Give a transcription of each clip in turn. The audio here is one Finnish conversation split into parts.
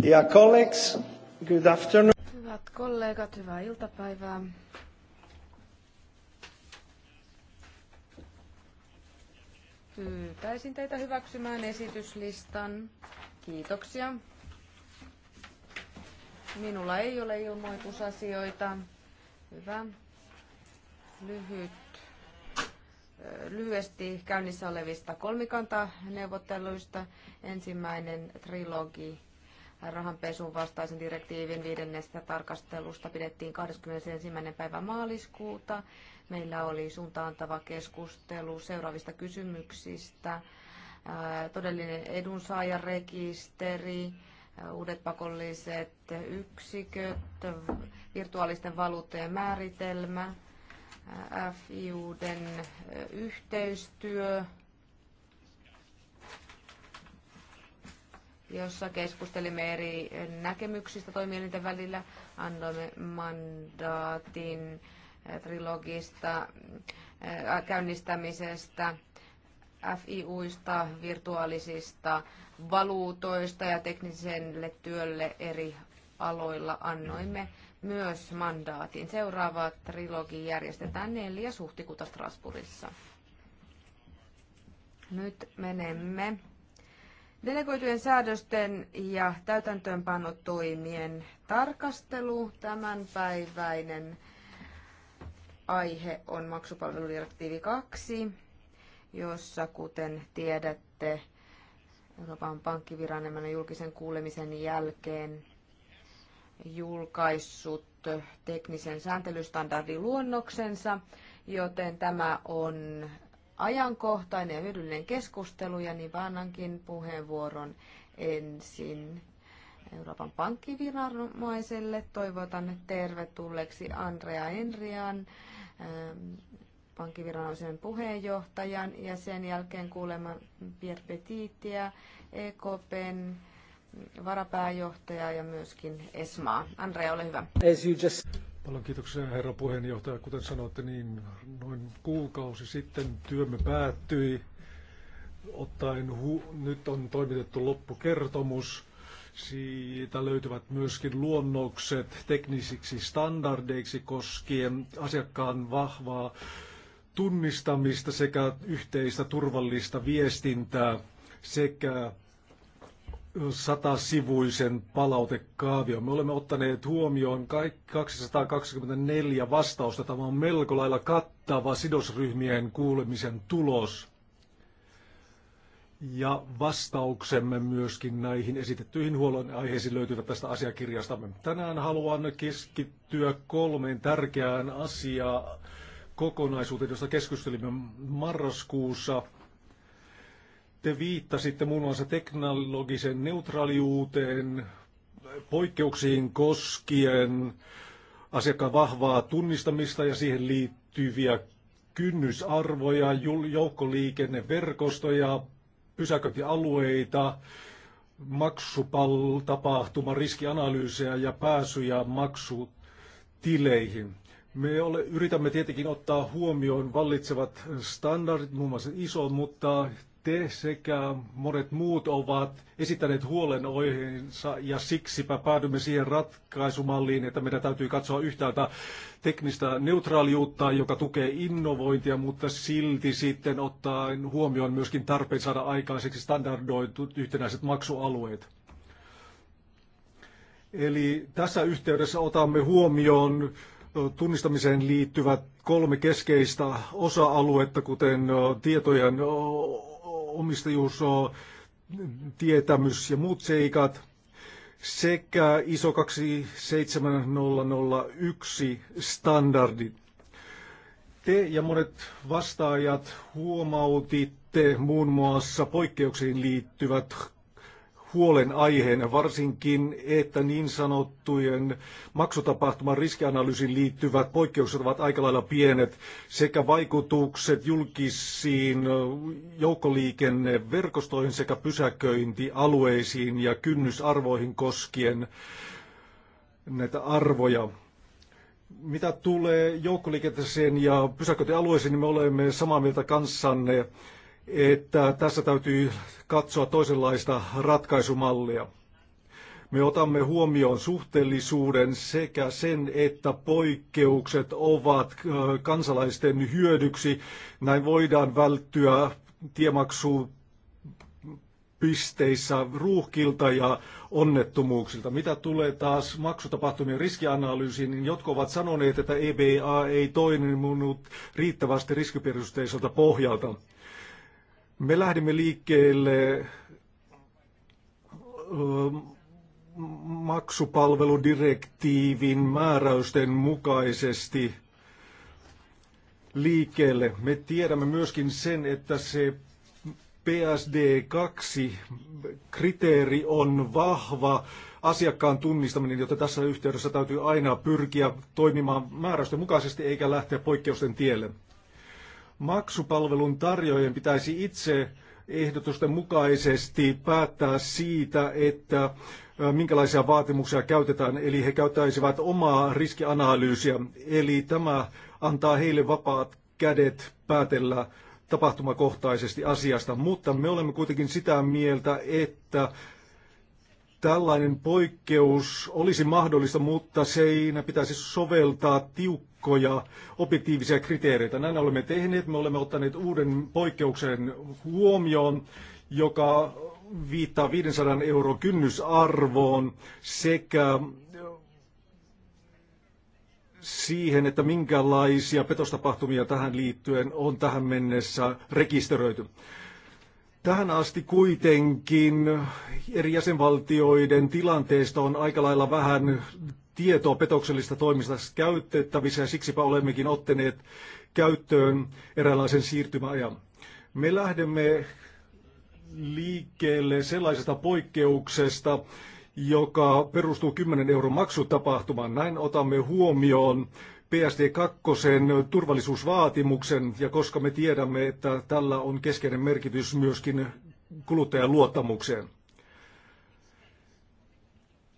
Dear colleagues, good afternoon. Hyvät kollegat, hyvää iltapäivää. Pyytäisin teitä hyväksymään esityslistan. Kiitoksia. Minulla ei ole ilmoitusasioita. Hyvä. Lyhyt lyhyesti käynnissä olevista kolmikantaneuvotteluista. Ensimmäinen trilogi rahanpesun vastaisen direktiivin viidennestä tarkastelusta pidettiin 21. päivä maaliskuuta. Meillä oli suuntaantava keskustelu seuraavista kysymyksistä. Todellinen edunsaajarekisteri, uudet pakolliset yksiköt, virtuaalisten valuuttojen määritelmä, FIUden yhteistyö, jossa keskustelimme eri näkemyksistä toimielinten välillä. Annoimme mandaatin eh, trilogista, eh, käynnistämisestä, FIUista, virtuaalisista valuutoista ja tekniselle työlle eri aloilla annoimme myös mandaatin. Seuraava trilogi järjestetään 4. huhtikuuta Strasbourgissa. Nyt menemme Delegoitujen säädösten ja täytäntöönpanotoimien tarkastelu tämänpäiväinen aihe on maksupalveludirektiivi 2, jossa, kuten tiedätte, Euroopan pankkiviranomainen julkisen kuulemisen jälkeen julkaissut teknisen sääntelystandardin luonnoksensa, joten tämä on ajankohtainen ja hyödyllinen keskustelu, ja niin annankin puheenvuoron ensin Euroopan pankkiviranomaiselle. Toivotan tervetulleeksi Andrea Enrian, ähm, pankkiviranomaisen puheenjohtajan, ja sen jälkeen kuulemma Pierre Petitia, EKPn varapääjohtajaa ja myöskin Esmaa. Andrea, ole hyvä. Paljon kiitoksia herra puheenjohtaja. Kuten sanoitte, niin noin kuukausi sitten työmme päättyi. Ottaen hu- nyt on toimitettu loppukertomus. Siitä löytyvät myöskin luonnokset teknisiksi standardeiksi koskien asiakkaan vahvaa tunnistamista sekä yhteistä turvallista viestintää sekä satasivuisen palautekaavio. Me olemme ottaneet huomioon 224 vastausta. Tämä on melko lailla kattava sidosryhmien kuulemisen tulos. Ja vastauksemme myöskin näihin esitettyihin aiheisiin löytyvät tästä asiakirjasta. Tänään haluan keskittyä kolmeen tärkeään asiaan kokonaisuuteen, josta keskustelimme marraskuussa – te viittasitte muun muassa teknologisen neutraaliuuteen poikkeuksiin koskien asiakkaan vahvaa tunnistamista ja siihen liittyviä kynnysarvoja, joukkoliikenneverkostoja, pysäköintialueita, maksupaltapahtuma, riskianalyysejä ja pääsyjä maksutileihin. Me ole, yritämme tietenkin ottaa huomioon vallitsevat standardit, muun muassa ISO, mutta te sekä monet muut ovat esittäneet huolenoiheensa ja siksipä päädymme siihen ratkaisumalliin, että meidän täytyy katsoa yhtäältä teknistä neutraaliutta, joka tukee innovointia, mutta silti sitten ottaen huomioon myöskin tarpeen saada aikaiseksi standardoitut yhtenäiset maksualueet. Eli tässä yhteydessä otamme huomioon tunnistamiseen liittyvät kolme keskeistä osa-aluetta, kuten tietojen omistajuus, tietämys ja muut seikat sekä ISO 27001 standardit. Te ja monet vastaajat huomautitte muun muassa poikkeuksiin liittyvät huolenaiheena, varsinkin, että niin sanottujen maksutapahtuman riskianalyysiin liittyvät poikkeukset ovat aika lailla pienet, sekä vaikutukset julkisiin joukkoliikenneverkostoihin sekä pysäköintialueisiin ja kynnysarvoihin koskien näitä arvoja. Mitä tulee joukkoliikenteeseen ja pysäköintialueisiin, niin me olemme samaa mieltä kanssanne että tässä täytyy katsoa toisenlaista ratkaisumallia. Me otamme huomioon suhteellisuuden sekä sen, että poikkeukset ovat kansalaisten hyödyksi. Näin voidaan välttyä tiemaksu pisteissä ruuhkilta ja onnettomuuksilta. Mitä tulee taas maksutapahtumien riskianalyysiin, niin jotkut ovat sanoneet, että EBA ei toiminut riittävästi riskiperusteiselta pohjalta. Me lähdimme liikkeelle maksupalveludirektiivin määräysten mukaisesti liikkeelle. Me tiedämme myöskin sen, että se PSD2-kriteeri on vahva asiakkaan tunnistaminen, jota tässä yhteydessä täytyy aina pyrkiä toimimaan määräysten mukaisesti eikä lähteä poikkeusten tielle. Maksupalvelun tarjoajien pitäisi itse ehdotusten mukaisesti päättää siitä, että minkälaisia vaatimuksia käytetään, eli he käyttäisivät omaa riskianalyysiä, eli tämä antaa heille vapaat kädet päätellä tapahtumakohtaisesti asiasta, mutta me olemme kuitenkin sitä mieltä, että tällainen poikkeus olisi mahdollista, mutta siinä pitäisi soveltaa tiukkaa tiukkoja objektiivisia kriteereitä. Näin olemme tehneet. Me olemme ottaneet uuden poikkeuksen huomioon, joka viittaa 500 euro kynnysarvoon sekä siihen, että minkälaisia petostapahtumia tähän liittyen on tähän mennessä rekisteröity. Tähän asti kuitenkin eri jäsenvaltioiden tilanteesta on aika lailla vähän tietoa petoksellista toimista käytettävissä ja siksipä olemmekin ottaneet käyttöön eräänlaisen siirtymäajan. Me lähdemme liikkeelle sellaisesta poikkeuksesta, joka perustuu 10 euron maksutapahtumaan. Näin otamme huomioon PSD2 turvallisuusvaatimuksen, ja koska me tiedämme, että tällä on keskeinen merkitys myöskin kuluttajan luottamukseen.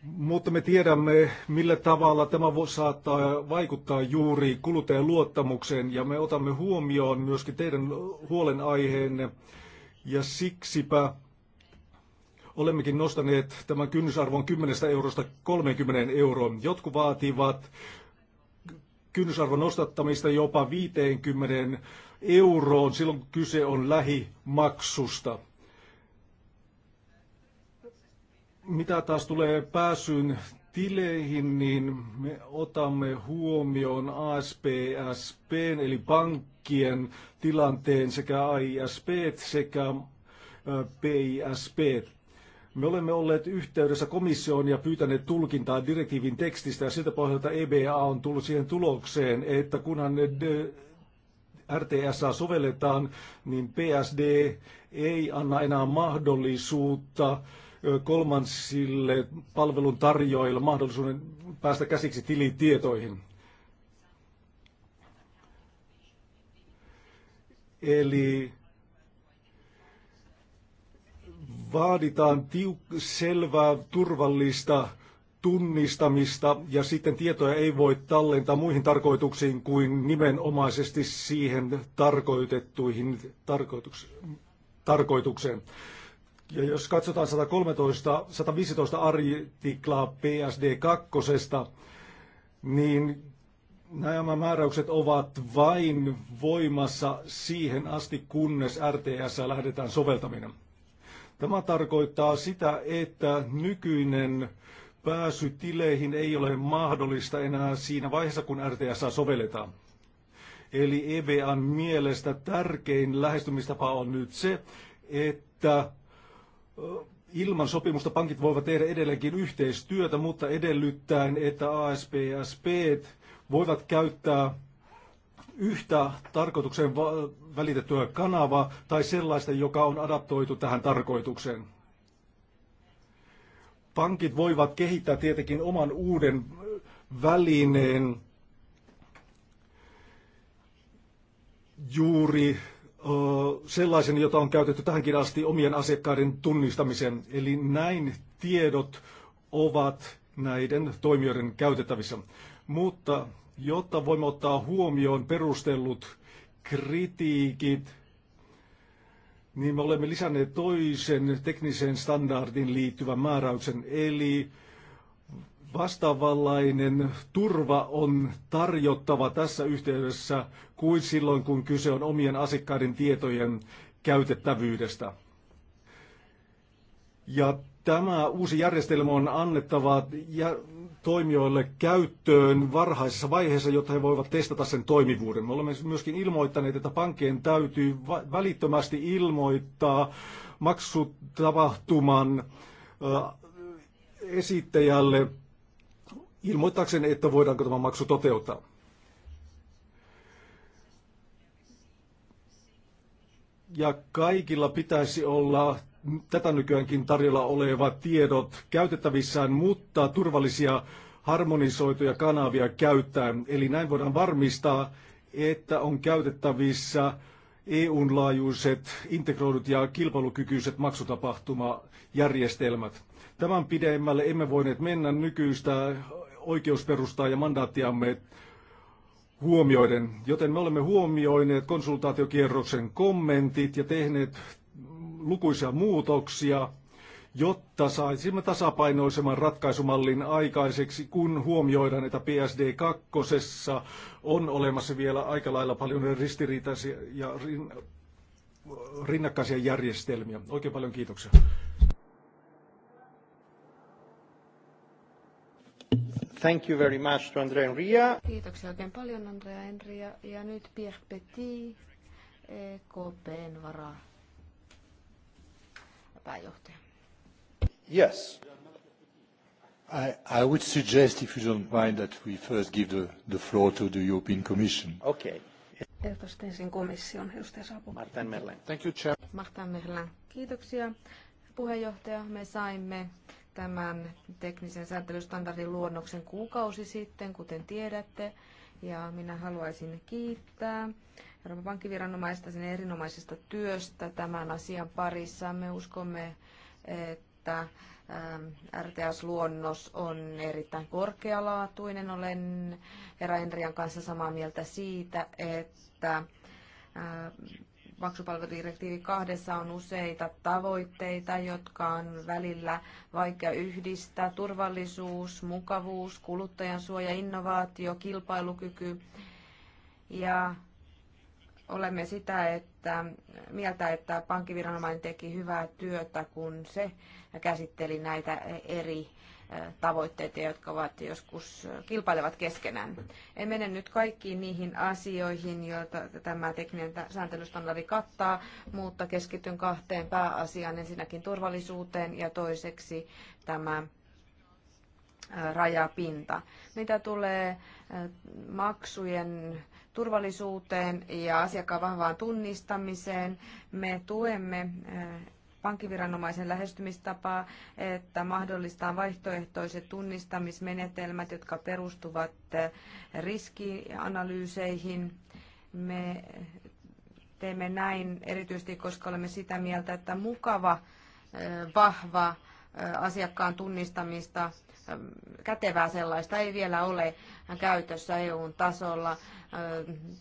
Mutta me tiedämme, millä tavalla tämä voi saattaa vaikuttaa juuri kuluttajan luottamukseen ja me otamme huomioon myöskin teidän huolenaiheenne ja siksipä olemmekin nostaneet tämän kynnysarvon 10 eurosta 30 euroon. Jotkut vaativat kynnysarvon nostattamista jopa 50 euroon silloin kun kyse on lähimaksusta. Mitä taas tulee pääsyyn tileihin, niin me otamme huomioon ASPSP, eli pankkien tilanteen sekä AISP sekä PISP. Me olemme olleet yhteydessä komissioon ja pyytäneet tulkintaa direktiivin tekstistä ja siltä pohjalta EBA on tullut siihen tulokseen, että kunhan RTSA sovelletaan, niin PSD ei anna enää mahdollisuutta äh, kolmansille palvelun tarjoajille mahdollisuuden päästä käsiksi tilitietoihin. Eli vaaditaan tiuk- selvää, turvallista tunnistamista ja sitten tietoja ei voi tallentaa muihin tarkoituksiin kuin nimenomaisesti siihen tarkoitettuihin tarkoituks- tarkoitukseen. Ja jos katsotaan 113, 115 artiklaa PSD2, niin nämä määräykset ovat vain voimassa siihen asti, kunnes RTS lähdetään soveltaminen. Tämä tarkoittaa sitä, että nykyinen pääsy tileihin ei ole mahdollista enää siinä vaiheessa, kun RTS sovelletaan. Eli EBAn mielestä tärkein lähestymistapa on nyt se, että ilman sopimusta pankit voivat tehdä edelleenkin yhteistyötä, mutta edellyttäen, että ASP ja SP voivat käyttää yhtä tarkoitukseen välitettyä kanavaa tai sellaista, joka on adaptoitu tähän tarkoitukseen. Pankit voivat kehittää tietenkin oman uuden välineen juuri sellaisen, jota on käytetty tähänkin asti omien asiakkaiden tunnistamiseen. Eli näin tiedot ovat näiden toimijoiden käytettävissä. Mutta jotta voimme ottaa huomioon perustellut kritiikit, niin me olemme lisänneet toisen tekniseen standardin liittyvän määräyksen, eli Vastaavanlainen turva on tarjottava tässä yhteydessä kuin silloin, kun kyse on omien asiakkaiden tietojen käytettävyydestä. Ja tämä uusi järjestelmä on annettava toimijoille käyttöön varhaisessa vaiheessa, jotta he voivat testata sen toimivuuden. Me olemme myöskin ilmoittaneet, että pankkien täytyy välittömästi ilmoittaa maksutapahtuman esittäjälle ilmoittaakseen, että voidaanko tämä maksu toteuttaa. Ja kaikilla pitäisi olla tätä nykyäänkin tarjolla olevat tiedot käytettävissään, mutta turvallisia harmonisoituja kanavia käyttäen. Eli näin voidaan varmistaa, että on käytettävissä eu laajuiset integroidut ja kilpailukykyiset maksutapahtumajärjestelmät. Tämän pidemmälle emme voineet mennä nykyistä oikeusperustaa ja mandaattiamme huomioiden. Joten me olemme huomioineet konsultaatiokierroksen kommentit ja tehneet lukuisia muutoksia, jotta saisimme tasapainoisemman ratkaisumallin aikaiseksi, kun huomioidaan, että PSD2 on olemassa vielä aika lailla paljon ristiriitaisia ja rinnakkaisia järjestelmiä. Oikein paljon kiitoksia. Thank you very much to Andrea Enria. Kiitoksia oikein paljon Andrea Enria. Ja nyt Pierre Petit, EKPn vara pääjohtaja. Yes. I, I would suggest, if you don't mind, that we first give the, the floor to the European Commission. Okay. Ehdotusten ensin komission edustaja Martin Merlin. Thank you, Chair. Martin Merlin. Kiitoksia puheenjohtaja. Me saimme tämän teknisen sääntelystandardin luonnoksen kuukausi sitten, kuten tiedätte. Ja minä haluaisin kiittää Euroopan pankkiviranomaista sen erinomaisesta työstä tämän asian parissa. Me uskomme, että ähm, RTS-luonnos on erittäin korkealaatuinen. Olen Herra Enrian kanssa samaa mieltä siitä, että ähm, maksupalveludirektiivi kahdessa on useita tavoitteita, jotka on välillä vaikea yhdistää. Turvallisuus, mukavuus, kuluttajan suoja, innovaatio, kilpailukyky. Ja olemme sitä että, mieltä, että pankkiviranomainen teki hyvää työtä, kun se käsitteli näitä eri tavoitteita, jotka ovat joskus kilpailevat keskenään. En mene nyt kaikkiin niihin asioihin, joita tämä tekninen sääntelystandardi kattaa, mutta keskityn kahteen pääasiaan. Ensinnäkin turvallisuuteen ja toiseksi tämä rajapinta. Mitä tulee maksujen turvallisuuteen ja asiakkaan vahvaan tunnistamiseen, me tuemme pankkiviranomaisen lähestymistapaa, että mahdollistaa vaihtoehtoiset tunnistamismenetelmät, jotka perustuvat riskianalyyseihin. Me teemme näin erityisesti, koska olemme sitä mieltä, että mukava, vahva, asiakkaan tunnistamista, kätevää sellaista ei vielä ole käytössä eu tasolla.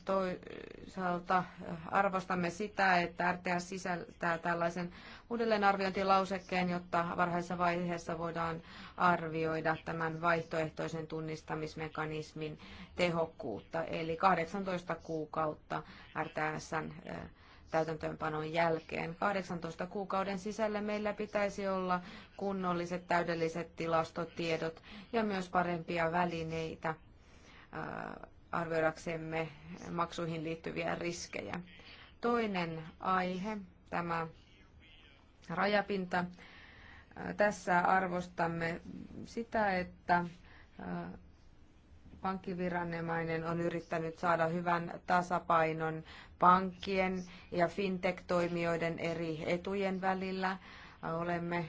Toisaalta arvostamme sitä, että RTS sisältää tällaisen uudelleenarviointilausekkeen, jotta varhaisessa vaiheessa voidaan arvioida tämän vaihtoehtoisen tunnistamismekanismin tehokkuutta, eli 18 kuukautta RTSn täytäntöönpanon jälkeen. 18 kuukauden sisällä meillä pitäisi olla kunnolliset täydelliset tilastotiedot ja myös parempia välineitä äh, arvioidaksemme maksuihin liittyviä riskejä. Toinen aihe, tämä rajapinta. Äh, tässä arvostamme sitä, että äh, pankkiviranomainen on yrittänyt saada hyvän tasapainon pankkien ja fintech-toimijoiden eri etujen välillä. Olemme eh,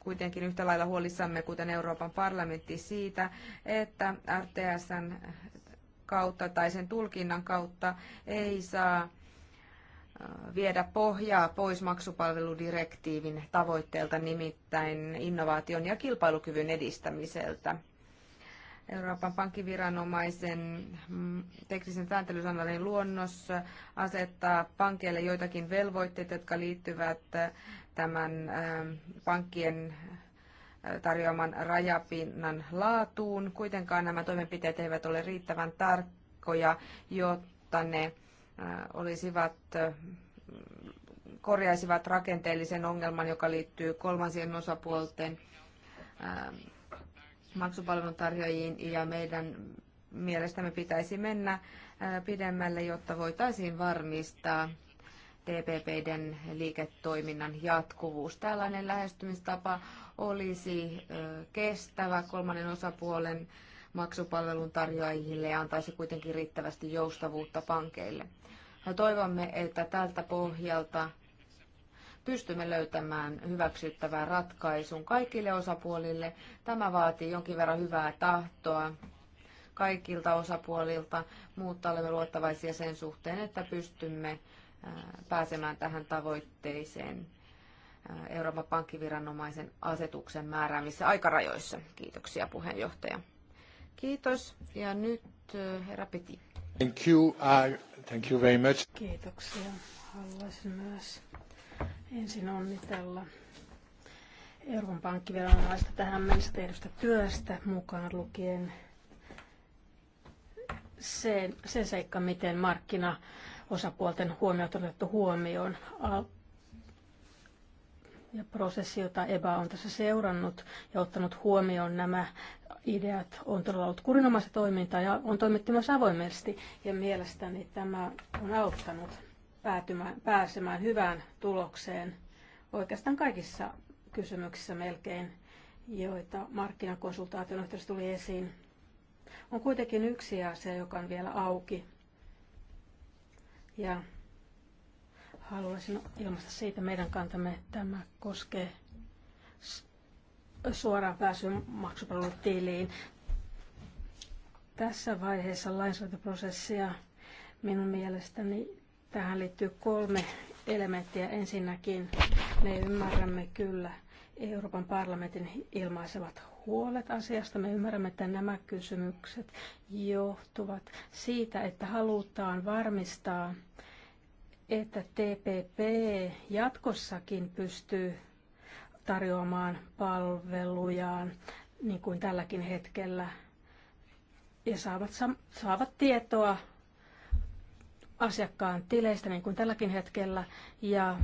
kuitenkin yhtä lailla huolissamme, kuten Euroopan parlamentti, siitä, että RTSn kautta tai sen tulkinnan kautta ei saa eh, viedä pohjaa pois maksupalveludirektiivin tavoitteelta, nimittäin innovaation ja kilpailukyvyn edistämiseltä. Euroopan pankkiviranomaisen mm, teknisen sääntelysanalle luonnos asettaa pankeille joitakin velvoitteita, jotka liittyvät äh, tämän äh, pankkien äh, tarjoaman rajapinnan laatuun. Kuitenkaan nämä toimenpiteet eivät ole riittävän tarkkoja, jotta ne olisivat korjaisivat rakenteellisen ongelman, joka liittyy kolmansien osapuolten maksupalvelun tarjoajiin ja meidän mielestämme pitäisi mennä äh, pidemmälle, jotta voitaisiin varmistaa TPPden liiketoiminnan jatkuvuus. Tällainen lähestymistapa olisi äh, kestävä kolmannen osapuolen maksupalvelun tarjoajille ja antaisi kuitenkin riittävästi joustavuutta pankeille. Toivomme, että tältä pohjalta pystymme löytämään hyväksyttävän ratkaisun kaikille osapuolille. Tämä vaatii jonkin verran hyvää tahtoa kaikilta osapuolilta, mutta olemme luottavaisia sen suhteen, että pystymme pääsemään tähän tavoitteeseen Euroopan pankkiviranomaisen asetuksen määräämissä aikarajoissa. Kiitoksia puheenjohtaja. Kiitos ja nyt herra Peti. Thank you. Uh, thank you very much. Kiitoksia. Haluaisin myös ensin onnitella Euroopan pankkiviranomaista tähän mennessä tehdystä työstä mukaan lukien se, se seikka, miten osapuolten huomiot on otettu huomioon ja prosessi, jota EBA on tässä seurannut ja ottanut huomioon nämä ideat, on todella ollut kurinomaista toimintaa ja on toimittu myös avoimesti. Ja mielestäni tämä on auttanut päätymään, pääsemään hyvään tulokseen oikeastaan kaikissa kysymyksissä melkein, joita markkinakonsultaation yhteydessä tuli esiin. On kuitenkin yksi asia, joka on vielä auki. Ja haluaisin ilmaista siitä meidän kantamme. Tämä koskee suoraan pääsyn maksupalvelutiliin. Tässä vaiheessa lainsäädäntöprosessia minun mielestäni Tähän liittyy kolme elementtiä. Ensinnäkin me ymmärrämme kyllä Euroopan parlamentin ilmaisevat huolet asiasta. Me ymmärrämme, että nämä kysymykset johtuvat siitä, että halutaan varmistaa, että TPP jatkossakin pystyy tarjoamaan palvelujaan niin kuin tälläkin hetkellä ja saavat, saavat tietoa asiakkaan tileistä, niin kuin tälläkin hetkellä, ja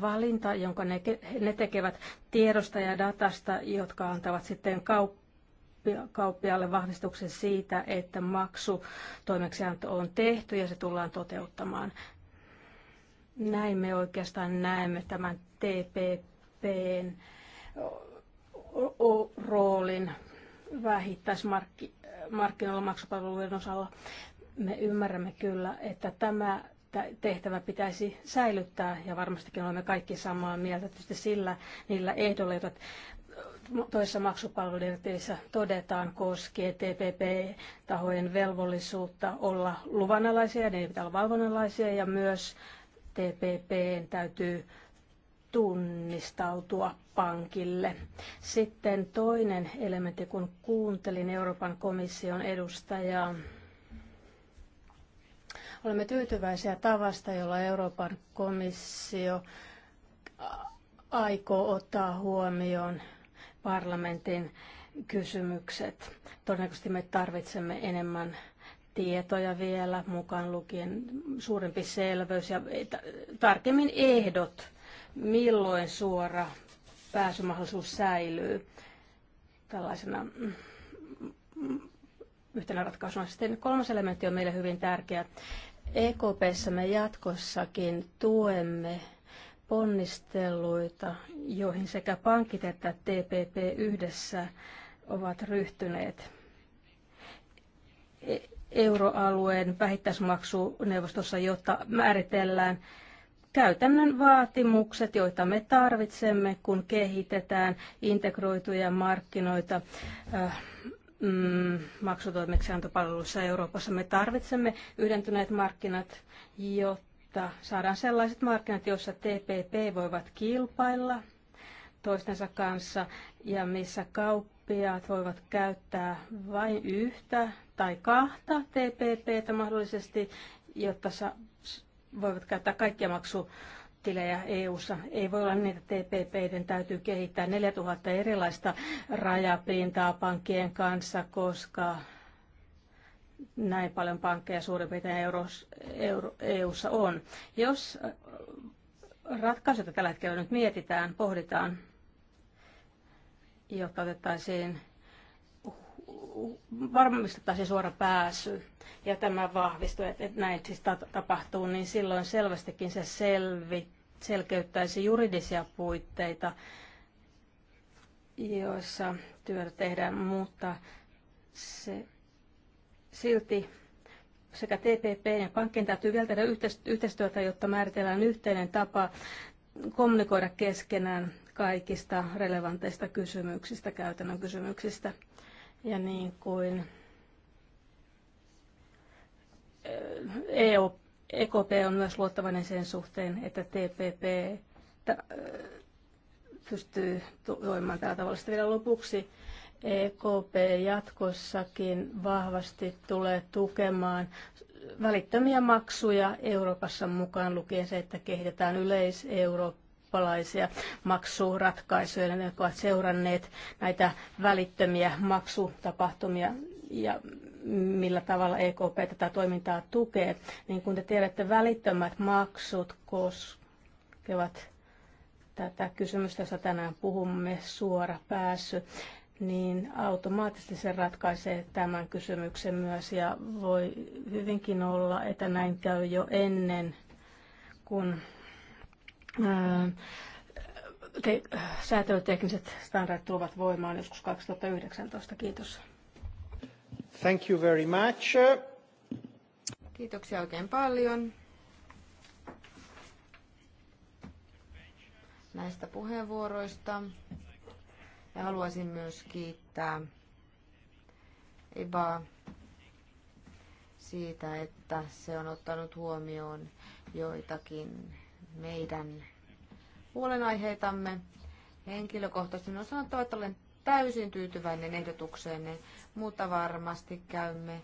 valinta, jonka ne, ne tekevät tiedosta ja datasta, jotka antavat sitten kauppialle vahvistuksen siitä, että maksu toimeksianto on tehty ja se tullaan toteuttamaan. Näin me oikeastaan näemme tämän TPPn roolin vähittäismarkkinoilla maksupalveluiden osalla me ymmärrämme kyllä, että tämä tehtävä pitäisi säilyttää ja varmastikin olemme kaikki samaa mieltä tietysti sillä niillä ehdoilla, joita toisessa maksupalveludirektiivissä todetaan koskee TPP-tahojen velvollisuutta olla luvanalaisia, ne pitää olla valvonnalaisia ja myös TPP täytyy tunnistautua pankille. Sitten toinen elementti, kun kuuntelin Euroopan komission edustajaa, Olemme tyytyväisiä tavasta, jolla Euroopan komissio aikoo ottaa huomioon parlamentin kysymykset. Todennäköisesti me tarvitsemme enemmän tietoja vielä, mukaan lukien suurempi selvyys ja tarkemmin ehdot, milloin suora pääsymahdollisuus säilyy tällaisena yhtenä ratkaisuna. Sitten kolmas elementti on meille hyvin tärkeä. EKPssä me jatkossakin tuemme ponnisteluita, joihin sekä pankit että TPP yhdessä ovat ryhtyneet. E- euroalueen vähittäismaksuneuvostossa, jotta määritellään käytännön vaatimukset, joita me tarvitsemme, kun kehitetään integroituja markkinoita äh, mm, maksutoimeksiantopalveluissa Euroopassa. Me tarvitsemme yhdentyneet markkinat, jotta saadaan sellaiset markkinat, joissa TPP voivat kilpailla toistensa kanssa ja missä kauppiaat voivat käyttää vain yhtä tai kahta TPPtä mahdollisesti, jotta voivat käyttää kaikkia maksu tilejä EU-ssa. Ei voi olla niitä TPPiden täytyy kehittää 4000 erilaista rajapintaa pankkien kanssa, koska näin paljon pankkeja suurin piirtein EU-ssa e on. Jos ratkaisuja tällä hetkellä nyt mietitään, pohditaan, jotta otettaisiin se suora pääsy ja tämä vahvistuu, että näin siis tapahtuu, niin silloin selvästikin se selvi, selkeyttäisi juridisia puitteita, joissa työtä tehdään, mutta se silti sekä TPP ja pankkien täytyy vielä tehdä yhteistyötä, jotta määritellään yhteinen tapa kommunikoida keskenään kaikista relevanteista kysymyksistä, käytännön kysymyksistä. Ja niin kuin EU, EKP e on myös luottavainen sen suhteen, että TPP pystyy toimimaan tällä tavalla. Sitten vielä lopuksi EKP jatkossakin vahvasti tulee tukemaan välittömiä maksuja Euroopassa mukaan lukien se, että kehitetään yleiseuro eurooppalaisia maksuratkaisuja, jotka ovat seuranneet näitä välittömiä maksutapahtumia ja millä tavalla EKP tätä toimintaa tukee. Niin kuin te tiedätte, välittömät maksut koskevat tätä kysymystä, josta tänään puhumme, suora pääsy niin automaattisesti se ratkaisee tämän kysymyksen myös ja voi hyvinkin olla, että näin käy jo ennen, kun te, säätelytekniset standardit tulevat voimaan joskus 2019. Kiitos. Thank you very much. Kiitoksia oikein paljon näistä puheenvuoroista. Ja haluaisin myös kiittää Ibaa siitä, että se on ottanut huomioon joitakin meidän huolenaiheitamme. Henkilökohtaisesti on sanottava, että olen täysin tyytyväinen ehdotukseenne, mutta varmasti käymme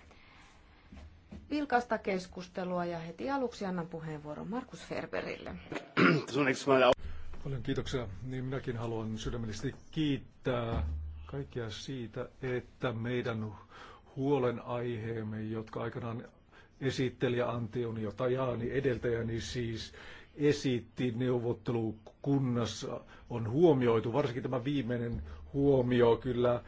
vilkasta keskustelua ja heti aluksi annan puheenvuoron Markus Ferberille. Paljon kiitoksia. Niin minäkin haluan sydämellisesti kiittää kaikkia siitä, että meidän huolenaiheemme, jotka aikanaan esittelijä Antonio Tajani edeltäjäni siis esitti neuvottelukunnassa on huomioitu. Varsinkin tämä viimeinen huomio kyllä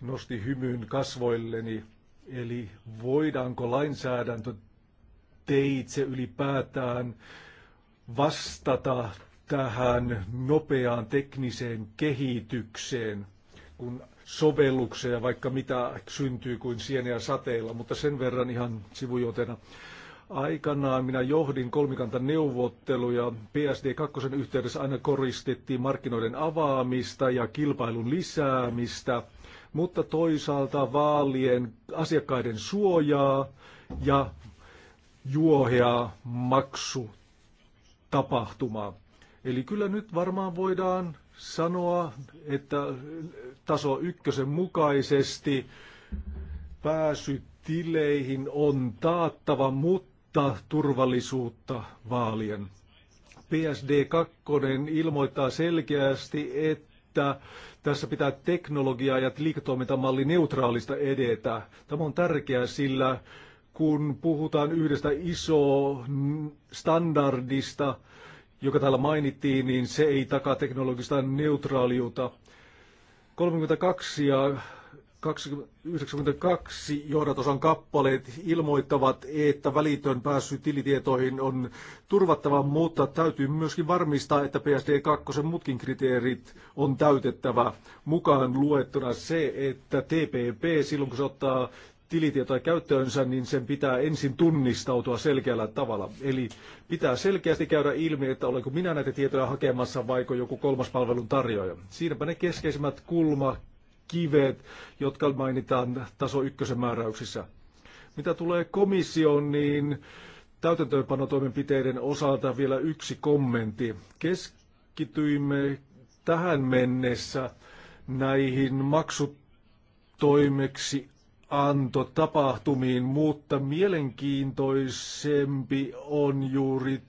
nosti hymyn kasvoilleni. Eli voidaanko lainsäädäntö teitse ylipäätään vastata tähän nopeaan tekniseen kehitykseen, kun sovelluksia vaikka mitä syntyy kuin sieniä sateilla, mutta sen verran ihan sivujotena. Aikanaan minä johdin neuvotteluja. PSD 2 yhteydessä aina koristettiin markkinoiden avaamista ja kilpailun lisäämistä, mutta toisaalta vaalien asiakkaiden suojaa ja juohea maksutapahtumaa. Eli kyllä nyt varmaan voidaan sanoa, että taso ykkösen mukaisesti pääsy tileihin on taattava, mutta uutta turvallisuutta vaalien. PSD2 ilmoittaa selkeästi, että tässä pitää teknologiaa ja liiketoimintamalli neutraalista edetä. Tämä on tärkeää, sillä kun puhutaan yhdestä iso standardista, joka täällä mainittiin, niin se ei takaa teknologista neutraaliuta. 32 ja 92 johdatosan kappaleet ilmoittavat, että välitön pääsy tilitietoihin on turvattava, mutta täytyy myöskin varmistaa, että PSD2 mutkin kriteerit on täytettävä mukaan luettuna se, että TPP silloin kun se ottaa tilitietoja käyttöönsä, niin sen pitää ensin tunnistautua selkeällä tavalla. Eli pitää selkeästi käydä ilmi, että olenko minä näitä tietoja hakemassa vaiko joku kolmas palvelun tarjoaja. Siinäpä ne keskeisimmät kulma kivet, jotka mainitaan taso ykkösen määräyksissä. Mitä tulee komissioon, niin täytäntöönpanotoimenpiteiden osalta vielä yksi kommentti. Keskityimme tähän mennessä näihin maksutoimeksi anto tapahtumiin, mutta mielenkiintoisempi on juuri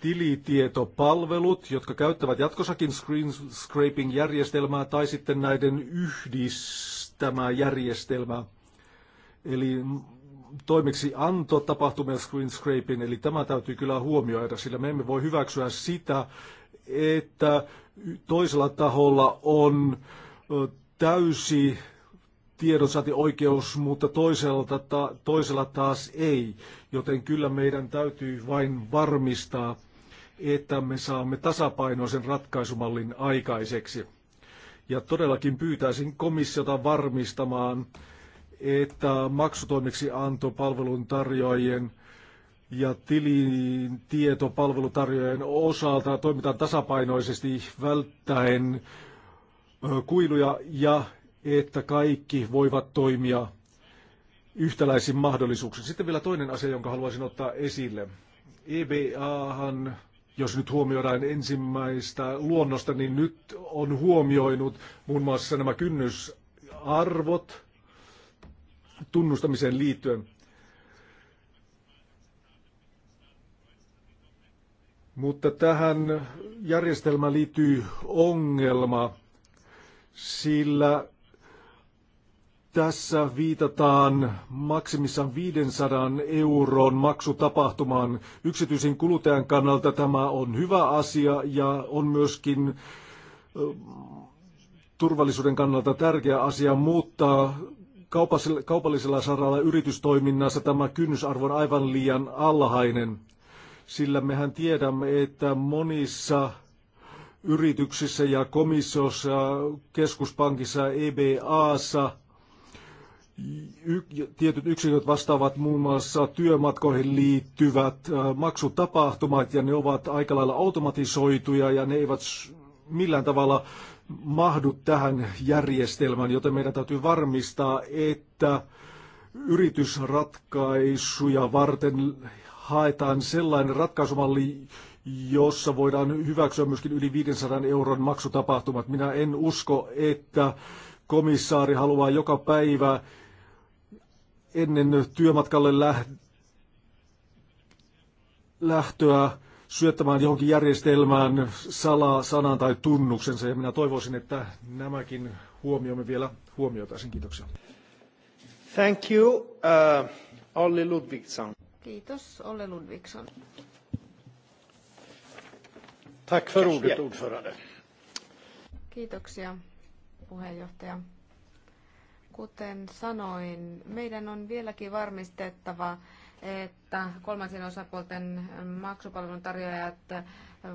tilitietopalvelut, jotka käyttävät jatkossakin screen scraping-järjestelmää tai sitten näiden yhdistämää järjestelmää. Eli toimiksi anto tapahtumia screen scraping, eli tämä täytyy kyllä huomioida, sillä me emme voi hyväksyä sitä, että toisella taholla on täysi tiedonsaantioikeus, mutta toiselta ta, toisella taas ei. Joten kyllä meidän täytyy vain varmistaa, että me saamme tasapainoisen ratkaisumallin aikaiseksi. Ja todellakin pyytäisin komissiota varmistamaan, että maksutoimeksi anto palvelun tarjoajien ja tilin tietopalvelutarjoajien osalta toimitaan tasapainoisesti välttäen kuiluja ja että kaikki voivat toimia yhtäläisin mahdollisuuksin. Sitten vielä toinen asia, jonka haluaisin ottaa esille. EBAhan jos nyt huomioidaan ensimmäistä luonnosta, niin nyt on huomioinut muun muassa nämä kynnysarvot tunnustamiseen liittyen. Mutta tähän järjestelmään liittyy ongelma, sillä tässä viitataan maksimissaan 500 euron maksutapahtumaan. Yksityisen kuluttajan kannalta tämä on hyvä asia ja on myöskin turvallisuuden kannalta tärkeä asia, mutta kaupallisella saralla yritystoiminnassa tämä kynnysarvo on aivan liian alhainen, sillä mehän tiedämme, että monissa yrityksissä ja komissiossa, keskuspankissa, EBAssa – tietyt yksiköt vastaavat muun muassa työmatkoihin liittyvät maksutapahtumat ja ne ovat aika lailla automatisoituja ja ne eivät millään tavalla mahdu tähän järjestelmään, joten meidän täytyy varmistaa, että yritysratkaisuja varten haetaan sellainen ratkaisumalli, jossa voidaan hyväksyä myöskin yli 500 euron maksutapahtumat. Minä en usko, että komissaari haluaa joka päivä ennen työmatkalle läht lähtöä syöttämään johonkin järjestelmään salaa, sanan tai tunnuksensa. Ja minä toivoisin, että nämäkin huomioimme vielä huomioitaisiin. Kiitoksia. Thank you, uh, Olli Ludvigsson. Kiitos, Olli Ludvigsson. Tack för ordet, ordförande. Kiitoksia, puheenjohtaja. Kuten sanoin, meidän on vieläkin varmistettava, että kolmansien osapuolten maksupalvelun tarjoajat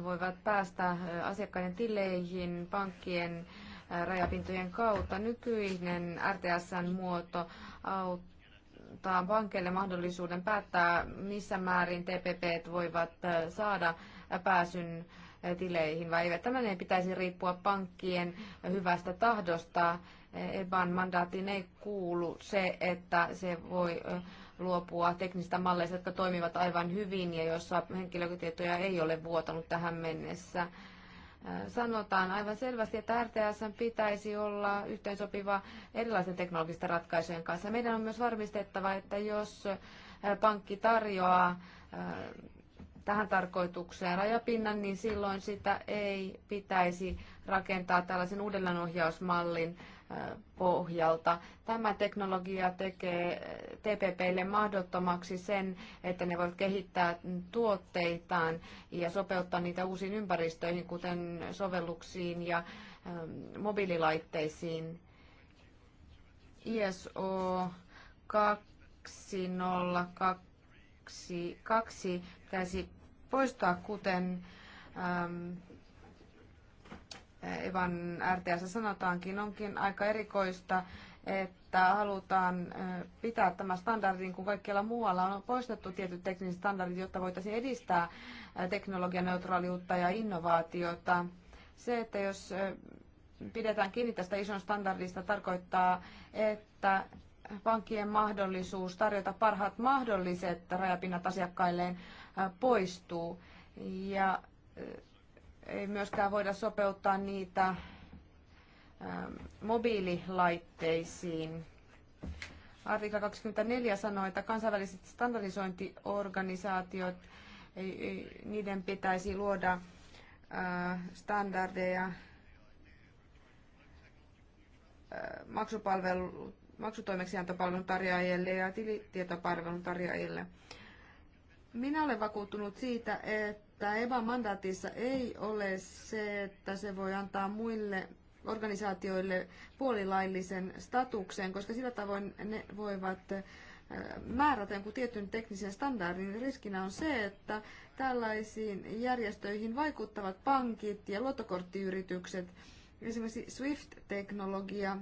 voivat päästä asiakkaiden tileihin pankkien rajapintojen kautta. Nykyinen RTSn muoto auttaa pankeille mahdollisuuden päättää, missä määrin TPP voivat saada pääsyn tileihin vai eivät. Tämän ei pitäisi riippua pankkien hyvästä tahdosta EBAN mandaattiin ei kuulu se, että se voi luopua teknisistä malleista, jotka toimivat aivan hyvin ja joissa henkilötietoja ei ole vuotanut tähän mennessä. Sanotaan aivan selvästi, että RTS pitäisi olla yhteensopiva erilaisten teknologisten ratkaisujen kanssa. Meidän on myös varmistettava, että jos pankki tarjoaa tähän tarkoitukseen rajapinnan, niin silloin sitä ei pitäisi rakentaa tällaisen uudelleenohjausmallin pohjalta. Tämä teknologia tekee TPPille mahdottomaksi sen, että ne voivat kehittää tuotteitaan ja sopeuttaa niitä uusiin ympäristöihin, kuten sovelluksiin ja mobiililaitteisiin. ISO 2022 pitäisi poistaa, kuten Evan RTS sanotaankin, onkin aika erikoista, että halutaan pitää tämä standardin, kun kaikkialla muualla on poistettu tietyt tekniset standardit, jotta voitaisiin edistää teknologianeutraaliutta ja innovaatiota. Se, että jos pidetään kiinni tästä ison standardista, tarkoittaa, että pankkien mahdollisuus tarjota parhaat mahdolliset rajapinnat asiakkailleen poistuu. Ja ei myöskään voida sopeuttaa niitä ähm, mobiililaitteisiin. Artikla 24 sanoi, että kansainväliset standardisointiorganisaatiot, niiden pitäisi luoda äh, standardeja äh, maksupalvelu, maksutoimeksiantopalvelun tarjoajille ja tilitietopalvelun tarjoajille. Minä olen vakuuttunut siitä, että että EBA-mandaatissa ei ole se, että se voi antaa muille organisaatioille puolilaillisen statuksen, koska sillä tavoin ne voivat äh, määrätä jonkun tietyn teknisen standardin. Riskinä on se, että tällaisiin järjestöihin vaikuttavat pankit ja luottokorttiyritykset, esimerkiksi SWIFT-teknologia,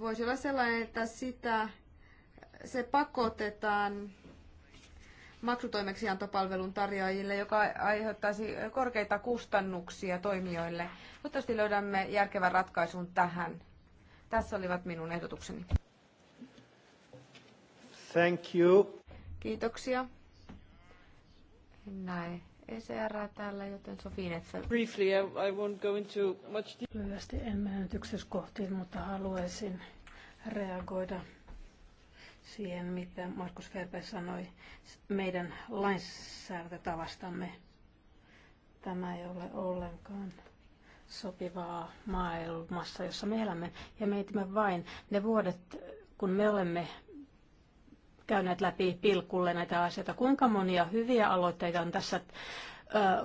voisi olla sellainen, että sitä, se pakotetaan maksutoimeksiantopalvelun tarjoajille, joka aiheuttaisi korkeita kustannuksia toimijoille. Toivottavasti löydämme järkevän ratkaisun tähän. Tässä olivat minun ehdotukseni. Thank you. Kiitoksia. Näin. ECR täällä, joten Sofiin Etzel. Briefly, I won't go into much Lyhyesti en mene yksityiskohtiin, mutta haluaisin reagoida siihen, mitä Markus Ferber sanoi meidän lainsäädäntötavastamme. Tämä ei ole ollenkaan sopivaa maailmassa, jossa me elämme. Ja mietimme vain ne vuodet, kun me olemme käyneet läpi pilkulle näitä asioita. Kuinka monia hyviä aloitteita on tässä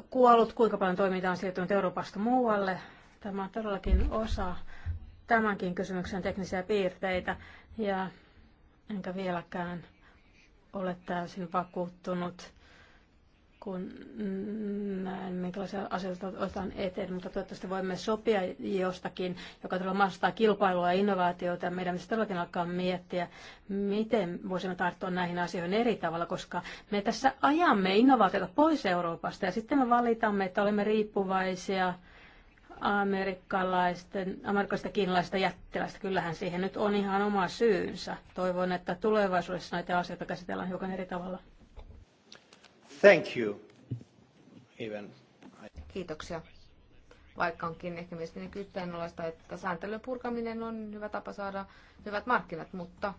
kuollut, kuinka paljon toimintaa on siirtynyt Euroopasta muualle. Tämä on todellakin osa tämänkin kysymyksen teknisiä piirteitä. Ja enkä vieläkään ole täysin vakuuttunut, kun näen, minkälaisia asioita otetaan eteen, mutta toivottavasti voimme sopia jostakin, joka tulee mahdollistaa kilpailua ja innovaatioita. Meidän pitäisi todellakin alkaa miettiä, miten voisimme tarttua näihin asioihin eri tavalla, koska me tässä ajamme innovaatioita pois Euroopasta ja sitten me valitamme, että olemme riippuvaisia – amerikkalaisten, amerikkalaista kiinalaista jättiläistä. Kyllähän siihen nyt on ihan oma syynsä. Toivon, että tulevaisuudessa näitä asioita käsitellään hiukan eri tavalla. Thank you. Even Kiitoksia. Vaikka onkin ehkä mielestäni kyseenalaista, että sääntelyn purkaminen on hyvä tapa saada hyvät markkinat, mutta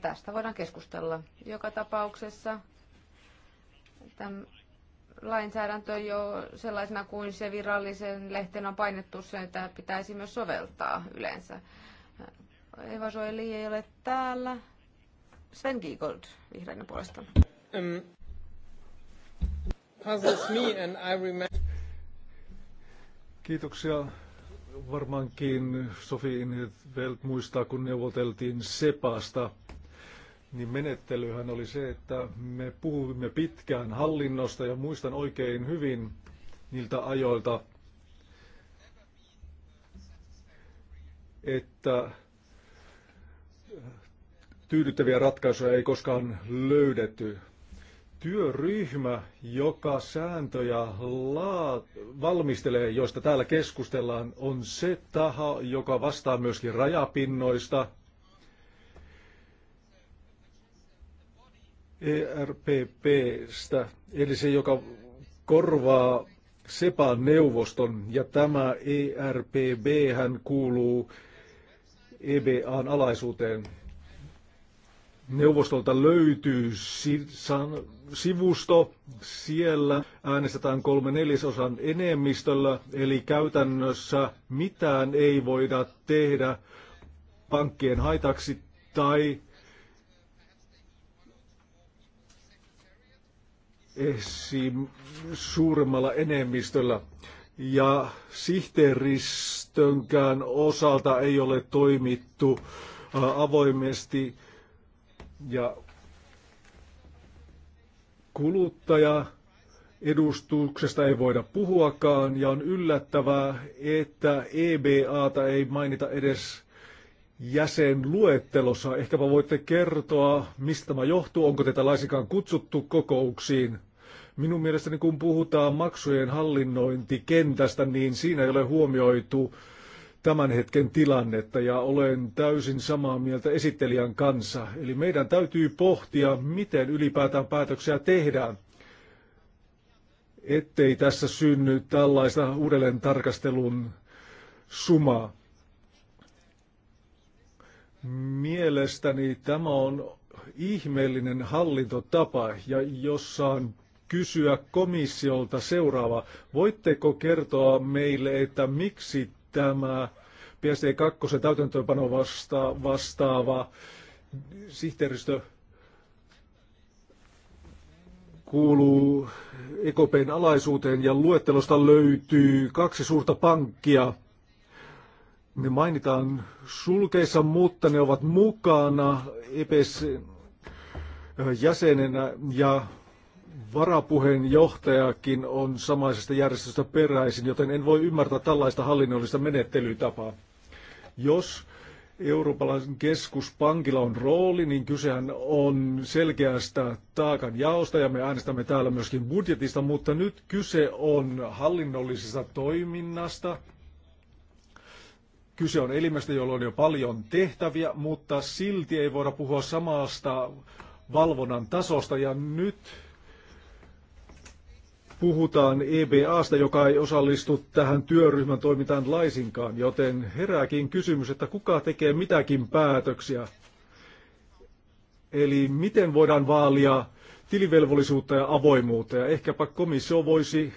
tästä voidaan keskustella. Joka tapauksessa tämän lainsäädäntö jo sellaisena kuin se virallisen lehten on painettu, sen että pitäisi myös soveltaa yleensä. Eva Soeli ei ole täällä. Sven Giegold vihreiden puolesta. Um, me and I remember... Kiitoksia. Varmaankin Sofi Inhetveldt muistaa, kun neuvoteltiin SEPAsta – niin menettelyhän oli se, että me puhuimme pitkään hallinnosta ja muistan oikein hyvin niiltä ajoilta, että tyydyttäviä ratkaisuja ei koskaan löydetty. Työryhmä, joka sääntöjä laat, valmistelee, joista täällä keskustellaan, on se taho, joka vastaa myöskin rajapinnoista, ERPPstä, eli se, joka korvaa SEPA-neuvoston, ja tämä ERPB hän kuuluu EBAn alaisuuteen. Neuvostolta löytyy sivusto, siellä äänestetään kolme neljäsosan enemmistöllä, eli käytännössä mitään ei voida tehdä pankkien haitaksi tai esim. suuremmalla enemmistöllä. Ja sihteeristönkään osalta ei ole toimittu avoimesti. Ja kuluttaja edustuksesta ei voida puhuakaan ja on yllättävää, että EBAta ei mainita edes jäsenluettelossa. Ehkäpä voitte kertoa, mistä tämä johtuu, onko teitä laisikaan kutsuttu kokouksiin. Minun mielestäni kun puhutaan maksujen hallinnointikentästä, niin siinä ei ole huomioitu tämän hetken tilannetta ja olen täysin samaa mieltä esittelijän kanssa. Eli meidän täytyy pohtia, miten ylipäätään päätöksiä tehdään, ettei tässä synny tällaista uudelleen tarkastelun sumaa. Mielestäni tämä on ihmeellinen hallintotapa ja jos saan kysyä komissiolta seuraava. Voitteko kertoa meille, että miksi tämä PSD2 e täytäntöönpano vasta- vastaava sihteeristö kuuluu EKPn alaisuuteen ja luettelosta löytyy kaksi suurta pankkia – ne mainitaan sulkeissa, mutta ne ovat mukana EPS jäsenenä ja varapuheenjohtajakin on samaisesta järjestöstä peräisin, joten en voi ymmärtää tällaista hallinnollista menettelytapaa. Jos Euroopan keskuspankilla on rooli, niin kysehän on selkeästä taakan jaosta ja me äänestämme täällä myöskin budjetista, mutta nyt kyse on hallinnollisesta toiminnasta, Kyse on elimestä, jolla on jo paljon tehtäviä, mutta silti ei voida puhua samasta valvonnan tasosta. Ja nyt puhutaan EBAsta, joka ei osallistu tähän työryhmän toimintaan laisinkaan, joten herääkin kysymys, että kuka tekee mitäkin päätöksiä. Eli miten voidaan vaalia tilivelvollisuutta ja avoimuutta, ja ehkäpä komissio voisi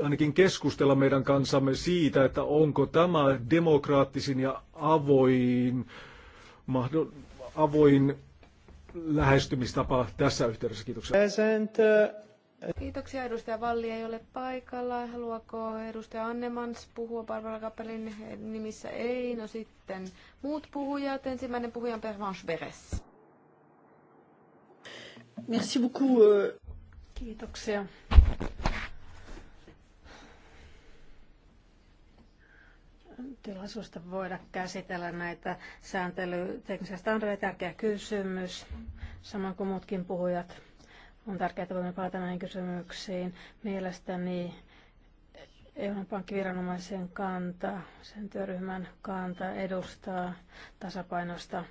ainakin keskustella meidän kanssamme siitä, että onko tämä demokraattisin ja avoin, mahdoll, avoin lähestymistapa tässä yhteydessä. Kiitoksia. Kiitoksia. Edustaja Valli ei ole paikalla. Haluaako edustaja Annemans puhua Barbara Kappelin nimissä? Ei. No sitten muut puhujat. Ensimmäinen puhuja on Pervanche Beres. Merci beaucoup. Euh. Kiitoksia. tilaisuudesta voida käsitellä näitä sääntelyteknisiä standardeja. Tärkeä kysymys, samoin kuin muutkin puhujat. On tärkeää, että voimme palata näihin kysymyksiin. Mielestäni Euroopan pankkiviranomaisen kanta, sen työryhmän kanta edustaa tasapainosta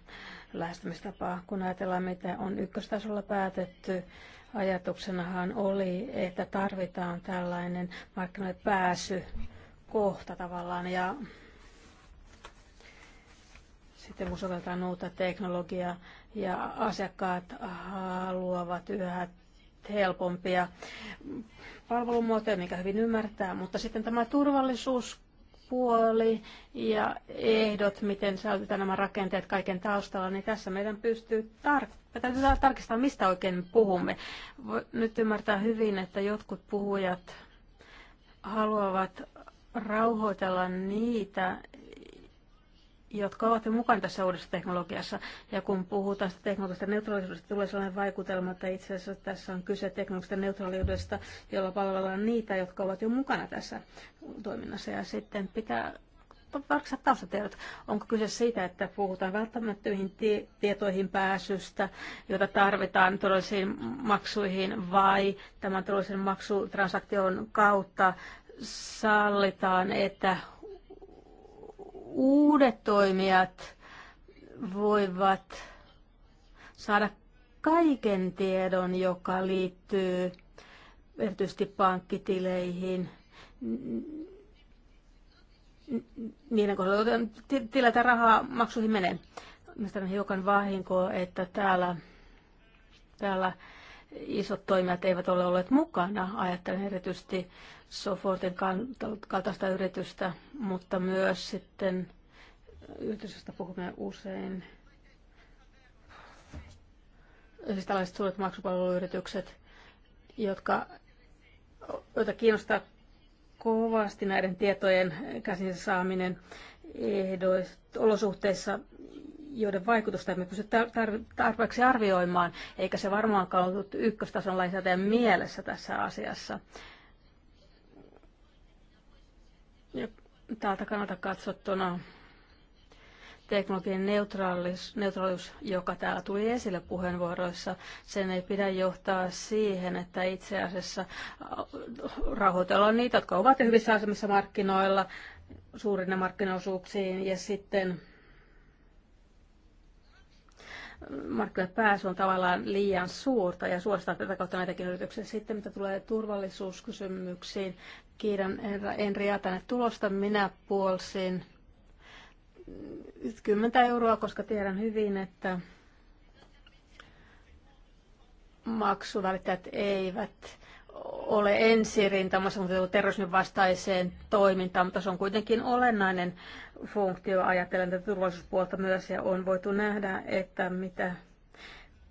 lähestymistapaa. Kun ajatellaan, mitä on ykköstasolla päätetty, ajatuksenahan oli, että tarvitaan tällainen markkinoille pääsy kohta tavallaan ja sitten kun sovelletaan uutta teknologiaa ja asiakkaat haluavat yhä helpompia palvelumuotoja, mikä hyvin ymmärtää, mutta sitten tämä turvallisuuspuoli ja ehdot, miten säilytetään nämä rakenteet kaiken taustalla, niin tässä meidän pystyy tar- täytyy tarkistaa, mistä oikein puhumme. Nyt ymmärtää hyvin, että jotkut puhujat haluavat rauhoitella niitä, jotka ovat jo mukana tässä uudessa teknologiassa. Ja kun puhutaan teknologisesta neutraalisuudesta, tulee sellainen vaikutelma, että itse asiassa tässä on kyse teknologisesta neutraaliudesta, jolla palvellaan niitä, jotka ovat jo mukana tässä toiminnassa. Ja sitten pitää tarkistaa taustatiedot. Onko kyse siitä, että puhutaan välttämättömiin tietoihin pääsystä, jota tarvitaan todellisiin maksuihin, vai tämän todellisen maksutransaktion kautta sallitaan, että uudet toimijat voivat saada kaiken tiedon, joka liittyy erityisesti pankkitileihin. Niiden kohdalla tilata rahaa maksuihin menee. Mistä on hiukan vahinkoa, että täällä, täällä isot toimijat eivät ole olleet mukana. Ajattelen erityisesti Sofortin kaltaista yritystä, mutta myös sitten yrityksestä puhumme usein. Siis tällaiset suuret maksupalveluyritykset, jotka, joita kiinnostaa kovasti näiden tietojen käsinsä saaminen ehdoista, olosuhteissa, joiden vaikutusta emme pysty tarpeeksi arvioimaan, eikä se varmaankaan ollut ykköstason lainsäätäjän mielessä tässä asiassa. Ja täältä kannalta katsottuna teknologian neutraalius, neutraalius, joka täällä tuli esille puheenvuoroissa, sen ei pidä johtaa siihen, että itse asiassa äh, rahoitellaan niitä, jotka ovat hyvissä asemissa markkinoilla, suurinne markkinaosuuksiin ja sitten markkinoille pääsy on tavallaan liian suurta ja suositaan tätä kautta näitäkin yrityksiä. Sitten mitä tulee turvallisuuskysymyksiin, Kiitän herra Enriä tänne tulosta. Minä puolsin 10 euroa, koska tiedän hyvin, että maksuvälittäjät eivät ole ensirintamassa terrorismin vastaiseen toimintaan, mutta se on kuitenkin olennainen funktio ajatellen tätä turvallisuuspuolta myös, ja on voitu nähdä, että mitä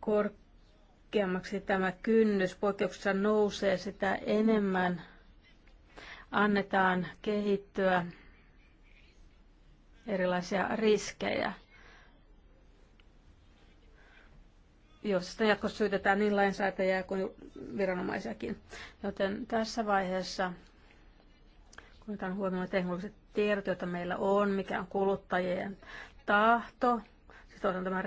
korkeammaksi tämä kynnys poikkeuksessa nousee, sitä enemmän – annetaan kehittyä erilaisia riskejä, joista jatkossa syytetään niin lainsäätäjää kuin viranomaisiakin. Joten tässä vaiheessa, kun otetaan huomioon teknologiset tiedot, joita meillä on, mikä on kuluttajien tahto, sitten on tämä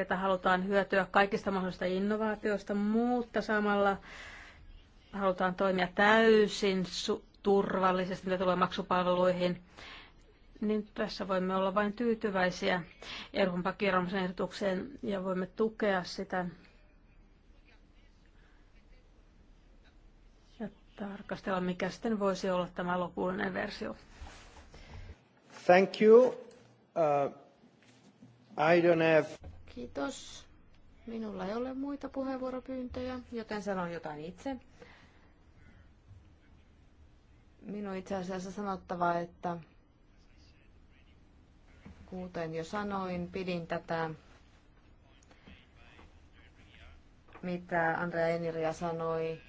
että halutaan hyötyä kaikista mahdollisista innovaatioista, mutta samalla halutaan toimia täysin su- turvallisesti, mitä tulee maksupalveluihin, niin tässä voimme olla vain tyytyväisiä Euroopan pankkiramisen ehdotukseen ja voimme tukea sitä. Ja tarkastella, mikä sitten voisi olla tämä lopullinen versio. Thank you. Uh, I don't have... Kiitos. Minulla ei ole muita puheenvuoropyyntöjä, joten sanon jotain itse. Minun itse asiassa sanottava, että kuten jo sanoin, pidin tätä, mitä Andrea Eniria sanoi,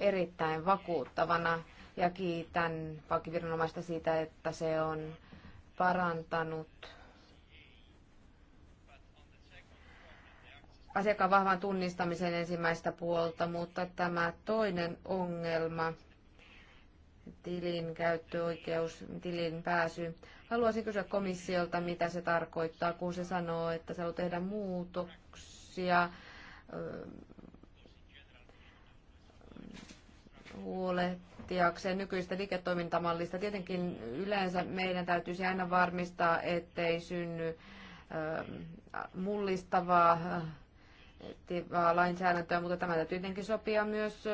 erittäin vakuuttavana ja kiitän pankkiviranomaista siitä, että se on parantanut asiakkaan vahvan tunnistamisen ensimmäistä puolta, mutta tämä toinen ongelma – tilin käyttöoikeus, tilin pääsy. Haluaisin kysyä komissiolta, mitä se tarkoittaa, kun se sanoo, että se haluaa tehdä muutoksia huolehtiakseen nykyistä liiketoimintamallista. Tietenkin yleensä meidän täytyisi aina varmistaa, ettei synny mullistavaa lainsäädäntöä, mutta tämä täytyy tietenkin sopia myös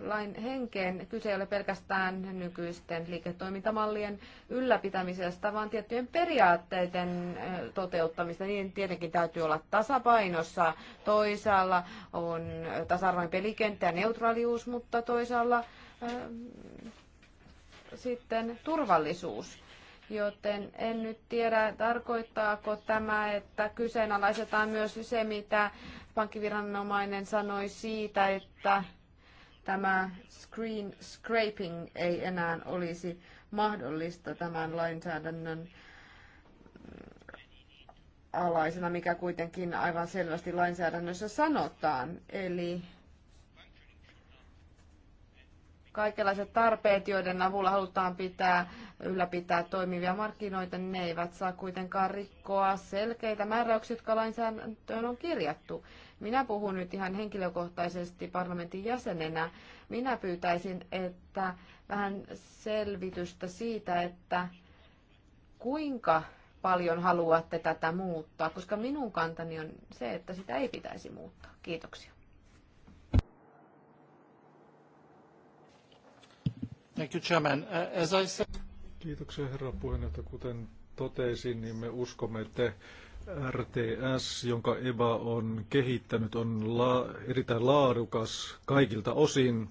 lain henkeen. Kyse ei ole pelkästään nykyisten liiketoimintamallien ylläpitämisestä, vaan tiettyjen periaatteiden toteuttamista. Niin tietenkin täytyy olla tasapainossa. Toisaalla on tasa-arvoinen pelikenttä ja neutraalius, mutta toisaalla sitten turvallisuus. Joten en nyt tiedä, tarkoittaako tämä, että kyseenalaistetaan myös se, mitä pankkiviranomainen sanoi siitä, että tämä screen scraping ei enää olisi mahdollista tämän lainsäädännön mm, alaisena, mikä kuitenkin aivan selvästi lainsäädännössä sanotaan. Eli kaikenlaiset tarpeet, joiden avulla halutaan pitää, ylläpitää toimivia markkinoita, ne eivät saa kuitenkaan rikkoa selkeitä määräyksiä, jotka lainsäädäntöön on kirjattu. Minä puhun nyt ihan henkilökohtaisesti parlamentin jäsenenä. Minä pyytäisin, että vähän selvitystä siitä, että kuinka paljon haluatte tätä muuttaa, koska minun kantani on se, että sitä ei pitäisi muuttaa. Kiitoksia. Thank you, Chairman. Uh, as I said... Kiitoksia herra puheenjohtaja. Kuten totesin, niin me uskomme, että RTS, jonka EBA on kehittänyt, on la- erittäin laadukas kaikilta osin.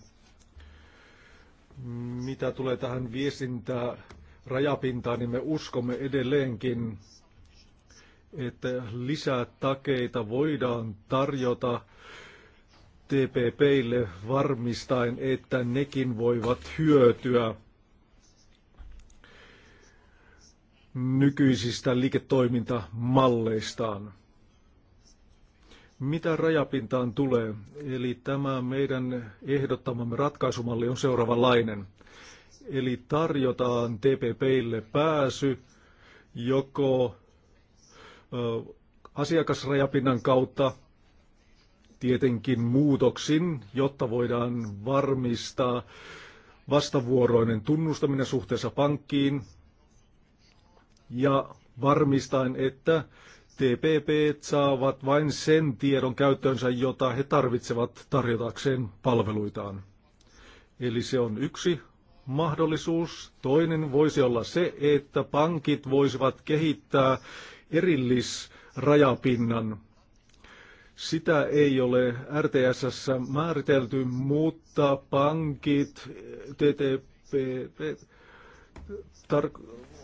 Mitä tulee tähän viestintää rajapintaan, niin me uskomme edelleenkin, että lisää takeita voidaan tarjota TPPille varmistaen, että nekin voivat hyötyä nykyisistä liiketoimintamalleistaan. Mitä rajapintaan tulee? Eli tämä meidän ehdottamamme ratkaisumalli on seuraavanlainen. Eli tarjotaan TPPille pääsy joko asiakasrajapinnan kautta tietenkin muutoksin, jotta voidaan varmistaa vastavuoroinen tunnustaminen suhteessa pankkiin, ja varmistaen, että TPP saavat vain sen tiedon käyttöönsä, jota he tarvitsevat tarjotakseen palveluitaan. Eli se on yksi mahdollisuus. Toinen voisi olla se, että pankit voisivat kehittää erillisrajapinnan. Sitä ei ole RTSS määritelty, mutta pankit, TTP, tar-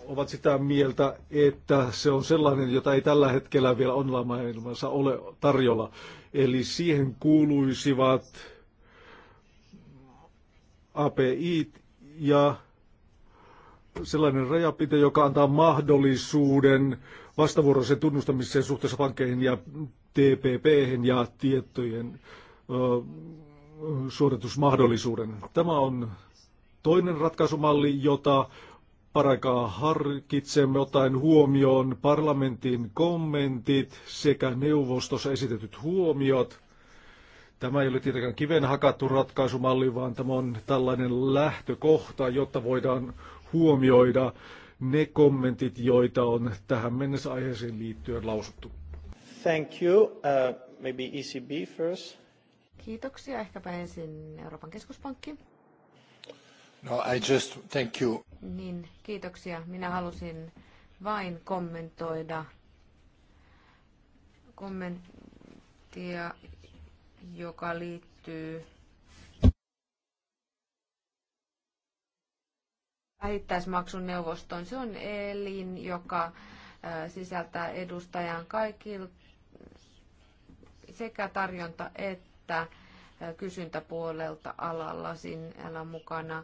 ovat sitä mieltä, että se on sellainen, jota ei tällä hetkellä vielä online-maailmassa ole tarjolla. Eli siihen kuuluisivat API ja sellainen rajapite, joka antaa mahdollisuuden vastavuoroisen tunnustamiseen suhteessa pankkeihin ja TPP ja tietojen ö, suoritusmahdollisuuden. Tämä on toinen ratkaisumalli, jota paraikaa harkitsemme ottaen huomioon parlamentin kommentit sekä neuvostossa esitetyt huomiot. Tämä ei ole tietenkään kiven hakattu ratkaisumalli, vaan tämä on tällainen lähtökohta, jotta voidaan huomioida ne kommentit, joita on tähän mennessä aiheeseen liittyen lausuttu. Thank you. Uh, maybe ECB first. Kiitoksia. Ehkäpä ensin Euroopan keskuspankki. No, I just, thank you. Niin, kiitoksia. Minä halusin vain kommentoida kommenttia, joka liittyy vähittäismaksuneuvostoon. Se on elin, joka sisältää edustajan kaikilta sekä tarjonta että kysyntäpuolelta alalla. Siinä mukana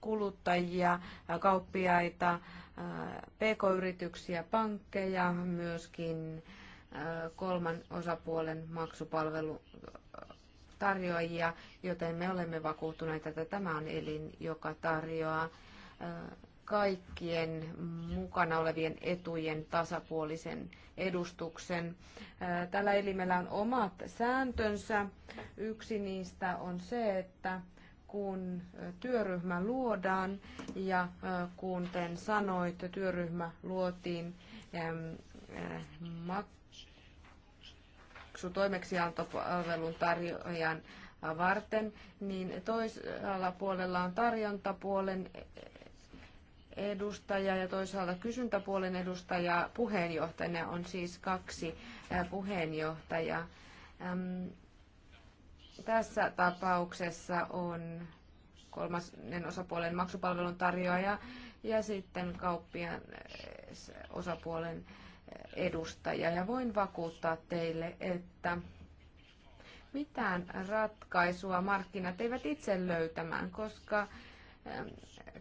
kuluttajia, kauppiaita, pk-yrityksiä, pankkeja, myöskin kolman osapuolen maksupalvelu tarjoajia, joten me olemme vakuuttuneita, että tämä on elin, joka tarjoaa kaikkien mukana olevien etujen tasapuolisen edustuksen. Tällä elimellä on omat sääntönsä. Yksi niistä on se, että kun työryhmä luodaan ja kuten sanoit, työryhmä luotiin maksutoimeksiantopalvelun tarjoajan varten, niin toisella puolella on tarjontapuolen edustaja ja toisaalta kysyntäpuolen edustaja puheenjohtajana on siis kaksi puheenjohtajaa. Tässä tapauksessa on kolmannen osapuolen maksupalvelun tarjoaja ja sitten kauppian eh, osapuolen eh, edustaja. Ja voin vakuuttaa teille, että mitään ratkaisua markkinat eivät itse löytämään, koska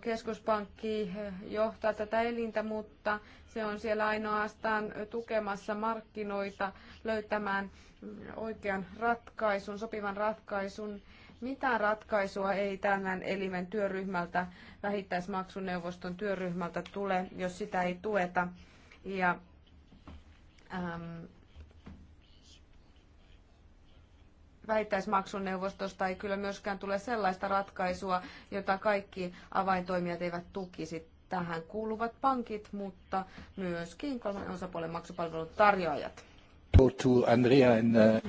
keskuspankki johtaa tätä elintä, mutta se on siellä ainoastaan tukemassa markkinoita löytämään oikean ratkaisun, sopivan ratkaisun. Mitään ratkaisua ei tämän elimen työryhmältä, vähittäismaksuneuvoston työryhmältä tule, jos sitä ei tueta. Ja, ähm, vähittäismaksuneuvostosta ei kyllä myöskään tule sellaista ratkaisua, jota kaikki avaintoimijat eivät tukisi. Tähän kuuluvat pankit, mutta myöskin kolmannen osapuolen maksupalvelun tarjoajat. Uh,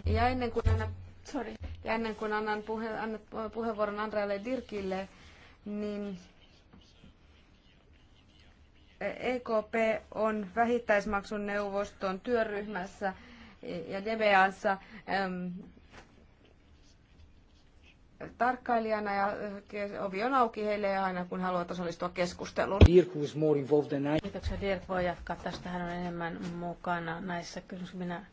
ja ennen kuin annan, sorry, ja ennen kuin annan puhe, annan puheenvuoron Andrealle Dirkille, niin EKP on vähittäismaksun neuvoston työryhmässä ja DBAssa tarkkailijana ja äh, ovi on auki heille aina, kun haluat osallistua keskusteluun. Dirk, who is more involved than I. Kiitoksia. Dirk voi jatkaa tästä. Hän on enemmän mukana näissä kysymyksissä. Minä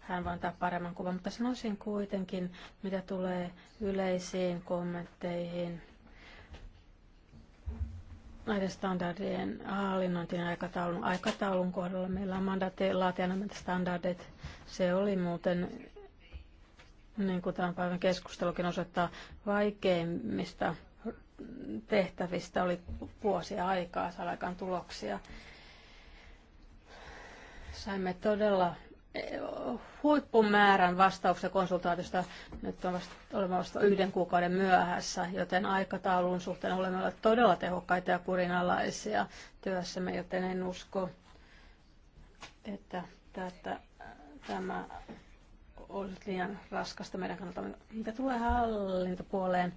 hän voi antaa paremman kuvan, mutta sanoisin kuitenkin, mitä tulee yleisiin kommentteihin näiden standardien hallinnointin aikataulun, aikataulun kohdalla. Meillä on mandaatti laatia nämä standardit. Se oli muuten niin kuin tämän päivän keskustelukin osoittaa, vaikeimmista tehtävistä oli vuosia aikaa saada aikaan tuloksia. Saimme todella eh, huippumäärän vastauksia konsultaatiosta. Nyt on vasta, olemme vasta yhden kuukauden myöhässä, joten aikataulun suhteen olemme olleet todella tehokkaita ja kurinalaisia työssämme, joten en usko, että tätä, tämä ollut liian raskasta meidän kannalta. Mitä tulee hallintopuoleen,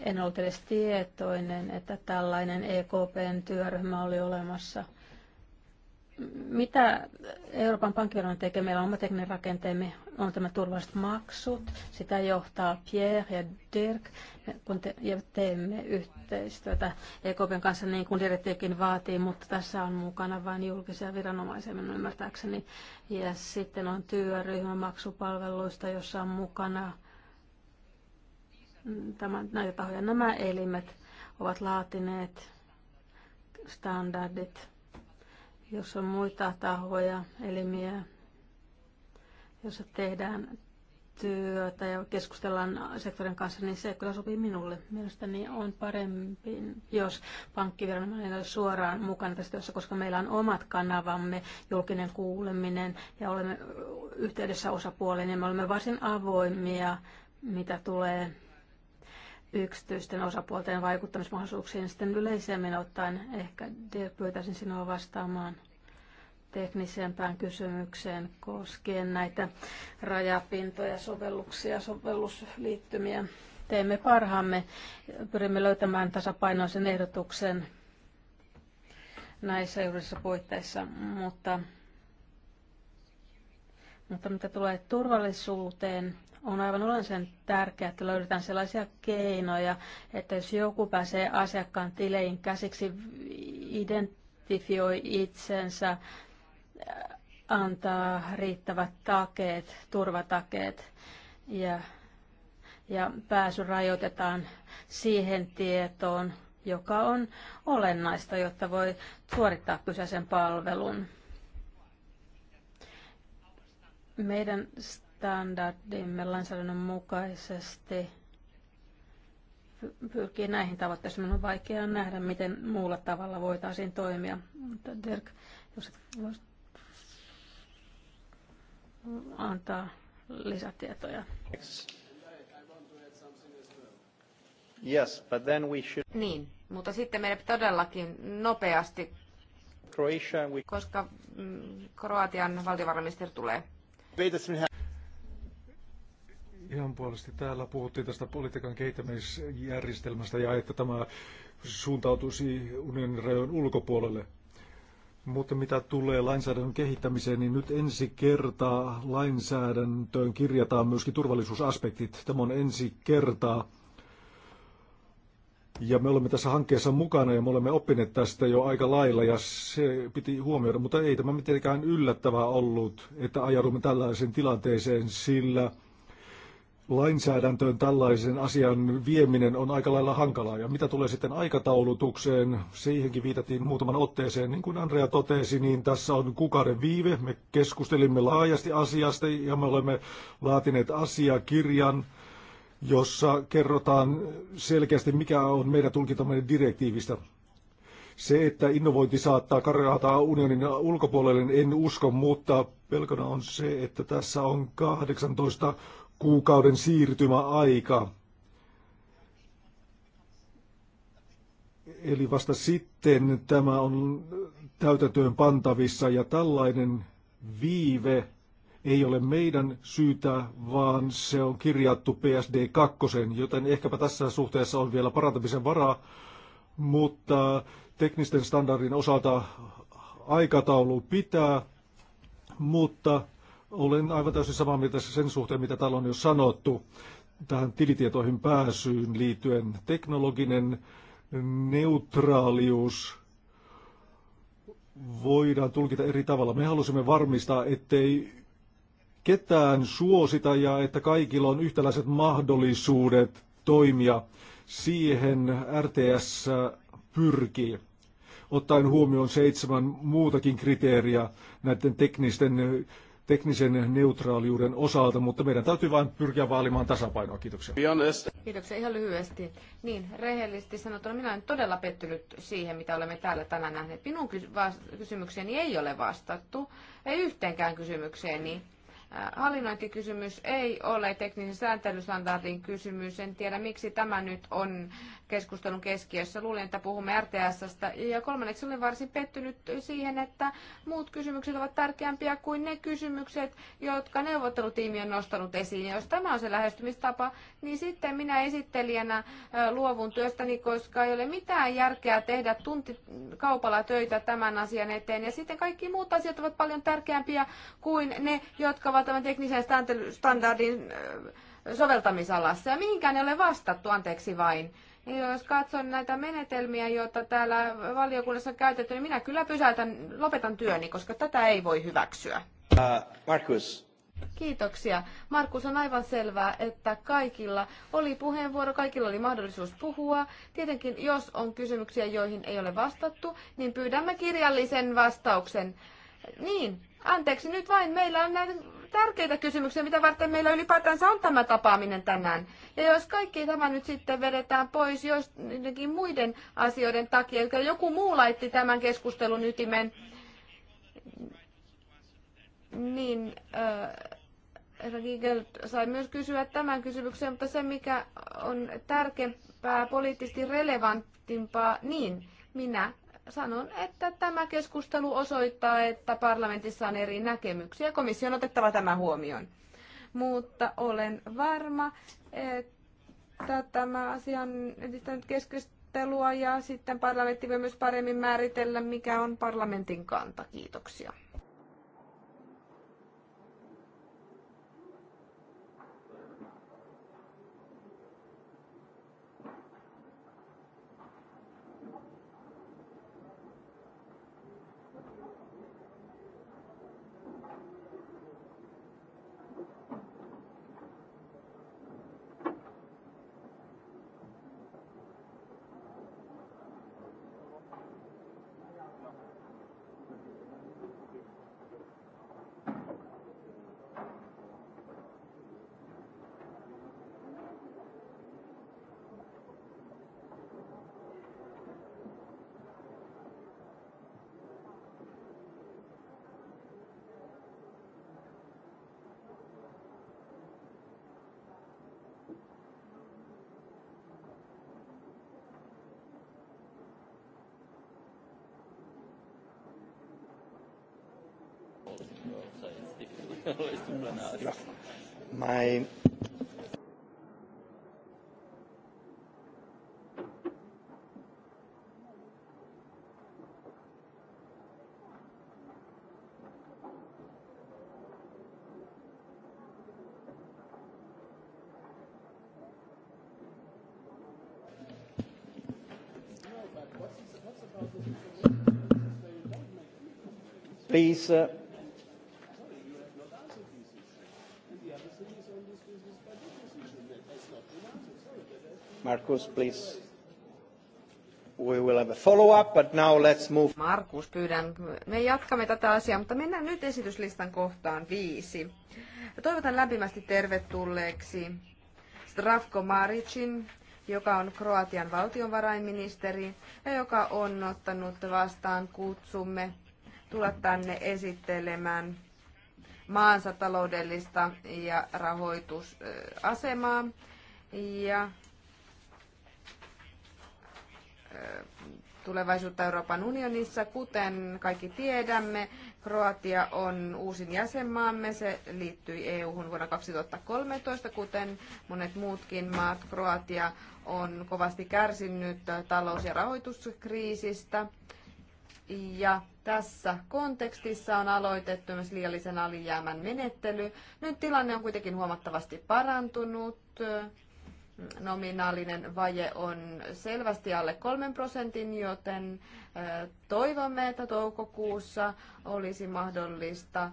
en ollut edes tietoinen, että tällainen EKPn työryhmä oli olemassa – mitä Euroopan on tekee? Meillä on oma tekninen rakenteemme, on tämä turvalliset maksut. Sitä johtaa Pierre ja Dirk, kun te, ja teemme yhteistyötä EKPn kanssa niin kuin direktiikin vaatii, mutta tässä on mukana vain julkisia viranomaisia minun ymmärtääkseni. Ja sitten on työryhmä maksupalveluista, jossa on mukana tämä näitä tahoja. Nämä elimet ovat laatineet standardit jos on muita tahoja, elimiä, jossa tehdään työtä ja keskustellaan sektorin kanssa, niin se kyllä sopii minulle. Mielestäni on parempi, jos pankkiviranomainen olisi suoraan mukana tässä työssä, koska meillä on omat kanavamme, julkinen kuuleminen ja olemme yhteydessä osapuoleen ja me olemme varsin avoimia, mitä tulee yksityisten osapuolten vaikuttamismahdollisuuksiin sitten yleisemmin ottaen. Ehkä pyytäisin sinua vastaamaan teknisempään kysymykseen koskien näitä rajapintoja, sovelluksia, sovellusliittymiä. Teemme parhaamme, pyrimme löytämään tasapainoisen ehdotuksen näissä juridisissa puitteissa, mutta, mutta mitä tulee turvallisuuteen, on aivan olennaisen tärkeää, että löydetään sellaisia keinoja, että jos joku pääsee asiakkaan tileihin käsiksi, identifioi itsensä, antaa riittävät takeet, turvatakeet ja, ja pääsy rajoitetaan siihen tietoon, joka on olennaista, jotta voi suorittaa kyseisen palvelun. Meidän standardimme lainsäädännön mukaisesti pyrkii näihin tavoitteisiin. Minun on vaikea nähdä, miten muulla tavalla voitaisiin toimia. Mutta Dirk, jos et voisi antaa lisätietoja. Yes, but then we should... Niin, mutta sitten meidän todellakin nopeasti, Croatia, we... koska mm, Kroatian valtiovarainministeri tulee. Ihan puolesti täällä puhuttiin tästä politiikan kehittämisjärjestelmästä ja että tämä suuntautuisi unionin rajojen ulkopuolelle. Mutta mitä tulee lainsäädännön kehittämiseen, niin nyt ensi kertaa lainsäädäntöön kirjataan myöskin turvallisuusaspektit. Tämä on ensi kertaa. Ja me olemme tässä hankkeessa mukana ja me olemme oppineet tästä jo aika lailla ja se piti huomioida, mutta ei tämä mitenkään yllättävää ollut, että ajaudumme tällaiseen tilanteeseen, sillä lainsäädäntöön tällaisen asian vieminen on aika lailla hankalaa. Ja mitä tulee sitten aikataulutukseen, siihenkin viitattiin muutaman otteeseen. Niin kuin Andrea totesi, niin tässä on kuukauden viive. Me keskustelimme laajasti asiasta ja me olemme laatineet asiakirjan, jossa kerrotaan selkeästi, mikä on meidän tulkintamme direktiivistä. Se, että innovointi saattaa karata unionin ulkopuolelle, en usko, mutta pelkona on se, että tässä on 18 kuukauden siirtymäaika. Eli vasta sitten tämä on täytäntöön pantavissa ja tällainen viive ei ole meidän syytä, vaan se on kirjattu PSD2, joten ehkäpä tässä suhteessa on vielä parantamisen varaa, mutta teknisten standardin osalta aikataulu pitää, mutta olen aivan täysin samaa mieltä sen suhteen, mitä täällä on jo sanottu tähän tilitietoihin pääsyyn liittyen. Teknologinen neutraalius voidaan tulkita eri tavalla. Me halusimme varmistaa, ettei ketään suosita ja että kaikilla on yhtäläiset mahdollisuudet toimia. Siihen RTS pyrkii ottaen huomioon seitsemän muutakin kriteeriä näiden teknisten teknisen neutraaliuden osalta, mutta meidän täytyy vain pyrkiä vaalimaan tasapainoa. Kiitoksia. Kiitoksia ihan lyhyesti. Niin, rehellisesti sanottuna minä olen todella pettynyt siihen, mitä olemme täällä tänään nähneet. Minun kysymykseeni ei ole vastattu, ei yhteenkään kysymykseeni. Hallinnointikysymys ei ole teknisen sääntelystandardin kysymys. En tiedä, miksi tämä nyt on keskustelun keskiössä. Luulen, että puhumme RTSstä. Ja kolmanneksi olen varsin pettynyt siihen, että muut kysymykset ovat tärkeämpiä kuin ne kysymykset, jotka neuvottelutiimi on nostanut esiin. Ja jos tämä on se lähestymistapa, niin sitten minä esittelijänä luovun työstäni, koska ei ole mitään järkeä tehdä tuntikaupalla töitä tämän asian eteen. Ja sitten kaikki muut asiat ovat paljon tärkeämpiä kuin ne, jotka ovat ovat tämän teknisen standardin soveltamisalassa. Ja mihinkään ei ole vastattu, anteeksi vain. Ja jos katson näitä menetelmiä, joita täällä valiokunnassa on käytetty, niin minä kyllä pysäytän, lopetan työni, koska tätä ei voi hyväksyä. Uh, Markus. Kiitoksia. Markus, on aivan selvää, että kaikilla oli puheenvuoro, kaikilla oli mahdollisuus puhua. Tietenkin, jos on kysymyksiä, joihin ei ole vastattu, niin pyydämme kirjallisen vastauksen. Niin, anteeksi nyt vain, meillä on näitä tärkeitä kysymyksiä, mitä varten meillä ylipäätänsä on tämä tapaaminen tänään. Ja jos kaikki tämä nyt sitten vedetään pois joidenkin muiden asioiden takia, jotka joku muu laitti tämän keskustelun ytimen, niin äh, sai myös kysyä tämän kysymyksen, mutta se mikä on tärkeämpää, poliittisesti relevanttimpaa, niin minä sanon, että tämä keskustelu osoittaa, että parlamentissa on eri näkemyksiä. Komission on otettava tämä huomioon. Mutta olen varma, että tämä asia on edistänyt keskustelua ja sitten parlamentti voi myös paremmin määritellä, mikä on parlamentin kanta. Kiitoksia. ja. My Please, uh, Markus, please. We will have a follow-up, but now let's move. Markus, pyydän. Me jatkamme tätä asiaa, mutta mennään nyt esityslistan kohtaan viisi. Toivotan lämpimästi tervetulleeksi Stravko Maricin, joka on Kroatian valtionvarainministeri ja joka on ottanut vastaan kutsumme tulla tänne esittelemään maansa taloudellista ja rahoitusasemaa. Ja tulevaisuutta Euroopan unionissa. Kuten kaikki tiedämme, Kroatia on uusin jäsenmaamme. Se liittyi EU-hun vuonna 2013, kuten monet muutkin maat. Kroatia on kovasti kärsinyt talous- ja rahoituskriisistä. Ja tässä kontekstissa on aloitettu myös liiallisen alijäämän menettely. Nyt tilanne on kuitenkin huomattavasti parantunut nominaalinen vaje on selvästi alle 3 prosentin, joten Toivomme, että toukokuussa olisi mahdollista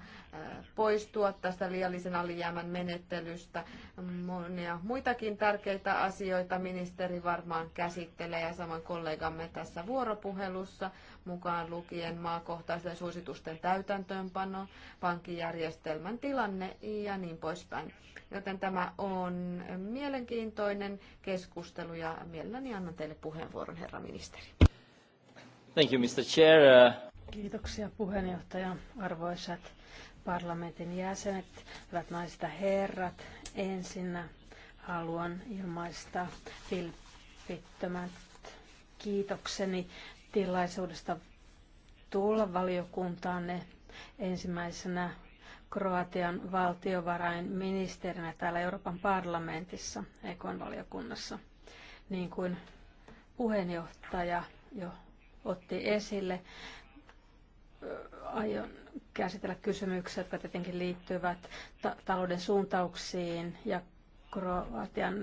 poistua tästä liiallisen alijäämän menettelystä. Monia muitakin tärkeitä asioita ministeri varmaan käsittelee ja saman kollegamme tässä vuoropuhelussa, mukaan lukien maakohtaisten suositusten täytäntöönpano, pankkijärjestelmän tilanne ja niin poispäin. Joten tämä on mielenkiintoinen keskustelu ja mielelläni annan teille puheenvuoron, herra ministeri. Thank you, Mr. Chair. Uh, Kiitoksia puheenjohtaja, arvoisat parlamentin jäsenet, hyvät naiset ja herrat. Ensinnä haluan ilmaista vilpittömät kiitokseni tilaisuudesta tulla valiokuntaanne ensimmäisenä Kroatian valtiovarainministerinä täällä Euroopan parlamentissa, Ekon valiokunnassa, niin kuin puheenjohtaja jo otti esille. Aion käsitellä kysymyksiä, jotka tietenkin liittyvät ta- talouden suuntauksiin ja Kroatian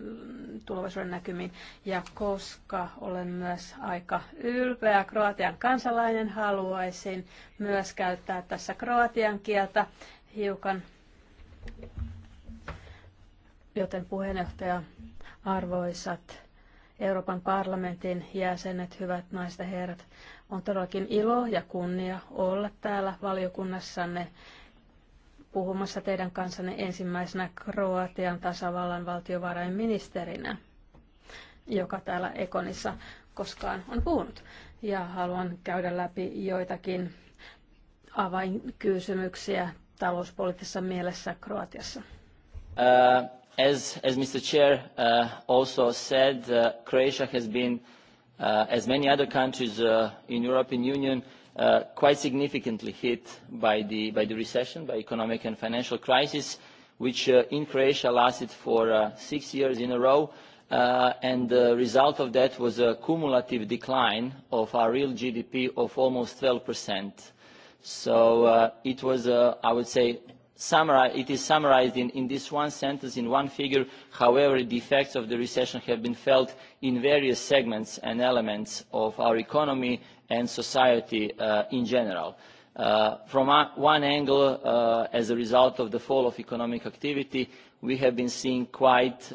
tulevaisuuden näkymiin. Ja koska olen myös aika ylpeä Kroatian kansalainen, haluaisin myös käyttää tässä kroatian kieltä hiukan. Joten puheenjohtaja, arvoisat Euroopan parlamentin jäsenet, hyvät naiset ja herrat. On todellakin ilo ja kunnia olla täällä valiokunnassanne puhumassa teidän kanssanne ensimmäisenä Kroatian tasavallan valtiovarainministerinä, joka täällä Ekonissa koskaan on puhunut. Ja haluan käydä läpi joitakin avainkysymyksiä talouspoliittisessa mielessä Kroatiassa. Ää as, Mr. Chair uh, also said, uh, Croatia has been, uh, as many other countries in in European Union, quite significantly hit by the, by the recession, by economic and financial crisis, which in Croatia lasted for six years in a row. and the result of that was a cumulative decline of our real GDP of almost 12%. So it was, I would say, it is summarised in, this one sentence, in one figure. However, the effects of the recession have been felt in various segments and elements of our economy and society uh, in general. Uh, from one angle, uh, as a result of the fall of economic activity, we have been seeing quite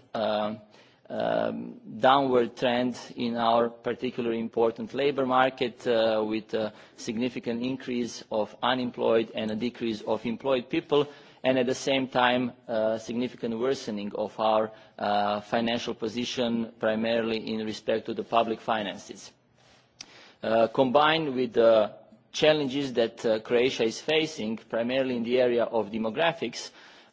Um, downward trend in our particularly important labour market uh, with a significant increase of unemployed and a decrease of employed people and at the same time a uh, significant worsening of our uh, financial position primarily in respect to the public finances. Uh, combined with the challenges that uh, Croatia is facing primarily in the area of demographics,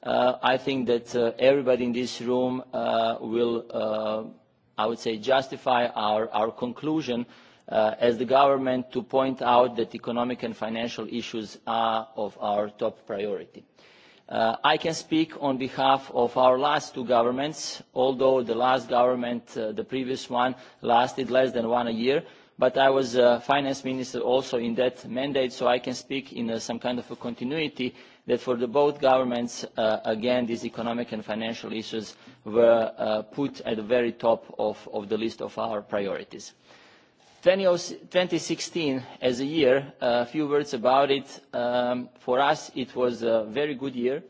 Uh, I think that uh, everybody in this room uh, will, I would say, justify our, our conclusion as the government to point out that economic and financial issues are of our top priority. I can speak on behalf of our last two governments, although the last government, the previous one, lasted less than one year, but I was finance minister also in that mandate, so I can speak in some kind of a continuity that for the both governments, uh, again, these economic and financial issues were uh, put at the very top of, of the list of our priorities. 2016 as a year, a few words about it. Um, for us, it was a very good year.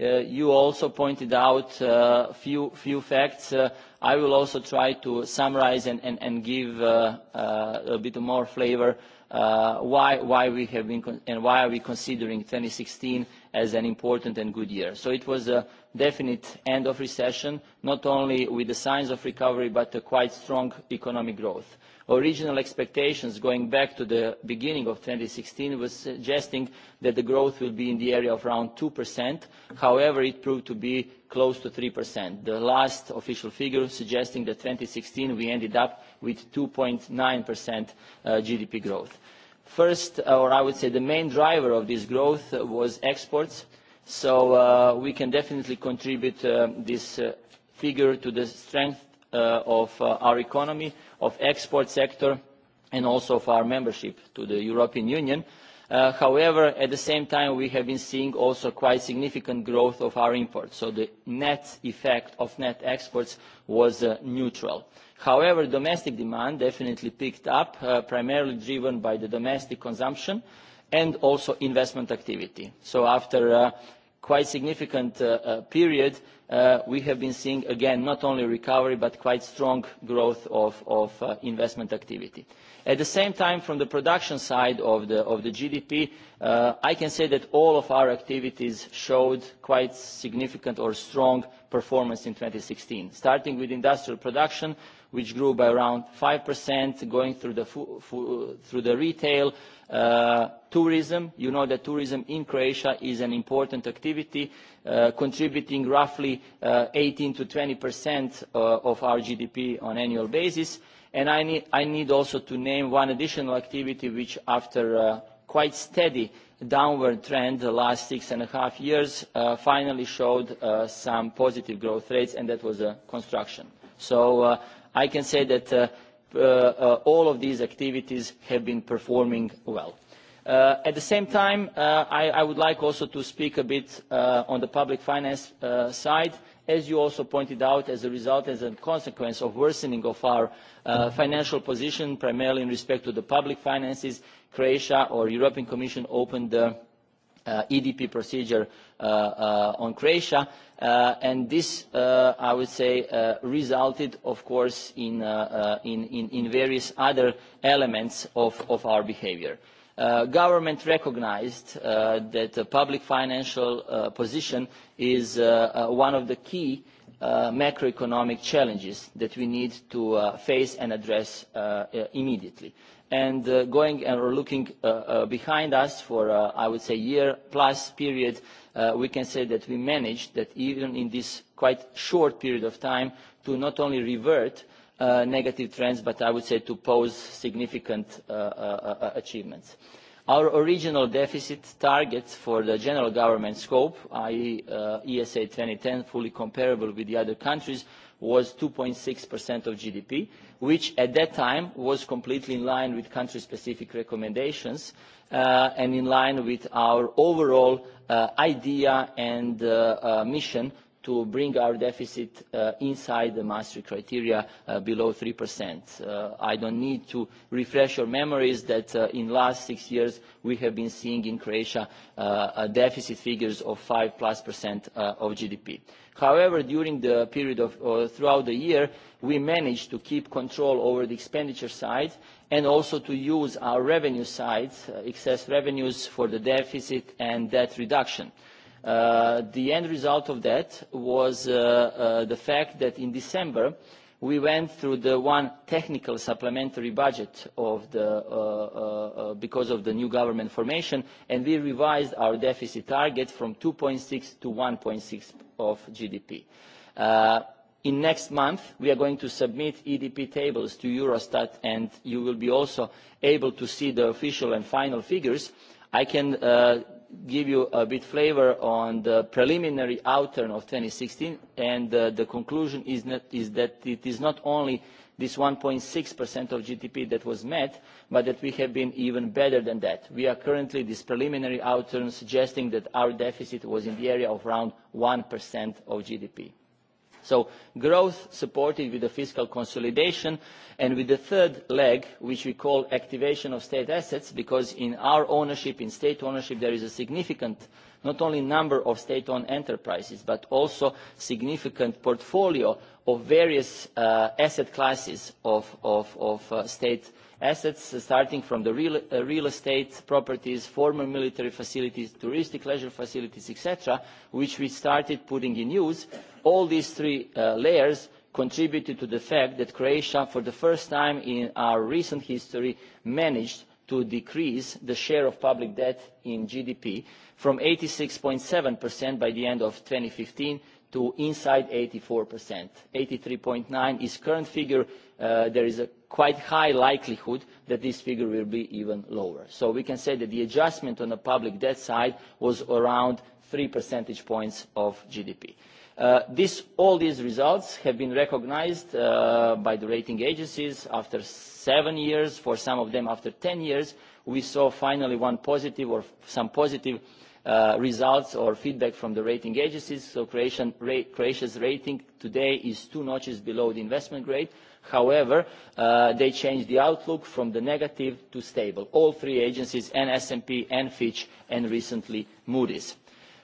Uh, you also pointed out a uh, few, few facts. Uh, I will also try to summarize and, and, and give uh, uh, a bit more flavor uh, why, why we have been and why are we considering 2016 as an important and good year. So it was a definite end of recession, not only with the signs of recovery, but a quite strong economic growth. Original expectations going back to the beginning of 2016 was suggesting that the growth will be in the area of around 2%. However, it proved to be close to 3%. The last official figure suggesting that 2016 we ended up with 2.9% uh, GDP growth. First, or I would say the main driver of this growth was exports. So uh, we can definitely contribute uh, this uh, figure to the strength uh, of uh, our economy, of export sector, and also of our membership to the European Union. Uh, however, at the same time, we have been seeing also quite significant growth of our imports, so the net effect of net exports was uh, neutral. However, domestic demand definitely picked up, uh, primarily driven by the domestic consumption and also investment activity. So after quite significant uh, uh, period, uh, we have been seeing, again, not only recovery, but quite strong growth of, investment activity. At the same time, from the production side of the, GDP, I can say that all of our activities showed quite significant or strong performance in 2016, starting with industrial production, which grew by around 5%, going through the, through the retail, Uh, tourism. You know that tourism in Croatia is an important activity, uh, contributing roughly uh, 18%-20% uh, of our GDP on annual basis. And I need, I need also to name one additional activity, which after a uh, quite steady downward trend the last six and a half years, uh, finally showed some positive growth rates, and that was construction. So I can say that uh, uh, uh, all of these activities have been performing well. at the same time, I, would like also to speak a bit on the public finance side. As you also pointed out, as a result, as a consequence of worsening of our financial position, primarily in respect to the public finances, Croatia or European Commission opened Uh, edp procedure uh, uh, on croatia uh, and this uh, i would say uh, resulted of course in, in, in various other elements of, of our behaviour. government recognised that the public financial position is one of the key macroeconomic challenges that we need to face and address immediately and uh, going and looking uh, uh, behind us for, I would say, year-plus period, we can say that we managed that even in this quite short period of time to not only revert negative trends, but I would say to pose significant achievements. Our original deficit target for the general government scope, i.e., ESA 2010, fully comparable with the other countries, was 2.6% of GDP which at that time was completely in line with country-specific recommendations uh, and in line with our overall uh, idea and uh, uh, mission to bring our deficit uh, inside the Maastricht criteria uh, below 3%. Uh, I don't need to refresh your memories that uh, in last six years we have been seeing in Croatia uh, a deficit figures of 5 plus percent uh, of GDP. However, during the period of, uh, throughout the year, we managed to keep control over the expenditure side and also to use our revenue side, uh, excess revenues for the deficit and debt reduction. Uh, the end result of that was uh, uh, the fact that in December, we went through the one technical supplementary budget of the, uh, uh, uh because of the new government formation, and we revised our deficit target from 2.6 to 1.6 of GDP. Uh, in next month we are going to submit edp tables to eurostat and you will also be able to see the official and final figures. i can uh, give you a bit of flavour on the preliminary outturn of two thousand and sixteen and uh, the conclusion is, is that it is not only this. one six of gdp that was met but that we have been even better than that. we are currently this preliminary outturn suggesting that our deficit was in the area of around one of gdp So growth supported with the fiscal consolidation and with the third leg, which we call activation of state assets, because in our ownership, in state ownership, there is a significant, not only number of state-owned enterprises, but also significant portfolio of various uh, asset classes of, of, of uh, state assets, starting from the real, uh, real estate properties, former military facilities, touristic leisure facilities, etc., which we started putting in use. All these three uh, layers contributed to the fact that Croatia, for the first time in our recent history, managed to decrease the share of public debt in GDP from 86.7% by the end of 2015 to inside 84%. 83.9 is current figure. Uh, there is a quite high likelihood that this figure will be even lower. So we can say that the adjustment on the public debt side was around 3 percentage points of GDP. Uh, this, all these results have been recognized uh, by the rating agencies after seven years, for some of them after 10 years. We saw finally one positive or some positive Uh, results or feedback from the rating agencies. So Croatia's rating today is two notches below the investment grade. However, uh, they changed the outlook from the negative to stable, all three agencies, and S&P and Fitch, and recently Moody's.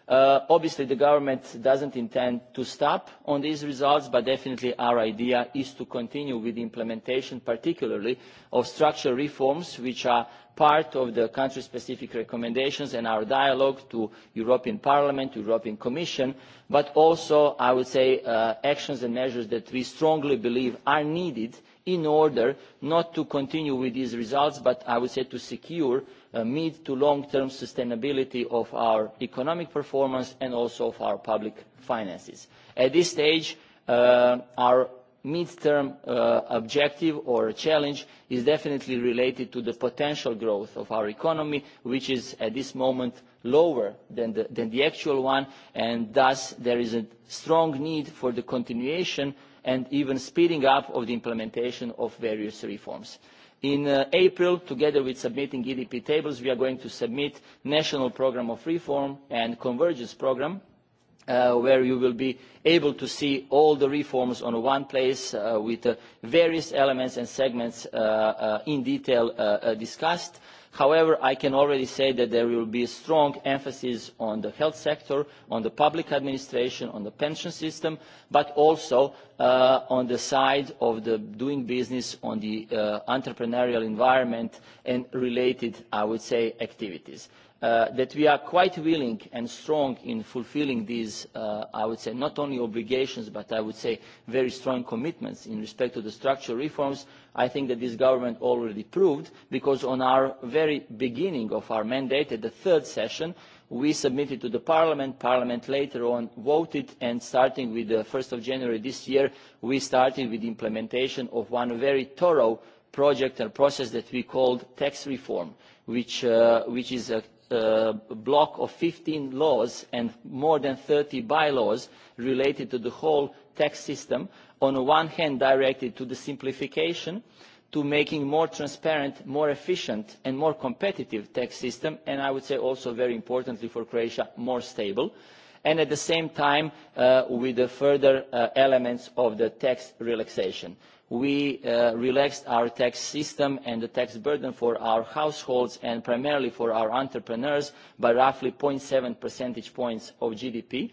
Uh, obviously, the government doesn't intend to stop on these results, but definitely our idea is to continue with the implementation, particularly of structural reforms, which are part of the country-specific recommendations and our dialogue to European Parliament, to European Commission, but also, I would say, uh, actions and measures that we strongly believe are needed in order not to continue with these results, but I would say to secure uh, mid to long-term sustainability of our economic performance and also of our public finances. At this stage, uh, our midterm term uh, objective or challenge is definitely related to the potential growth of our economy, which is at this moment lower than the, than the actual one, and thus there is a strong need for the continuation and even speeding up of the implementation of various reforms. In uh, April, together with submitting EDP tables, we are going to submit National Programme of Reform and Convergence Programme, Uh, where you will be able to see all the reforms on one place uh, with the uh, various elements and segments in detail discussed. However, I can already say that there will be a strong emphasis on the health sector, on the public administration, on the pension system, but also on the side of the doing business, on the entrepreneurial environment and related, I would say, activities. Uh, that we are quite willing and strong in fulfilling these, uh, I would say, not only obligations, but I would say very strong commitments in respect to the structural reforms, I think that this government already proved, because on our very beginning of our mandate at the third session, we submitted to the Parliament. Parliament later on voted, and starting with the 1st of January this year, we started with the implementation of one very thorough project and process that we called tax reform, which, uh, which is a Uh, block of 15 laws and more than 30 bylaws related to the whole tax system, on the one hand directed to the simplification, to making more transparent, more efficient and more competitive tax system, and I would say also very importantly for Croatia, more stable and at the same time uh, with the further uh, elements of the tax relaxation we uh, relaxed our tax system and the tax burden for our households and primarily for our entrepreneurs by roughly 0.7 percentage points of GDP.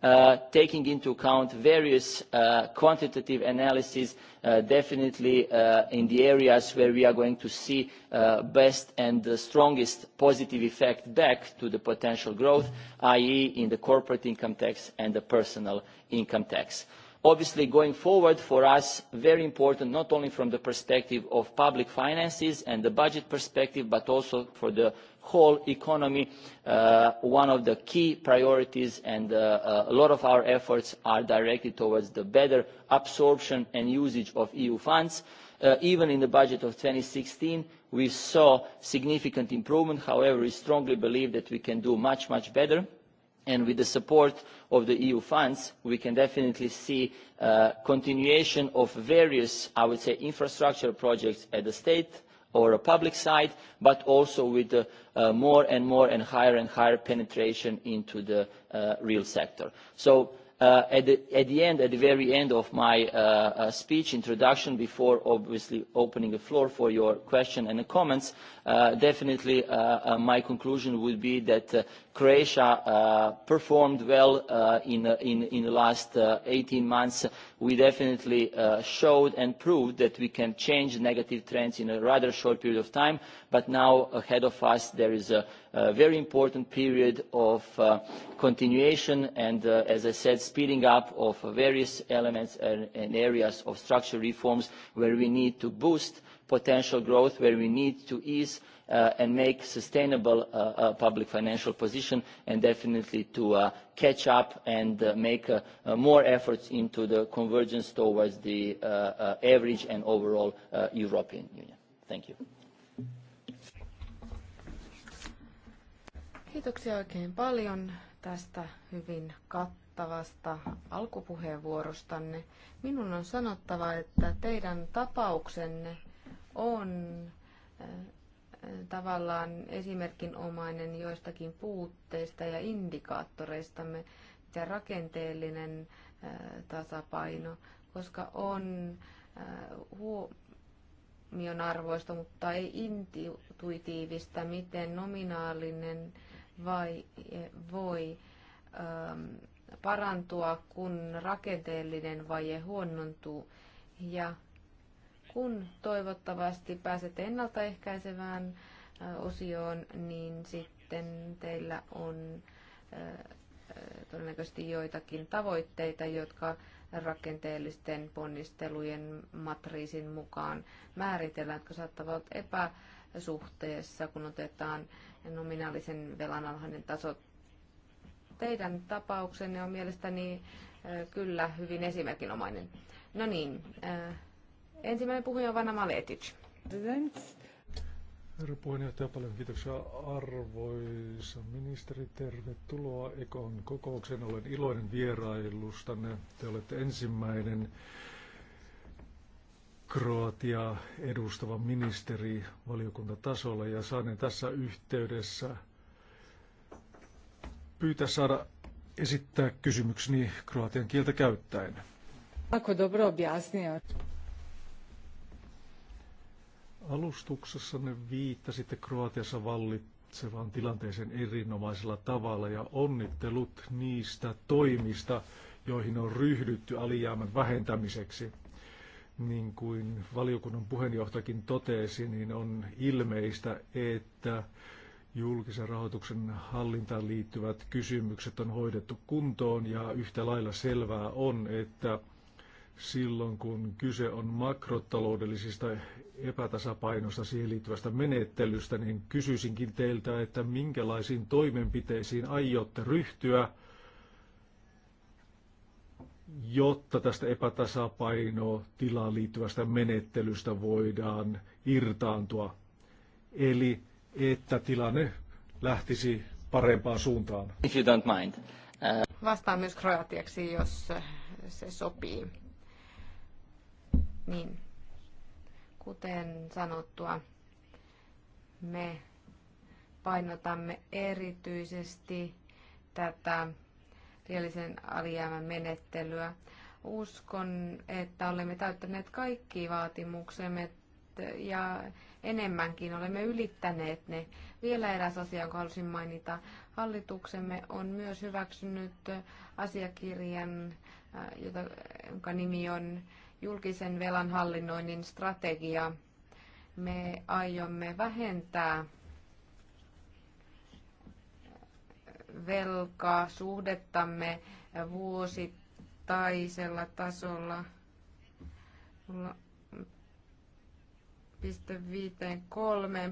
Uh, taking into account various uh, quantitative analyses, uh, definitely uh, in the areas where we are going to see uh, best and the strongest positive effect back to the potential growth, i.e., in the corporate income tax and the personal income tax. Obviously, going forward, for us, very important, not only from the perspective of public finances and the budget perspective, but also for the whole economy, uh, one of the key priorities and uh, uh, a lot of our efforts are directed towards the better absorption and usage of EU funds. even in the budget of 2016, we saw significant improvement. However, we strongly believe that we can do much, much better and with the support of the eu funds we can definitely see a uh, continuation of various i would say infrastructure projects at the state or a public site but also with uh, uh, more and more and higher and higher penetration into the real sector. so Uh, at, the, at the end, at the very end of my uh, uh, speech introduction, before obviously opening the floor for your question and the comments, uh, definitely uh, uh, my conclusion would be that uh, Croatia uh, performed well uh, in, uh, in, in the last uh, 18 months we definitely uh, showed and proved that we can change negative trends in a rather short period of time but now ahead of us there is a, a very important period of uh, continuation and uh, as i said speeding up of various elements and, and areas of structural reforms where we need to boost potential growth where we need to ease uh, Uh, and make sustainable uh, uh, public financial position and definitely to uh, catch up and make more efforts into the convergence towards the average and overall European Union. Thank you. Kiitoksia oikein paljon tästä hyvin kattavasta alkupuheenvuorostanne. Minun on sanottava, että teidän tapauksenne on äh, tavallaan esimerkinomainen joistakin puutteista ja indikaattoreistamme, mitä rakenteellinen tasapaino, koska on arvoista, mutta ei intuitiivista, miten nominaalinen vai e, voi parantua, kun rakenteellinen vaje huonontuu. Ja kun toivottavasti pääsette ennaltaehkäisevään osioon, niin sitten teillä on todennäköisesti joitakin tavoitteita, jotka rakenteellisten ponnistelujen matriisin mukaan määritellään, jotka saattavat olla epäsuhteessa, kun otetaan nominaalisen velan alhainen taso. Teidän tapauksenne on mielestäni kyllä hyvin esimerkinomainen. No niin, Ensimmäinen puhuja on Vanna Maletic. Herra puheenjohtaja, paljon kiitoksia arvoisa ministeri. Tervetuloa Ekon kokoukseen. Olen iloinen vierailustanne. Te olette ensimmäinen Kroatia edustava ministeri valiokuntatasolla ja saanen tässä yhteydessä pyytää saada esittää kysymykseni kroatian kieltä käyttäen. Ako dobro objasnio. Alustuksessanne viittasitte Kroatiassa vallitsevaan tilanteeseen erinomaisella tavalla ja onnittelut niistä toimista, joihin on ryhdytty alijäämän vähentämiseksi. Niin kuin valiokunnan puheenjohtakin totesi, niin on ilmeistä, että julkisen rahoituksen hallintaan liittyvät kysymykset on hoidettu kuntoon ja yhtä lailla selvää on, että silloin, kun kyse on makrotaloudellisista epätasapainosta siihen liittyvästä menettelystä, niin kysyisinkin teiltä, että minkälaisiin toimenpiteisiin aiotte ryhtyä, jotta tästä epätasapainoa tilaan liittyvästä menettelystä voidaan irtaantua. Eli että tilanne lähtisi parempaan suuntaan. If you don't mind. Uh... Vastaan myös kroatiaksi, jos se sopii. Niin, kuten sanottua, me painotamme erityisesti tätä reaalisen alijäämän menettelyä. Uskon, että olemme täyttäneet kaikki vaatimuksemme ja enemmänkin olemme ylittäneet ne. Vielä eräs asia, jonka halusin mainita. Hallituksemme on myös hyväksynyt asiakirjan, jota, jonka nimi on julkisen velan hallinnoinnin strategia. Me aiomme vähentää velkaa suhdettamme vuosittaisella tasolla 0,53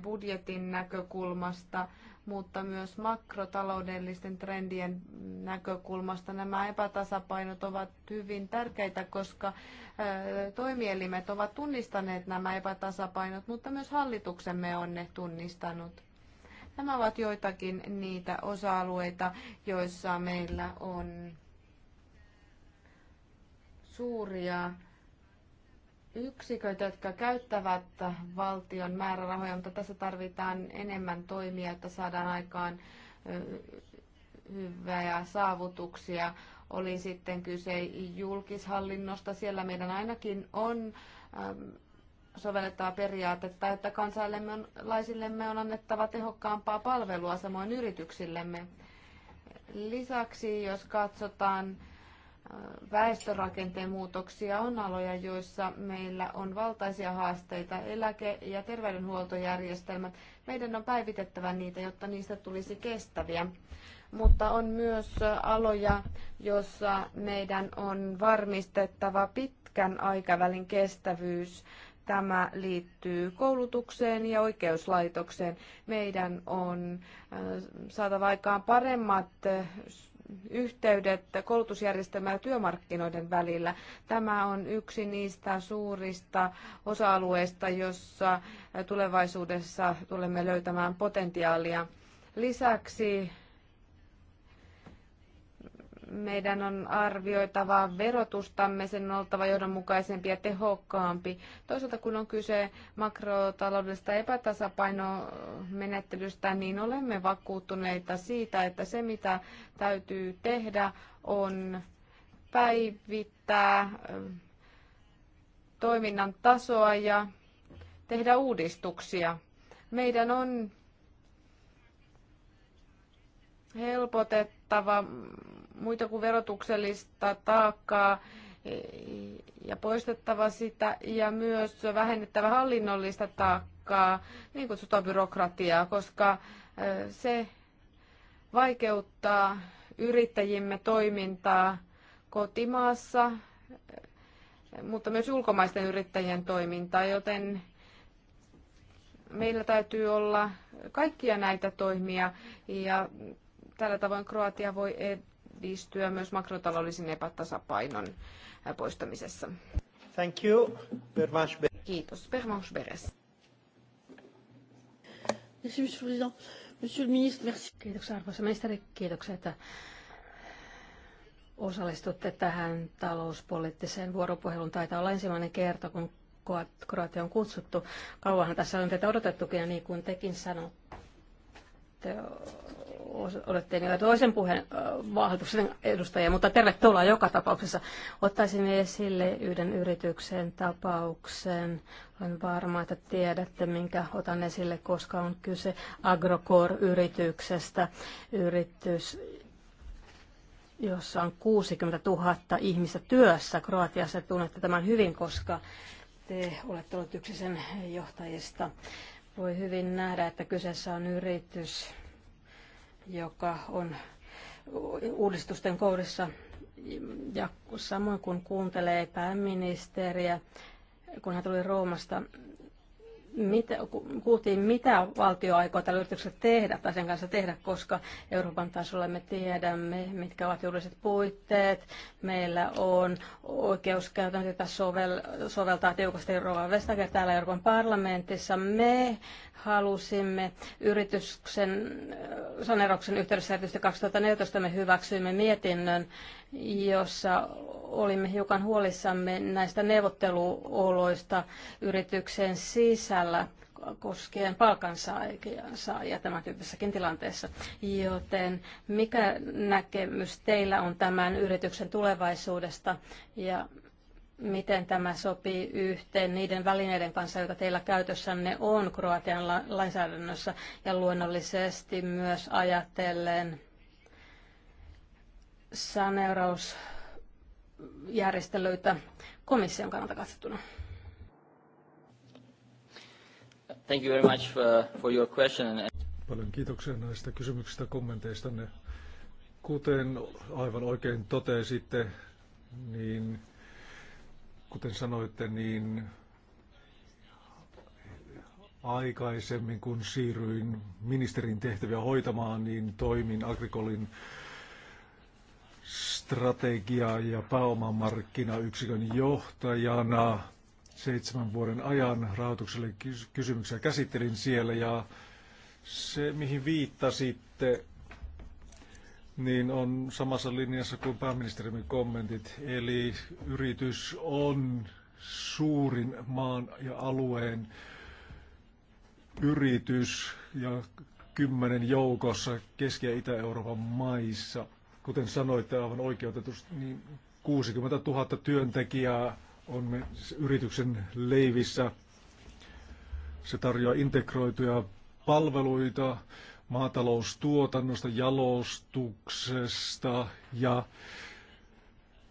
budjetin näkökulmasta mutta myös makrotaloudellisten trendien näkökulmasta nämä epätasapainot ovat hyvin tärkeitä, koska toimielimet ovat tunnistaneet nämä epätasapainot, mutta myös hallituksemme on ne tunnistanut. Nämä ovat joitakin niitä osa-alueita, joissa meillä on suuria yksiköt, jotka käyttävät valtion määrärahoja, mutta tässä tarvitaan enemmän toimia, että saadaan aikaan hyvää saavutuksia. Oli sitten kyse julkishallinnosta, siellä meidän ainakin on sovellettava periaatetta, että kansalaisillemme on annettava tehokkaampaa palvelua samoin yrityksillemme. Lisäksi, jos katsotaan väestörakenteen muutoksia on aloja, joissa meillä on valtaisia haasteita, eläke- ja terveydenhuoltojärjestelmät. Meidän on päivitettävä niitä, jotta niistä tulisi kestäviä. Mutta on myös aloja, joissa meidän on varmistettava pitkän aikavälin kestävyys. Tämä liittyy koulutukseen ja oikeuslaitokseen. Meidän on äh, saatava aikaan paremmat yhteydet koulutusjärjestelmän ja työmarkkinoiden välillä. Tämä on yksi niistä suurista osa-alueista, jossa tulevaisuudessa tulemme löytämään potentiaalia. Lisäksi meidän on arvioitava verotustamme, sen on oltava johdonmukaisempi ja tehokkaampi. Toisaalta kun on kyse makrotaloudellisesta epätasapainomenettelystä, niin olemme vakuuttuneita siitä, että se mitä täytyy tehdä on päivittää toiminnan tasoa ja tehdä uudistuksia. Meidän on helpotettava muita kuin verotuksellista taakkaa e, ja poistettava sitä ja myös vähennettävä hallinnollista taakkaa, niin kutsutaan byrokratiaa, koska e, se vaikeuttaa yrittäjimme toimintaa kotimaassa, e, mutta myös ulkomaisten yrittäjien toimintaa, joten meillä täytyy olla kaikkia näitä toimia ja tällä tavoin Kroatia voi edistyä myös makrotaloudellisen epätasapainon poistamisessa. Thank you. Kiitos. Permanche Beres. Kiitos, arvoisa ministeri. Kiitoksia, että osallistutte tähän talouspoliittiseen vuoropuheluun. Taitaa olla ensimmäinen kerta, kun Kroatia on kutsuttu. Kauanhan tässä on tätä odotettukin ja niin kuin tekin sanotte, olette niin toisen puheen hallituksen edustajia, mutta tervetuloa joka tapauksessa. Ottaisin esille yhden yrityksen tapauksen. Olen varma, että tiedätte, minkä otan esille, koska on kyse agrocore yrityksestä Yritys, jossa on 60 000 ihmistä työssä Kroatiassa. Tunnette tämän hyvin, koska te olette olleet yksi sen johtajista. Voi hyvin nähdä, että kyseessä on yritys, joka on uudistusten kourissa. Ja samoin kun kuuntelee pääministeriä, kun hän tuli Roomasta, mitä, kuultiin, mitä valtio aikoo tällä yrityksellä tehdä tai sen kanssa tehdä, koska Euroopan tasolla me tiedämme, mitkä ovat juridiset puitteet. Meillä on oikeuskäytäntö, jota sovel, soveltaa tiukasti Rova Vestager täällä Euroopan parlamentissa. Me halusimme yrityksen saneroksen yhteydessä, erityisesti 2014 me hyväksyimme mietinnön, jossa olimme hiukan huolissamme näistä neuvotteluoloista yrityksen sisällä koskien palkansaajia tämän tyyppisessäkin tilanteessa. Joten mikä näkemys teillä on tämän yrityksen tulevaisuudesta ja miten tämä sopii yhteen niiden välineiden kanssa, joita teillä käytössänne on Kroatian lainsäädännössä ja luonnollisesti myös ajatellen saneerausjärjestelyitä komission kannalta katsottuna? Thank you very much for your question. Paljon kiitoksia näistä kysymyksistä ja kommenteista. Kuten aivan oikein totesitte, niin kuten sanoitte, niin aikaisemmin kun siirryin ministerin tehtäviä hoitamaan, niin toimin Agrikolin strategiaa ja pääomamarkkinayksikön johtajana seitsemän vuoden ajan rahoitukselle kysymyksiä käsittelin siellä ja se, mihin viittasitte, niin on samassa linjassa kuin pääministerimme kommentit. Eli yritys on suurin maan ja alueen yritys ja kymmenen joukossa Keski- ja Itä-Euroopan maissa. Kuten sanoitte aivan oikeutetusti, niin 60 000 työntekijää on yrityksen leivissä. Se tarjoaa integroituja palveluita maataloustuotannosta, jalostuksesta ja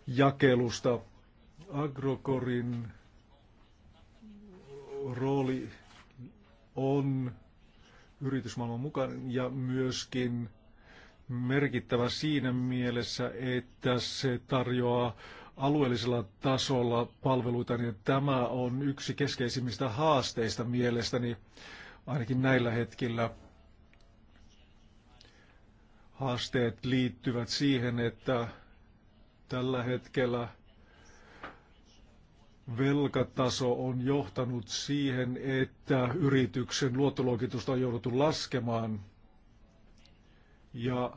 jakelusta. Agrokorin rooli on yritysmaailman mukainen ja myöskin merkittävä siinä mielessä, että se tarjoaa alueellisella tasolla palveluita, niin tämä on yksi keskeisimmistä haasteista mielestäni, ainakin näillä hetkillä. Haasteet liittyvät siihen, että tällä hetkellä velkataso on johtanut siihen, että yrityksen luottoluokitusta on jouduttu laskemaan – ja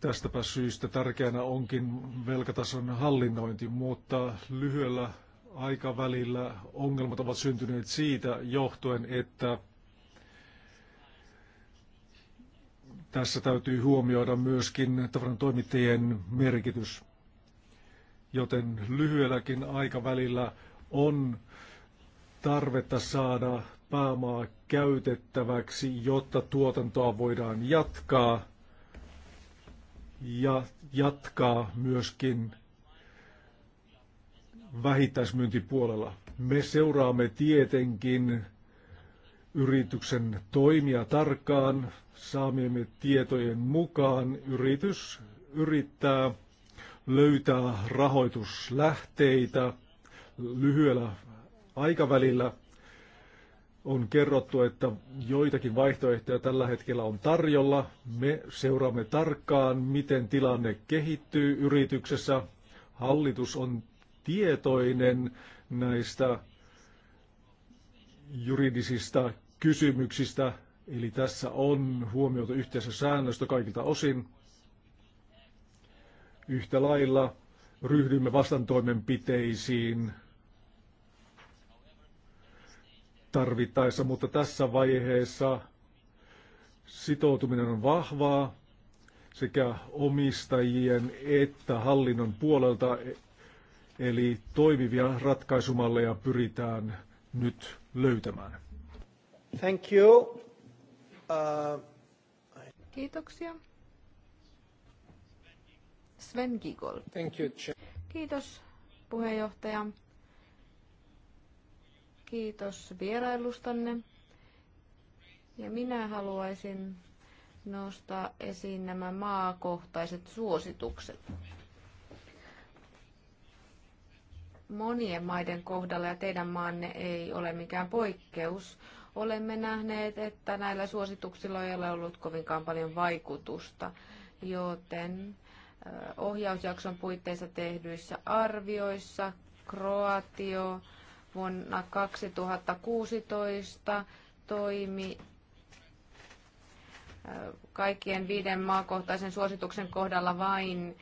tästäpä syystä tärkeänä onkin velkatason hallinnointi, mutta lyhyellä aikavälillä ongelmat ovat syntyneet siitä johtuen, että tässä täytyy huomioida myöskin tavaran toimittajien merkitys. Joten lyhyelläkin aikavälillä on tarvetta saada pääomaa käytettäväksi, jotta tuotantoa voidaan jatkaa ja jatkaa myöskin vähittäismyyntipuolella. Me seuraamme tietenkin yrityksen toimia tarkkaan saamiemme tietojen mukaan. Yritys yrittää löytää rahoituslähteitä lyhyellä aikavälillä – on kerrottu, että joitakin vaihtoehtoja tällä hetkellä on tarjolla. Me seuraamme tarkkaan, miten tilanne kehittyy yrityksessä. Hallitus on tietoinen näistä juridisista kysymyksistä, eli tässä on huomioitu yhteisösäännöstö kaikilta osin. Yhtä lailla ryhdymme vastantoimenpiteisiin tarvittaessa, mutta tässä vaiheessa sitoutuminen on vahvaa sekä omistajien että hallinnon puolelta, eli toimivia ratkaisumalleja pyritään nyt löytämään. Thank you. Uh... Kiitoksia. Sven Giegold. Thank you. Kiitos puheenjohtaja. Kiitos vierailustanne. Ja minä haluaisin nostaa esiin nämä maakohtaiset suositukset. Monien maiden kohdalla, ja teidän maanne ei ole mikään poikkeus, olemme nähneet, että näillä suosituksilla ei ole ollut kovinkaan paljon vaikutusta, joten ohjausjakson puitteissa tehdyissä arvioissa Kroatio, vuonna 2016 toimi kaikkien viiden maakohtaisen suosituksen kohdalla vain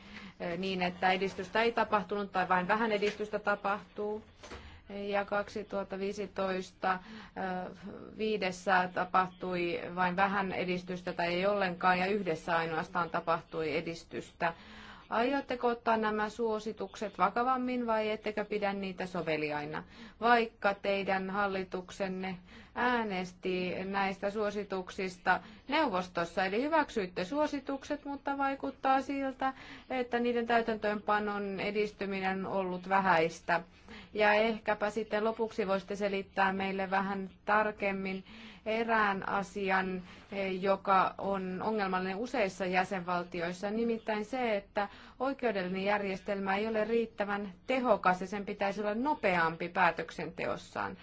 niin, että edistystä ei tapahtunut tai vain vähän edistystä tapahtuu. Ja 2015 viidessä tapahtui vain vähän edistystä tai ei ollenkaan ja yhdessä ainoastaan tapahtui edistystä. Aiotteko ottaa nämä suositukset vakavammin vai ettekä pidä niitä soveliaina? Vaikka teidän hallituksenne äänesti näistä suosituksista neuvostossa, eli hyväksyitte suositukset, mutta vaikuttaa siltä, että niiden täytäntöönpanon edistyminen on ollut vähäistä. Ja ehkäpä sitten lopuksi voisitte selittää meille vähän tarkemmin, erään asian, eh, joka on ongelmallinen useissa jäsenvaltioissa, nimittäin se, että oikeudellinen järjestelmä ei ole riittävän tehokas ja sen pitäisi olla nopeampi päätöksenteossaan.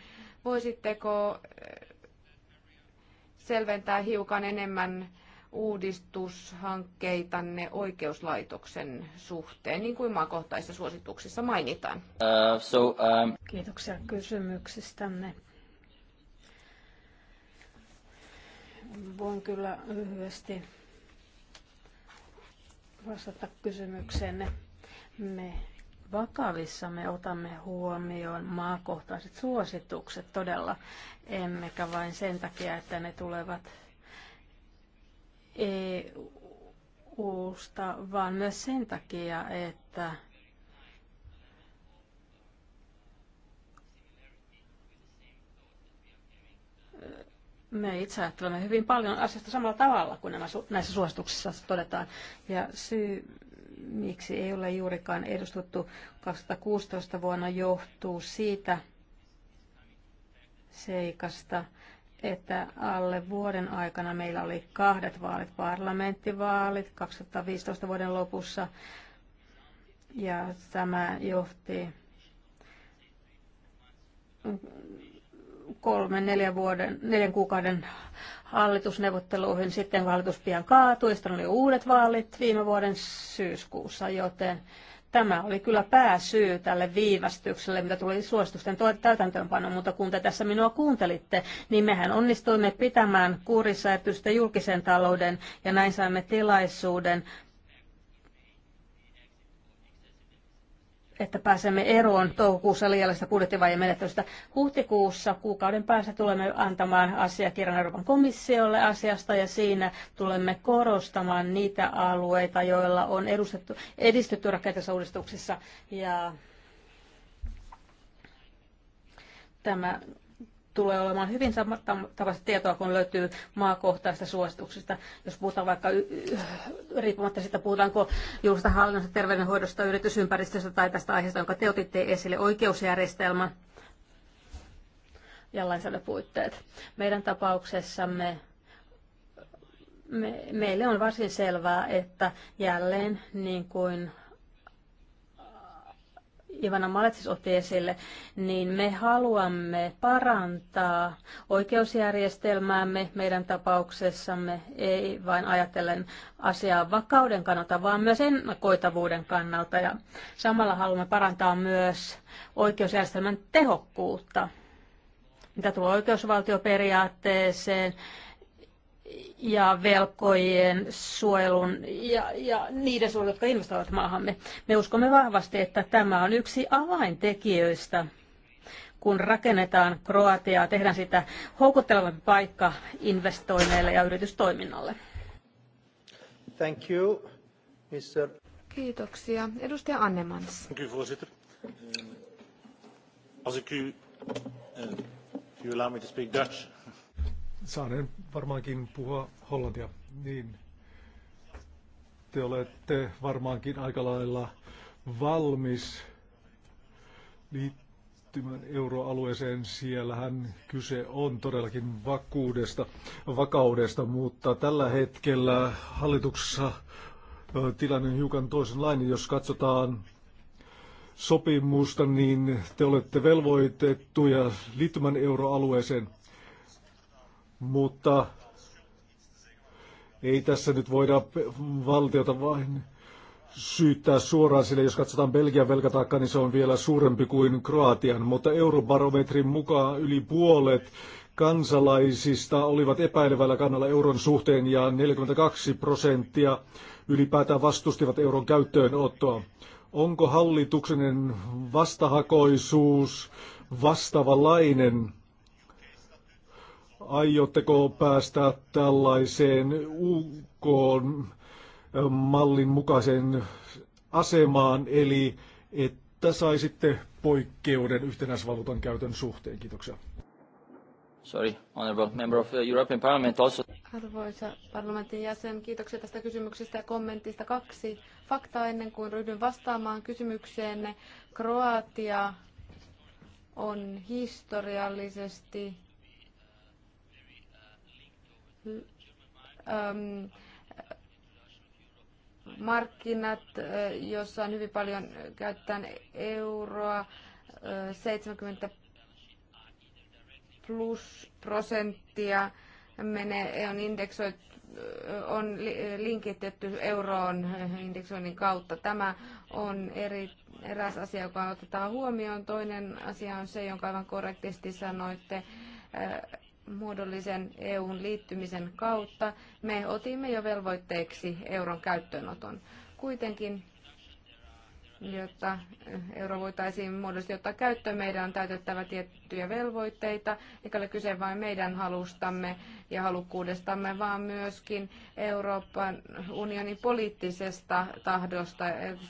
Voisitteko eh, selventää hiukan enemmän uudistushankkeitanne oikeuslaitoksen suhteen, niin kuin maakohtaisissa suosituksissa mainitaan? Uh, so, um... Kiitoksia kysymyksistänne. Voin kyllä lyhyesti vastata kysymykseenne. Me vakavissamme otamme huomioon maakohtaiset suositukset todella, emmekä vain sen takia, että ne tulevat EU-sta, vaan myös sen takia, että me itse ajattelemme hyvin paljon asiasta samalla tavalla kuin nämä näissä suosituksissa todetaan. Ja syy, miksi ei ole juurikaan edustettu 2016 vuonna, johtuu siitä seikasta, että alle vuoden aikana meillä oli kahdet vaalit, parlamenttivaalit 2015 vuoden lopussa, ja tämä johti kolmen, neljän, vuoden, neljän kuukauden hallitusneuvotteluihin. Sitten hallitus pian kaatui, sitten oli uudet vaalit viime vuoden syyskuussa, joten tämä oli kyllä pääsyy tälle viivästykselle, mitä tuli suositusten täytäntöönpano, mutta kun te tässä minua kuuntelitte, niin mehän onnistuimme pitämään kurissa ja julkisen talouden ja näin saimme tilaisuuden että pääsemme eroon toukokuussa liiallisesta menettelystä. Huhtikuussa kuukauden päästä tulemme antamaan asiakirjan Euroopan komissiolle asiasta ja siinä tulemme korostamaan niitä alueita, joilla on edustettu, edistetty rakenteessa uudistuksissa ja tämä tulee olemaan hyvin samantapaista tietoa, kun löytyy maakohtaista suosituksista. Jos puhutaan vaikka, riippumatta siitä, puhutaanko julkista hallinnosta, terveydenhoidosta, yritysympäristöstä tai tästä aiheesta, jonka te otitte esille, oikeusjärjestelmä ja lainsäädäpuitteet. Meidän tapauksessamme me, meille on varsin selvää, että jälleen niin kuin Ivana Maletsis otti esille, niin me haluamme parantaa oikeusjärjestelmäämme meidän tapauksessamme, ei vain ajatellen asiaa vakauden kannalta, vaan myös ennakoitavuuden kannalta. Ja samalla haluamme parantaa myös oikeusjärjestelmän tehokkuutta mitä tulee oikeusvaltioperiaatteeseen, ja velkojen suojelun ja, ja niiden suojelun, jotka investoivat maahamme. Me uskomme vahvasti, että tämä on yksi avaintekijöistä, kun rakennetaan Kroatiaa, tehdään sitä houkuttelevampi paikka investoinneille ja yritystoiminnalle. Thank you, Mr. Kiitoksia. Edustaja Annemans. Thank you, voorzitter. Ehm, als ik if you allow me to speak Dutch, Saanen varmaankin puhua hollantia. Niin, te olette varmaankin aika lailla valmis liittymään euroalueeseen. Siellähän kyse on todellakin vakuudesta, vakaudesta, mutta tällä hetkellä hallituksessa tilanne on hiukan toisenlainen. Jos katsotaan sopimusta, niin te olette velvoitettuja liittymään euroalueeseen – mutta ei tässä nyt voida valtiota vain syyttää suoraan sille, jos katsotaan Belgian velkataakka, niin se on vielä suurempi kuin Kroatian, mutta eurobarometrin mukaan yli puolet kansalaisista olivat epäilevällä kannalla euron suhteen ja 42 prosenttia ylipäätään vastustivat euron käyttöönottoa. Onko hallituksen vastahakoisuus lainen? aiotteko päästä tällaiseen UK-mallin mukaiseen asemaan, eli että saisitte poikkeuden yhtenäisvaluutan käytön suhteen? Kiitoksia. Sorry, honorable member of the European Parliament also. Arvoisa parlamentin jäsen, kiitoksia tästä kysymyksestä ja kommentista. Kaksi faktaa ennen kuin ryhdyn vastaamaan kysymykseenne. Kroatia on historiallisesti Ähm, markkinat, äh, jossa on hyvin paljon äh, käyttäen euroa, 70 äh, plus prosenttia menee, on indeksoit, on linkitetty euroon indeksoinnin kautta. Tämä on eri, eräs asia, joka otetaan huomioon. Toinen asia on se, jonka aivan korrektisti sanoitte, muodollisen EUn liittymisen kautta me otimme jo velvoitteeksi euron käyttöönoton. Kuitenkin jotta euro voitaisiin muodollisesti ottaa käyttöön, meidän on täytettävä tiettyjä velvoitteita, eikä ole kyse vain meidän halustamme ja halukkuudestamme, vaan myöskin Euroopan unionin poliittisesta tahdosta,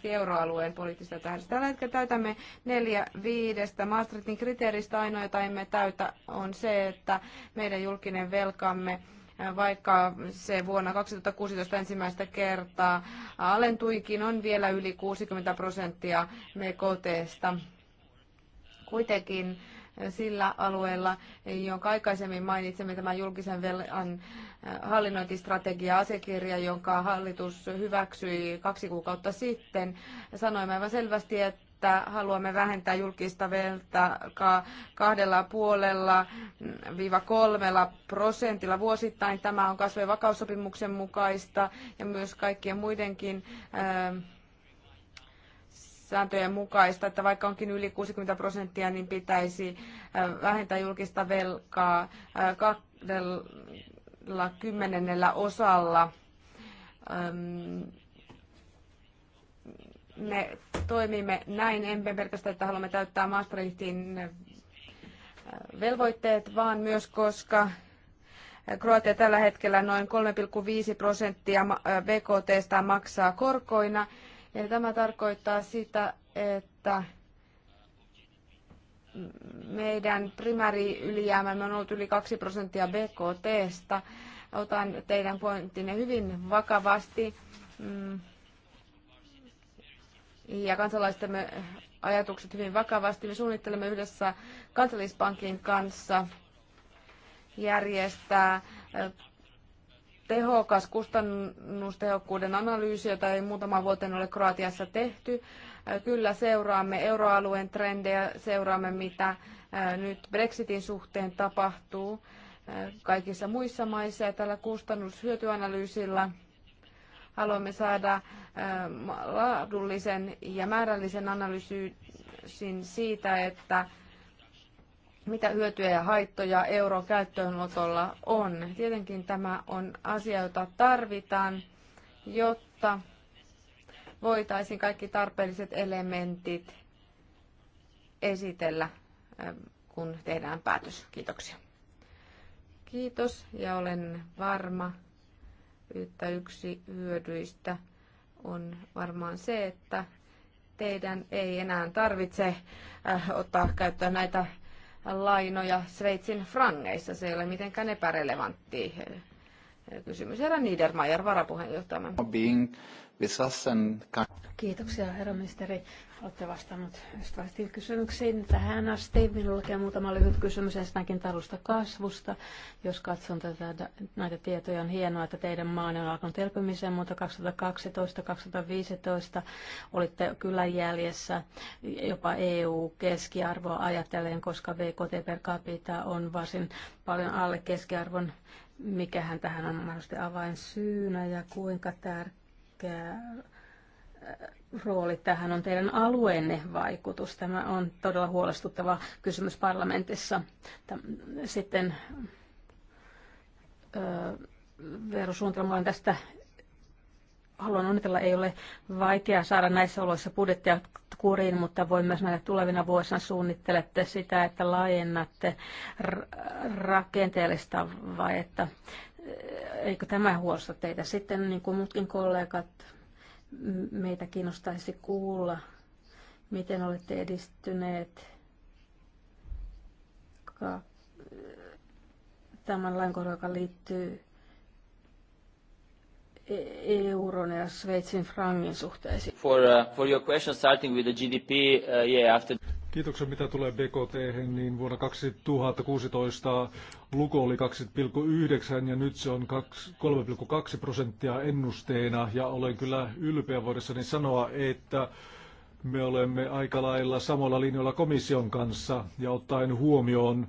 euroalueen poliittisesta tahdosta. Tällä hetkellä täytämme neljä viidestä Maastrichtin kriteeristä. Ainoa, jota emme täytä, on se, että meidän julkinen velkamme vaikka se vuonna 2016 ensimmäistä kertaa alentuikin, on vielä yli 60 prosenttia MKTstä. Kuitenkin sillä alueella, jonka aikaisemmin mainitsimme, tämä julkisen velan hallinnointistrategia-asiakirja, jonka hallitus hyväksyi kaksi kuukautta sitten. Sanoimme aivan selvästi, että että haluamme vähentää julkista velkaa kahdella puolella viiva kolmella prosentilla vuosittain. Tämä on kasvojen vakaussopimuksen mukaista ja myös kaikkien muidenkin ähm, sääntöjen mukaista, että vaikka onkin yli 60 prosenttia, niin pitäisi äh, vähentää julkista velkaa äh, kahdella kymmenennellä osalla ähm, me toimimme näin, emme pelkästään, että haluamme täyttää Maastrichtin äh, velvoitteet, vaan myös koska Kroatia tällä hetkellä noin 3,5 prosenttia äh, BKT maksaa korkoina. Ja tämä tarkoittaa sitä, että meidän primääriylijäämämme on ollut yli 2 prosenttia BKTstä. Otan teidän pointtinne hyvin vakavasti. Mm ja kansalaistemme ajatukset hyvin vakavasti. Me suunnittelemme yhdessä kansallispankin kanssa järjestää tehokas kustannustehokkuuden analyysi, jota ei muutama vuoteen ole Kroatiassa tehty. Kyllä seuraamme euroalueen trendejä, seuraamme mitä nyt Brexitin suhteen tapahtuu kaikissa muissa maissa ja tällä kustannushyötyanalyysillä – Haluamme saada ähm, laadullisen ja määrällisen analyysin siitä, että mitä hyötyjä ja haittoja euron käyttöönotolla on. Tietenkin tämä on asia, jota tarvitaan, jotta voitaisiin kaikki tarpeelliset elementit esitellä, ähm, kun tehdään päätös. Kiitoksia. Kiitos ja olen varma, että yksi hyödyistä on varmaan se, että teidän ei enää tarvitse äh, ottaa käyttöön näitä lainoja Sveitsin frangeissa. Se ei ole mitenkään epärelevanttia. Kysymys herra Niedermayer, varapuheenjohtajamme. Kiitoksia herra ministeri. Olette vastannut ystävästi kysymyksiin tähän asti. Minullakin on muutama lyhyt kysymys ensinnäkin talusta kasvusta. Jos katson tätä, näitä tietoja, on hienoa, että teidän maan on alkanut elpymiseen, mutta 2012-2015 olitte kyllä jäljessä jopa EU-keskiarvoa ajatellen, koska VKT per capita on varsin paljon alle keskiarvon mikähän tähän on mahdollisesti avainsyynä ja kuinka tärkeä äh, rooli tähän on teidän alueenne vaikutus? Tämä on todella huolestuttava kysymys parlamentissa. Sitten äh, verosuunnitelma on tästä haluan onnitella, ei ole vaikea saada näissä oloissa budjettia kuriin, mutta voi myös näitä tulevina vuosina suunnittelette sitä, että laajennatte rakenteellista että Eikö tämä huolsta teitä? Sitten niin kuin muutkin kollegat, meitä kiinnostaisi kuulla, miten olette edistyneet tämän lain joka liittyy euron ja Sveitsin frangin suhteisiin. For, uh, for your question starting with the GDP, uh, yeah, after... Kiitoksia, mitä tulee BKT, niin vuonna 2016 luku oli 2,9 ja nyt se on 3,2 prosenttia ennusteena ja olen kyllä ylpeä voidessani sanoa, että me olemme aika lailla samalla linjoilla komission kanssa ja ottaen huomioon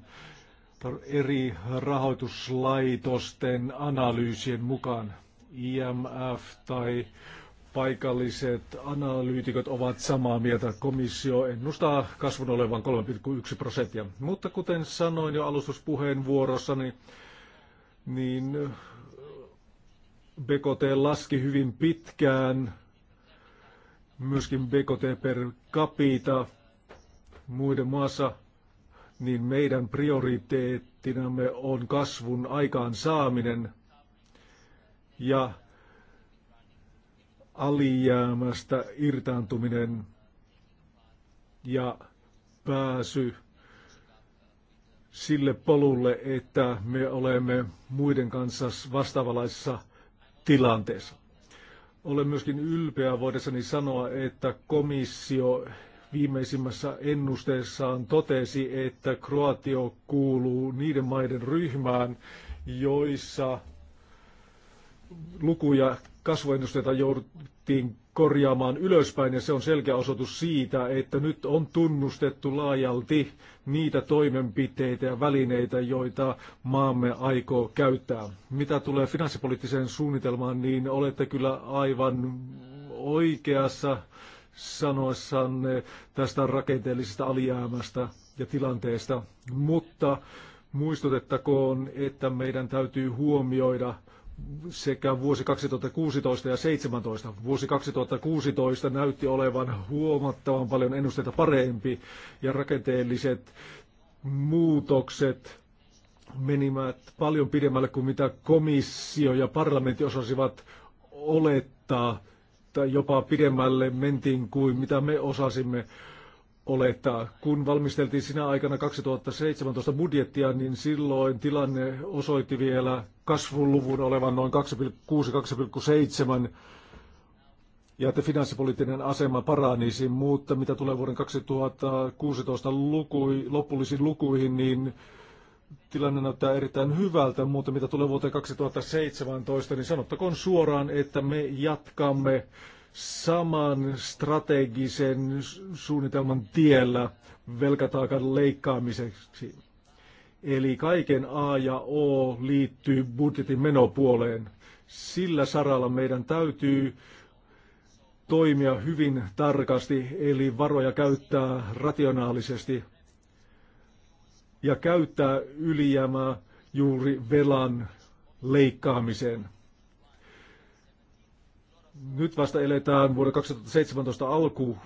eri rahoituslaitosten analyysien mukaan. IMF tai paikalliset analyytikot ovat samaa mieltä. Komissio ennustaa kasvun olevan 3,1 prosenttia. Mutta kuten sanoin jo alustuspuheenvuorossa, niin BKT laski hyvin pitkään, myöskin BKT per capita muiden maassa, niin meidän prioriteettinamme on kasvun aikaansaaminen – ja alijäämästä irtaantuminen ja pääsy sille polulle, että me olemme muiden kanssa vastaavalaisessa tilanteessa. Olen myöskin ylpeä voidessani sanoa, että komissio viimeisimmässä ennusteessaan totesi, että Kroatio kuuluu niiden maiden ryhmään, joissa lukuja, kasvuennusteita jouduttiin korjaamaan ylöspäin ja se on selkeä osoitus siitä, että nyt on tunnustettu laajalti niitä toimenpiteitä ja välineitä, joita maamme aikoo käyttää. Mitä tulee finanssipoliittiseen suunnitelmaan, niin olette kyllä aivan oikeassa sanoessanne tästä rakenteellisesta alijäämästä ja tilanteesta, mutta muistutettakoon, että meidän täytyy huomioida – sekä vuosi 2016 ja 2017. Vuosi 2016 näytti olevan huomattavan paljon ennusteita parempi ja rakenteelliset muutokset menivät paljon pidemmälle kuin mitä komissio ja parlamentti osasivat olettaa tai jopa pidemmälle mentiin kuin mitä me osasimme olettaa. Kun valmisteltiin sinä aikana 2017 budjettia, niin silloin tilanne osoitti vielä kasvuluvun olevan noin 2,6-2,7 ja että finanssipoliittinen asema paranisi, mutta mitä tulee vuoden 2016 lukui, lopullisiin lukuihin, niin tilanne näyttää erittäin hyvältä, mutta mitä tulee vuoteen 2017, niin sanottakoon suoraan, että me jatkamme saman strategisen suunnitelman tiellä velkataakan leikkaamiseksi. Eli kaiken A ja O liittyy budjetin menopuoleen. Sillä saralla meidän täytyy toimia hyvin tarkasti, eli varoja käyttää rationaalisesti ja käyttää ylijäämää juuri velan leikkaamiseen. Nyt vasta eletään vuoden 2017 alku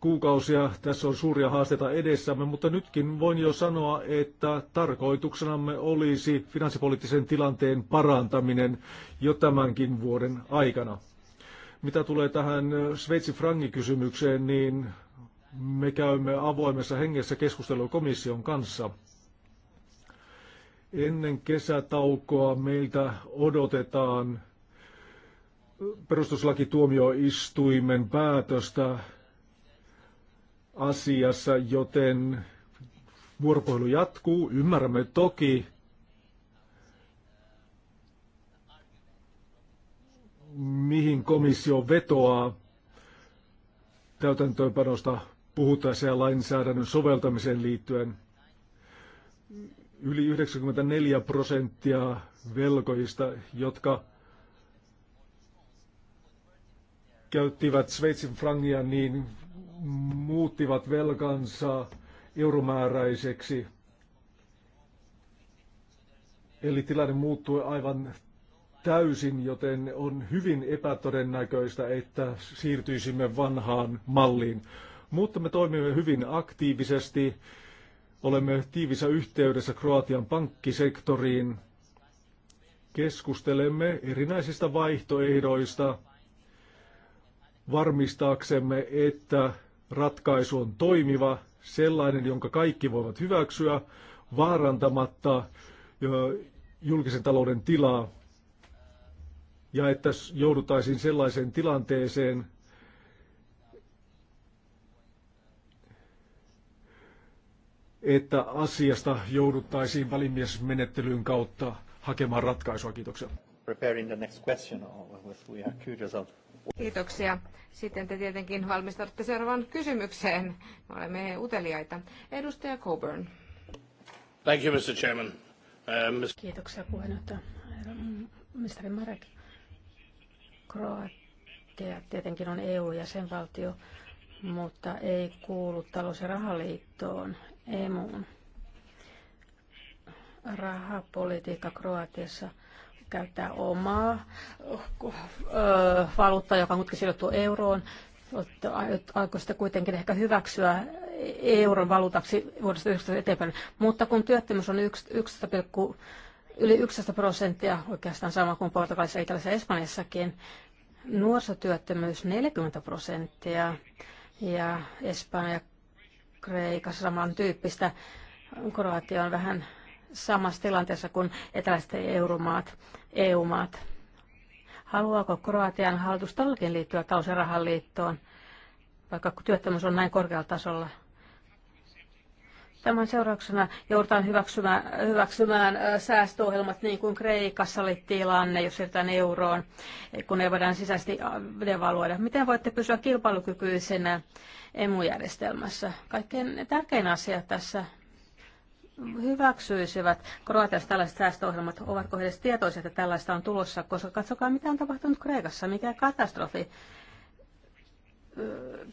kuukausia. Tässä on suuria haasteita edessämme, mutta nytkin voin jo sanoa, että tarkoituksenamme olisi finanssipoliittisen tilanteen parantaminen jo tämänkin vuoden aikana. Mitä tulee tähän Sveitsin frangikysymykseen, niin me käymme avoimessa hengessä keskustelua komission kanssa. Ennen kesätaukoa meiltä odotetaan perustuslakituomioistuimen päätöstä asiassa, joten vuoropuhelu jatkuu. Ymmärrämme toki mihin komissio vetoaa täytäntöönpanosta puhuttaessa ja lainsäädännön soveltamiseen liittyen. Yli 94 prosenttia velkojista, jotka käyttivät Sveitsin frangia, niin muuttivat velkansa euromääräiseksi. Eli tilanne muuttui aivan täysin, joten on hyvin epätodennäköistä, että siirtyisimme vanhaan malliin. Mutta me toimimme hyvin aktiivisesti. Olemme tiivissä yhteydessä Kroatian pankkisektoriin. Keskustelemme erinäisistä vaihtoehdoista varmistaaksemme, että ratkaisu on toimiva, sellainen, jonka kaikki voivat hyväksyä, vaarantamatta julkisen talouden tilaa, ja että joudutaisiin sellaiseen tilanteeseen, että asiasta jouduttaisiin välimiesmenettelyyn kautta hakemaan ratkaisua. Kiitoksia. Preparing the next question Kiitoksia. Sitten te tietenkin valmistaudutte seuraavaan kysymykseen. Me olemme uteliaita. Edustaja Coburn. Thank you, Mr. Chairman. Uh, mis- Kiitoksia puheenjohtaja. Ministeri mm, Marek, Kroatia tietenkin on EU-jäsenvaltio, mutta ei kuulu talous- ja rahaliittoon, EMUun. Rahapolitiikka Kroatiassa – käyttää omaa valuuttaa, joka on kuitenkin sidottu euroon. Aiko sitä kuitenkin ehkä hyväksyä euron valuutaksi vuodesta 19 eteenpäin. Mutta kun työttömyys on 11, yli 11 prosenttia, oikeastaan sama kuin Portugalissa, Italiassa ja Espanjassakin, nuorisotyöttömyys 40 prosenttia ja Espanja ja Kreikassa samantyyppistä. Kroatia on vähän samassa tilanteessa kuin eteläiset euromaat. EU-maat. Haluaako Kroatian hallitus todellakin liittyä talous- ja rahaliittoon, vaikka työttömyys on näin korkealla tasolla? Tämän seurauksena joudutaan hyväksymään, hyväksymään säästöohjelmat niin kuin Kreikassa oli tilanne, jos siirrytään euroon, kun ei voidaan sisäisesti devaluoida. Miten voitte pysyä kilpailukykyisenä emujärjestelmässä? Kaikkein tärkein asia tässä hyväksyisivät Kroatiassa tällaiset säästöohjelmat, ovatko he edes tietoisia, että tällaista on tulossa, koska katsokaa mitä on tapahtunut Kreikassa, mikä katastrofi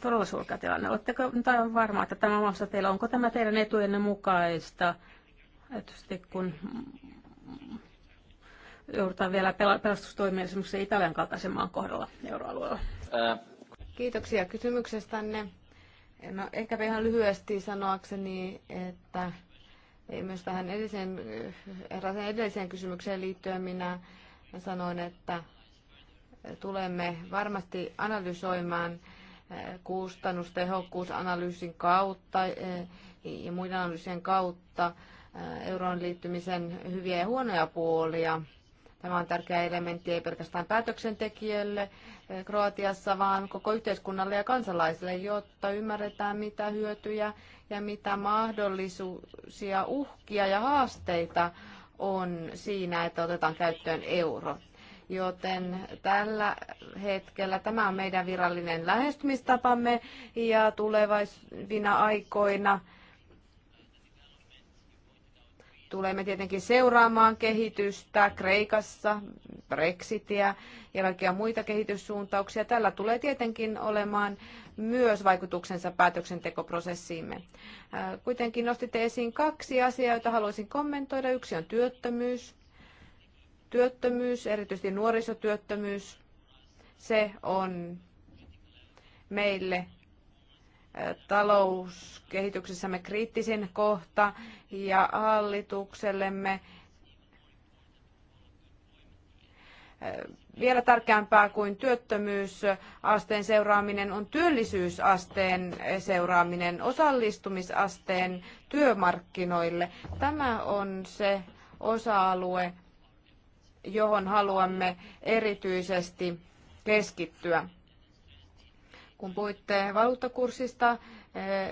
todella surkea tilanne. Oletteko aivan varma, että tämä maassa teillä, onko tämä teidän etujenne mukaista, tietysti kun joudutaan vielä pelastustoimia esimerkiksi Italian kaltaisen maan kohdalla euroalueella? Kiitoksia kysymyksestänne. No, ehkä ihan lyhyesti sanoakseni, että myös tähän edelliseen, edelliseen kysymykseen liittyen minä sanoin, että tulemme varmasti analysoimaan eh, kustannustehokkuusanalyysin kautta eh, ja muiden analyysien kautta eh, euroon liittymisen hyviä ja huonoja puolia. Tämä on tärkeä elementti ei pelkästään päätöksentekijöille eh, Kroatiassa, vaan koko yhteiskunnalle ja kansalaisille, jotta ymmärretään mitä hyötyjä ja mitä mahdollisuuksia, uhkia ja haasteita on siinä, että otetaan käyttöön euro. Joten tällä hetkellä tämä on meidän virallinen lähestymistapamme ja tulevaisvina aikoina – Tulemme tietenkin seuraamaan kehitystä Kreikassa, Brexitiä ja kaikkia muita kehityssuuntauksia. Tällä tulee tietenkin olemaan myös vaikutuksensa päätöksentekoprosessiimme. Äh, kuitenkin nostitte esiin kaksi asiaa, joita haluaisin kommentoida. Yksi on työttömyys. Työttömyys, erityisesti nuorisotyöttömyys, se on meille talouskehityksessämme kriittisin kohta ja hallituksellemme eh, vielä tärkeämpää kuin työttömyysasteen seuraaminen on työllisyysasteen seuraaminen, osallistumisasteen työmarkkinoille. Tämä on se osa-alue, johon haluamme erityisesti keskittyä. Kun puhuitte valuuttakurssista, eh,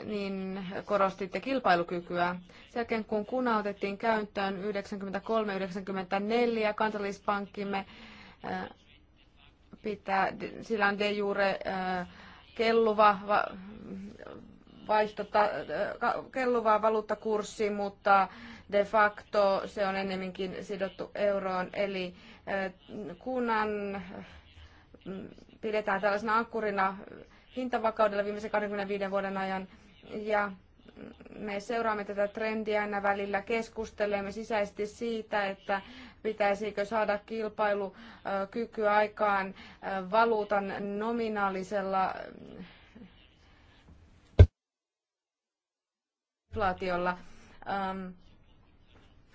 niin korostitte kilpailukykyä. Sen jälkeen kun kuna otettiin käyttöön 93-94 kansallispankkimme, eh, pitää, sillä on de jure eh, kelluva, vaihtota, kelluva valuuttakurssi, mutta de facto se on enemminkin sidottu euroon. Eli kunnan mm, pidetään tällaisena akkurina hintavakaudella viimeisen 25 vuoden ajan. Ja me seuraamme tätä trendiä aina välillä, keskustelemme sisäisesti siitä, että pitäisikö saada kilpailukyky aikaan valuutan nominaalisella inflaatiolla.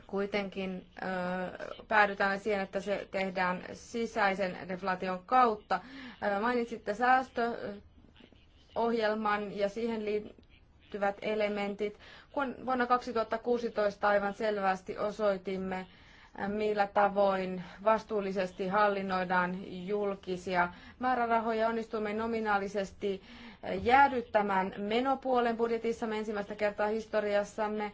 Kuitenkin päädytään siihen, että se tehdään sisäisen deflaation kautta. Mainitsitte säästö ohjelman ja siihen liittyvät elementit. Vuonna 2016 aivan selvästi osoitimme, äh, millä tavoin vastuullisesti hallinnoidaan julkisia määrärahoja. Onnistuimme nominaalisesti äh, jäädyttämään menopuolen budjetissamme ensimmäistä kertaa historiassamme.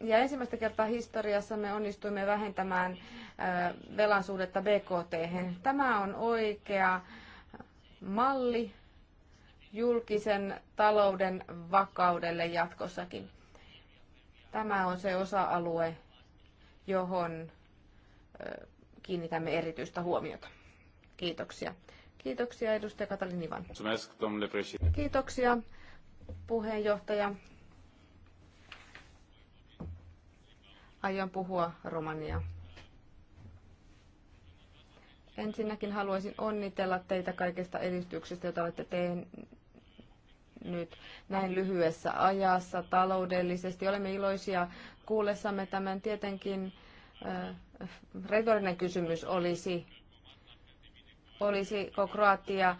Ja ensimmäistä kertaa historiassamme onnistuimme vähentämään äh, velan suhdetta BKT. Tämä on oikea malli julkisen talouden vakaudelle jatkossakin. Tämä on se osa-alue, johon kiinnitämme erityistä huomiota. Kiitoksia. Kiitoksia edustaja Katalin Ivan. Kiitoksia puheenjohtaja. Aion puhua romania. Ensinnäkin haluaisin onnitella teitä kaikesta edistyksestä, jota olette tehneet nyt näin lyhyessä ajassa taloudellisesti. Olemme iloisia kuullessamme tämän tietenkin äh, retorinen kysymys olisi, olisiko Kroatia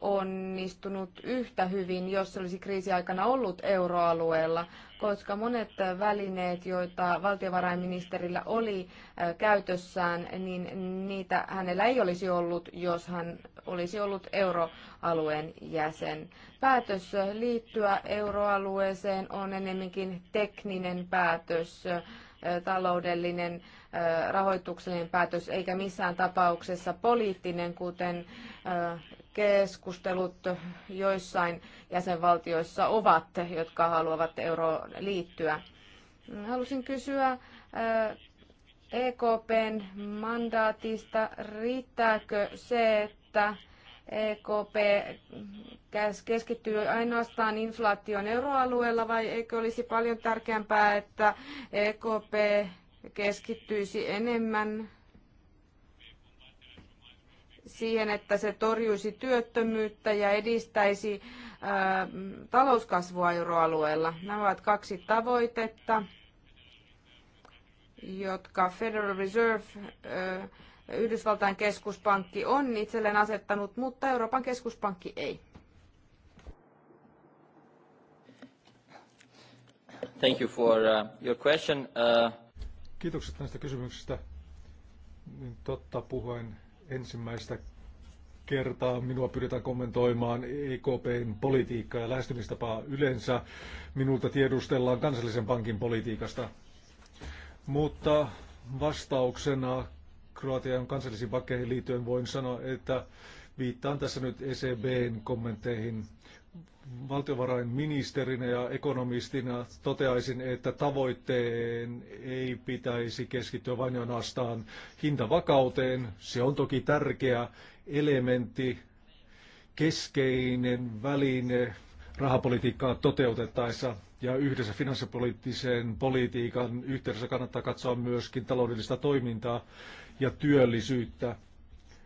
onnistunut yhtä hyvin, jos se olisi kriisiaikana ollut euroalueella, koska monet välineet, joita valtiovarainministerillä oli äh, käytössään, niin niitä hänellä ei olisi ollut, jos hän olisi ollut euroalueen jäsen. Päätös liittyä euroalueeseen on enemminkin tekninen päätös äh, taloudellinen, äh, rahoituksellinen päätös, eikä missään tapauksessa poliittinen, kuten keskustelut joissain jäsenvaltioissa ovat, jotka haluavat euroon liittyä. Halusin kysyä EKPn mandaatista, riittääkö se, että EKP keskittyy ainoastaan inflaation euroalueella vai eikö olisi paljon tärkeämpää, että EKP keskittyisi enemmän siihen, että se torjuisi työttömyyttä ja edistäisi talouskasvua euroalueella. Nämä ovat kaksi tavoitetta, jotka Federal Reserve Yhdysvaltain keskuspankki on itselleen asettanut, mutta Euroopan keskuspankki ei. Thank you for uh, your question. Uh, Kiitokset näistä kysymyksistä. Niin totta puhuen ensimmäistä kertaa minua pyritään kommentoimaan EKPn politiikkaa ja lähestymistapaa yleensä. Minulta tiedustellaan kansallisen pankin politiikasta. Mutta vastauksena Kroatian kansallisiin pankkeihin liittyen voin sanoa, että viittaan tässä nyt ECBn kommentteihin valtiovarainministerinä ja ekonomistina toteaisin, että tavoitteen ei pitäisi keskittyä vain ainoastaan hintavakauteen. Se on toki tärkeä elementti, keskeinen väline rahapolitiikkaa toteutettaessa ja yhdessä finanssipoliittisen politiikan yhteydessä kannattaa katsoa myöskin taloudellista toimintaa ja työllisyyttä.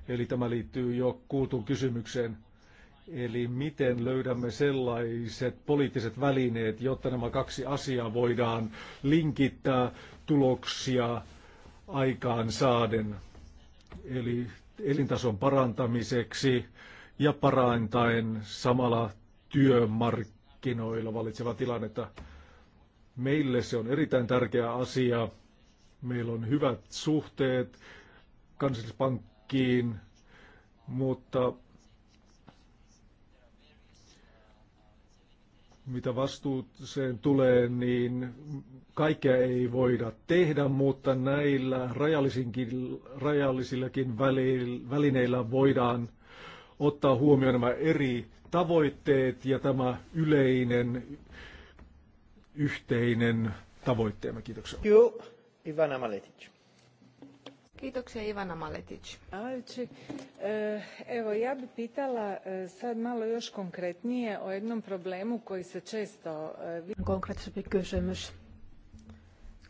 Eli tämä liittyy jo kuultuun kysymykseen. Eli miten löydämme sellaiset poliittiset välineet, jotta nämä kaksi asiaa voidaan linkittää tuloksia aikaan saaden. Eli elintason parantamiseksi ja parantaen samalla työmarkkinoilla valitseva tilannetta. Meille se on erittäin tärkeä asia. Meillä on hyvät suhteet kansallispankkiin, mutta mitä vastuuseen tulee, niin kaikkea ei voida tehdä, mutta näillä rajallisinkin, rajallisillakin välineillä voidaan ottaa huomioon nämä eri tavoitteet ja tämä yleinen yhteinen tavoitteemme. Kiitoksia. Kiitos. Ivana Maletic. Kiitoksia Ivana Maletic. E, evo, ja bih pitala e, sad malo još konkretnije o jednom problemu koji se često... E, Konkreettisempi kysymys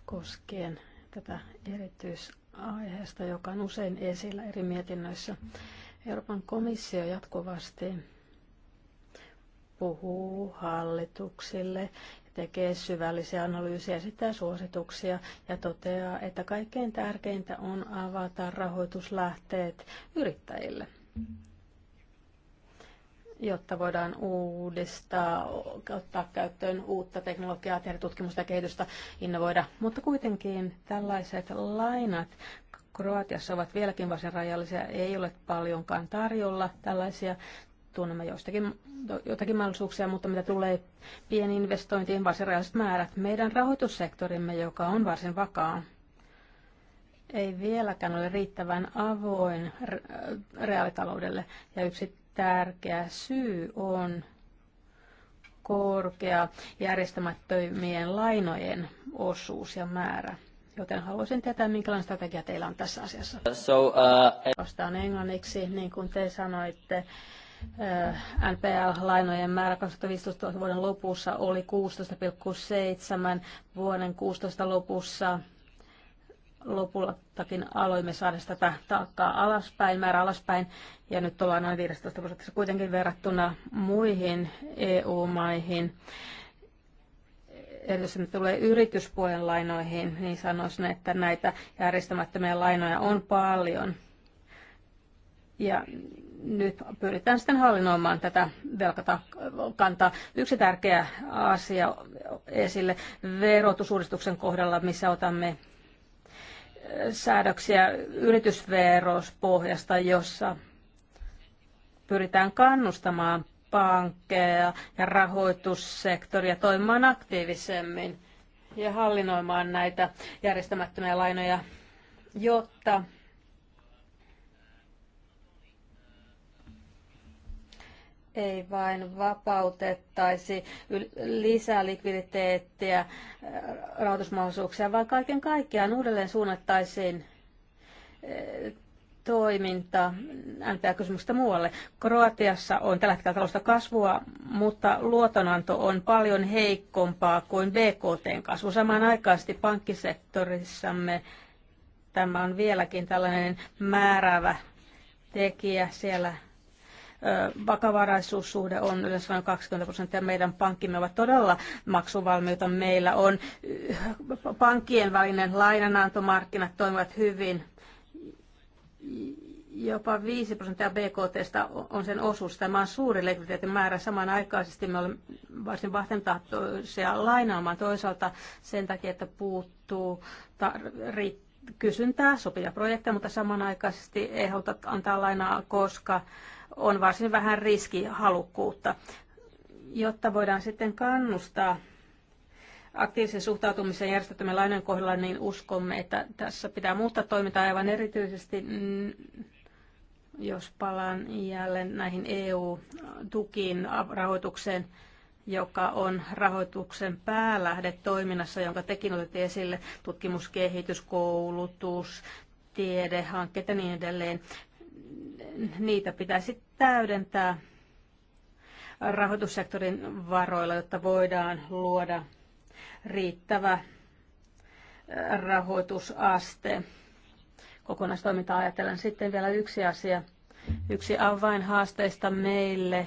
koskien tätä erityisaiheesta, joka on usein esillä eri mietinnöissä. Euroopan komissio jatkuvasti puhuu hallituksille tekee syvällisiä analyysiä, sitä suosituksia ja toteaa, että kaikkein tärkeintä on avata rahoituslähteet yrittäjille jotta voidaan uudistaa, ottaa käyttöön uutta teknologiaa, tehdä tutkimusta ja kehitystä, innovoida. Mutta kuitenkin tällaiset lainat Kroatiassa ovat vieläkin varsin rajallisia, ei ole paljonkaan tarjolla tällaisia nämä joistakin, jotakin mahdollisuuksia, mutta mitä tulee pieniin investointiin, varsin rajalliset määrät. Meidän rahoitussektorimme, joka on varsin vakaa, ei vieläkään ole riittävän avoin reaalitaloudelle. Ja yksi tärkeä syy on korkea järjestämättömien lainojen osuus ja määrä. Joten haluaisin tietää, minkälainen strategia teillä on tässä asiassa. So, uh, Vastaan englanniksi, niin kuin te sanoitte. Äh, NPL-lainojen määrä 2015 vuoden lopussa oli 16,7, vuoden 16 lopussa lopullakin aloimme saada tätä taakkaa alaspäin, määrä alaspäin, ja nyt ollaan noin 15 prosentissa kuitenkin verrattuna muihin EU-maihin. jos mitä tulee yrityspuolen lainoihin, niin sanoisin, että näitä järjestämättömiä lainoja on paljon. Ja nyt pyritään sitten hallinnoimaan tätä velkakantaa. Yksi tärkeä asia esille verotusuudistuksen kohdalla, missä otamme säädöksiä yritysverospohjasta, jossa pyritään kannustamaan pankkeja ja rahoitussektoria toimimaan aktiivisemmin ja hallinnoimaan näitä järjestämättömiä lainoja, jotta ei vain vapautettaisi lisää likviditeettiä, äh, rahoitusmahdollisuuksia, vaan kaiken kaikkiaan uudelleen suunnattaisiin äh, toiminta npa kysymystä muualle. Kroatiassa on tällä hetkellä talousta kasvua, mutta luotonanto on paljon heikompaa kuin BKTn kasvu. Samanaikaisesti pankkisektorissamme tämä on vieläkin tällainen määräävä tekijä. Siellä vakavaraisuussuhde on yleensä vain 20 prosenttia. Meidän pankkimme ovat todella maksuvalmiita. Meillä on pankkien välinen lainanantomarkkinat toimivat hyvin. Jopa 5 prosenttia BKT on sen osuus. Tämä on suuri likviditeetin määrä. Samanaikaisesti me olemme varsin vahtentahtoisia lainaamaan toisaalta sen takia, että puuttuu kysyntää, sopivia projekteja, mutta samanaikaisesti ei haluta antaa lainaa, koska on varsin vähän riskihalukkuutta, jotta voidaan sitten kannustaa aktiivisen suhtautumisen järjestettömien lainojen kohdalla, niin uskomme, että tässä pitää muuttaa toimintaa aivan erityisesti, mm, jos palaan jälleen näihin EU-tukiin rahoitukseen, joka on rahoituksen päälähde toiminnassa, jonka tekin otettiin esille, tutkimus, kehitys, koulutus, tiedehankkeet ja niin edelleen niitä pitäisi täydentää rahoitussektorin varoilla, jotta voidaan luoda riittävä rahoitusaste. Kokonaistoimintaa ajatellen sitten vielä yksi asia. Yksi avainhaasteista meille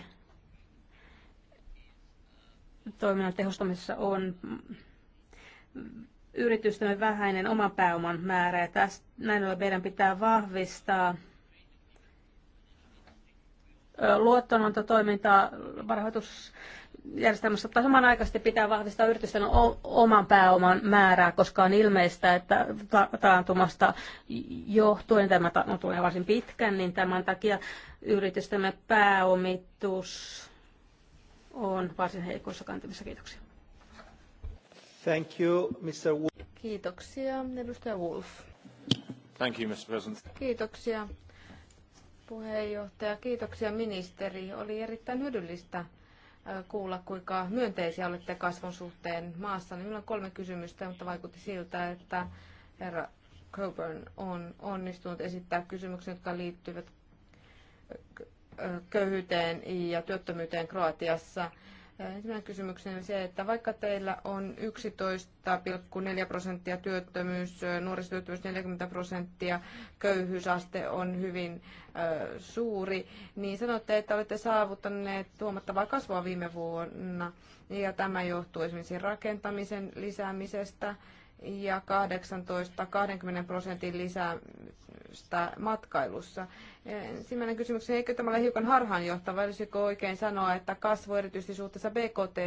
toiminnan tehostamisessa on yritystemme vähäinen oman pääoman määrä ja tästä, näin ollen meidän pitää vahvistaa luottonantotoimintaa rahoitusjärjestelmässä, mutta samanaikaisesti pitää vahvistaa yritysten oman pääoman määrää, koska on ilmeistä, että taantumasta johtuen tämä no, tulee varsin pitkän, niin tämän takia yritystemme pääomitus on varsin heikoissa kantimissa. Kiitoksia. Thank you, Mr. Wolf. Kiitoksia, edustaja Wolf. Thank you, Mr. President. Kiitoksia, puheenjohtaja. Kiitoksia ministeri. Oli erittäin hyödyllistä äh, kuulla, kuinka myönteisiä olette kasvun suhteen maassa. Minulla on kolme kysymystä, mutta vaikutti siltä, että herra Coburn on onnistunut esittää kysymyksiä, jotka liittyvät äh, äh, köyhyyteen ja työttömyyteen Kroatiassa. Ensimmäinen kysymykseni on se, että vaikka teillä on 11,4 prosenttia työttömyys, nuorisotyöttömyys 40 prosenttia, köyhyysaste on hyvin suuri, niin sanotte, että olette saavuttaneet huomattavaa kasvua viime vuonna. Ja tämä johtuu esimerkiksi rakentamisen lisäämisestä, ja 18-20 prosentin lisäystä matkailussa. Ensimmäinen kysymys, eikö tämä ole hiukan harhaanjohtava? Olisiko oikein sanoa, että kasvu erityisesti suhteessa BKT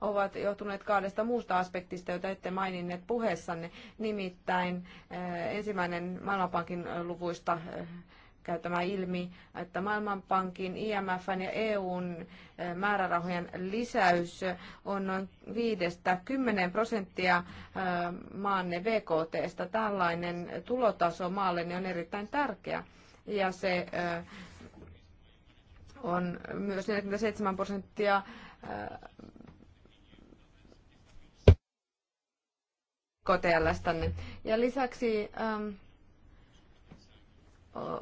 ovat johtuneet kahdesta muusta aspektista, joita ette maininneet puheessanne, nimittäin eh, ensimmäinen Maailmanpankin luvuista eh, käy tämä ilmi, että Maailmanpankin, IMFn ja EUn eh, määrärahojen lisäys on noin 5-10 prosenttia eh, maanne BKTstä. Tällainen tulotaso maalle on erittäin tärkeä ja se eh, on myös 47 prosenttia KTLstäni. Ja lisäksi ähm,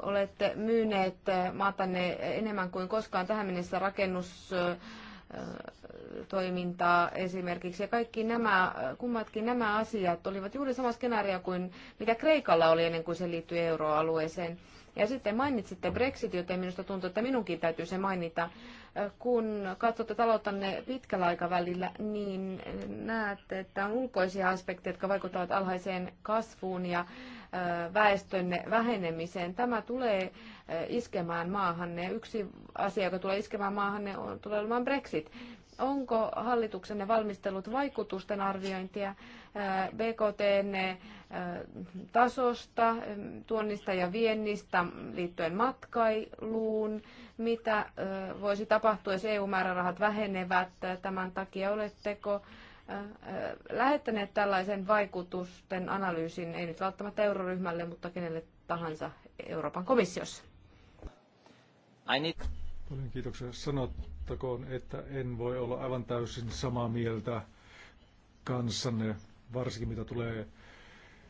olette myyneet maatanne enemmän kuin koskaan tähän mennessä rakennustoimintaa esimerkiksi. Ja kaikki nämä, kummatkin nämä asiat olivat juuri sama skenaario kuin mitä Kreikalla oli ennen kuin se liittyi euroalueeseen. Ja sitten mainitsitte Brexit, joten minusta tuntuu, että minunkin täytyy se mainita. Kun katsotte talouttanne pitkällä aikavälillä, niin näette, että on ulkoisia aspekteja, jotka vaikuttavat alhaiseen kasvuun ja väestön vähenemiseen. Tämä tulee iskemään maahanne. Yksi asia, joka tulee iskemään maahanne, on, tulee olemaan Brexit. Onko hallituksenne valmistellut vaikutusten arviointia BKTn tasosta, tuonnista ja viennistä liittyen matkailuun? Mitä voisi tapahtua, jos EU-määrärahat vähenevät tämän takia? Oletteko lähettäneet tällaisen vaikutusten analyysin, ei nyt välttämättä euroryhmälle, mutta kenelle tahansa Euroopan komissiossa. Paljon kiitoksia. Sanottakoon, että en voi olla aivan täysin samaa mieltä kanssanne, varsinkin mitä tulee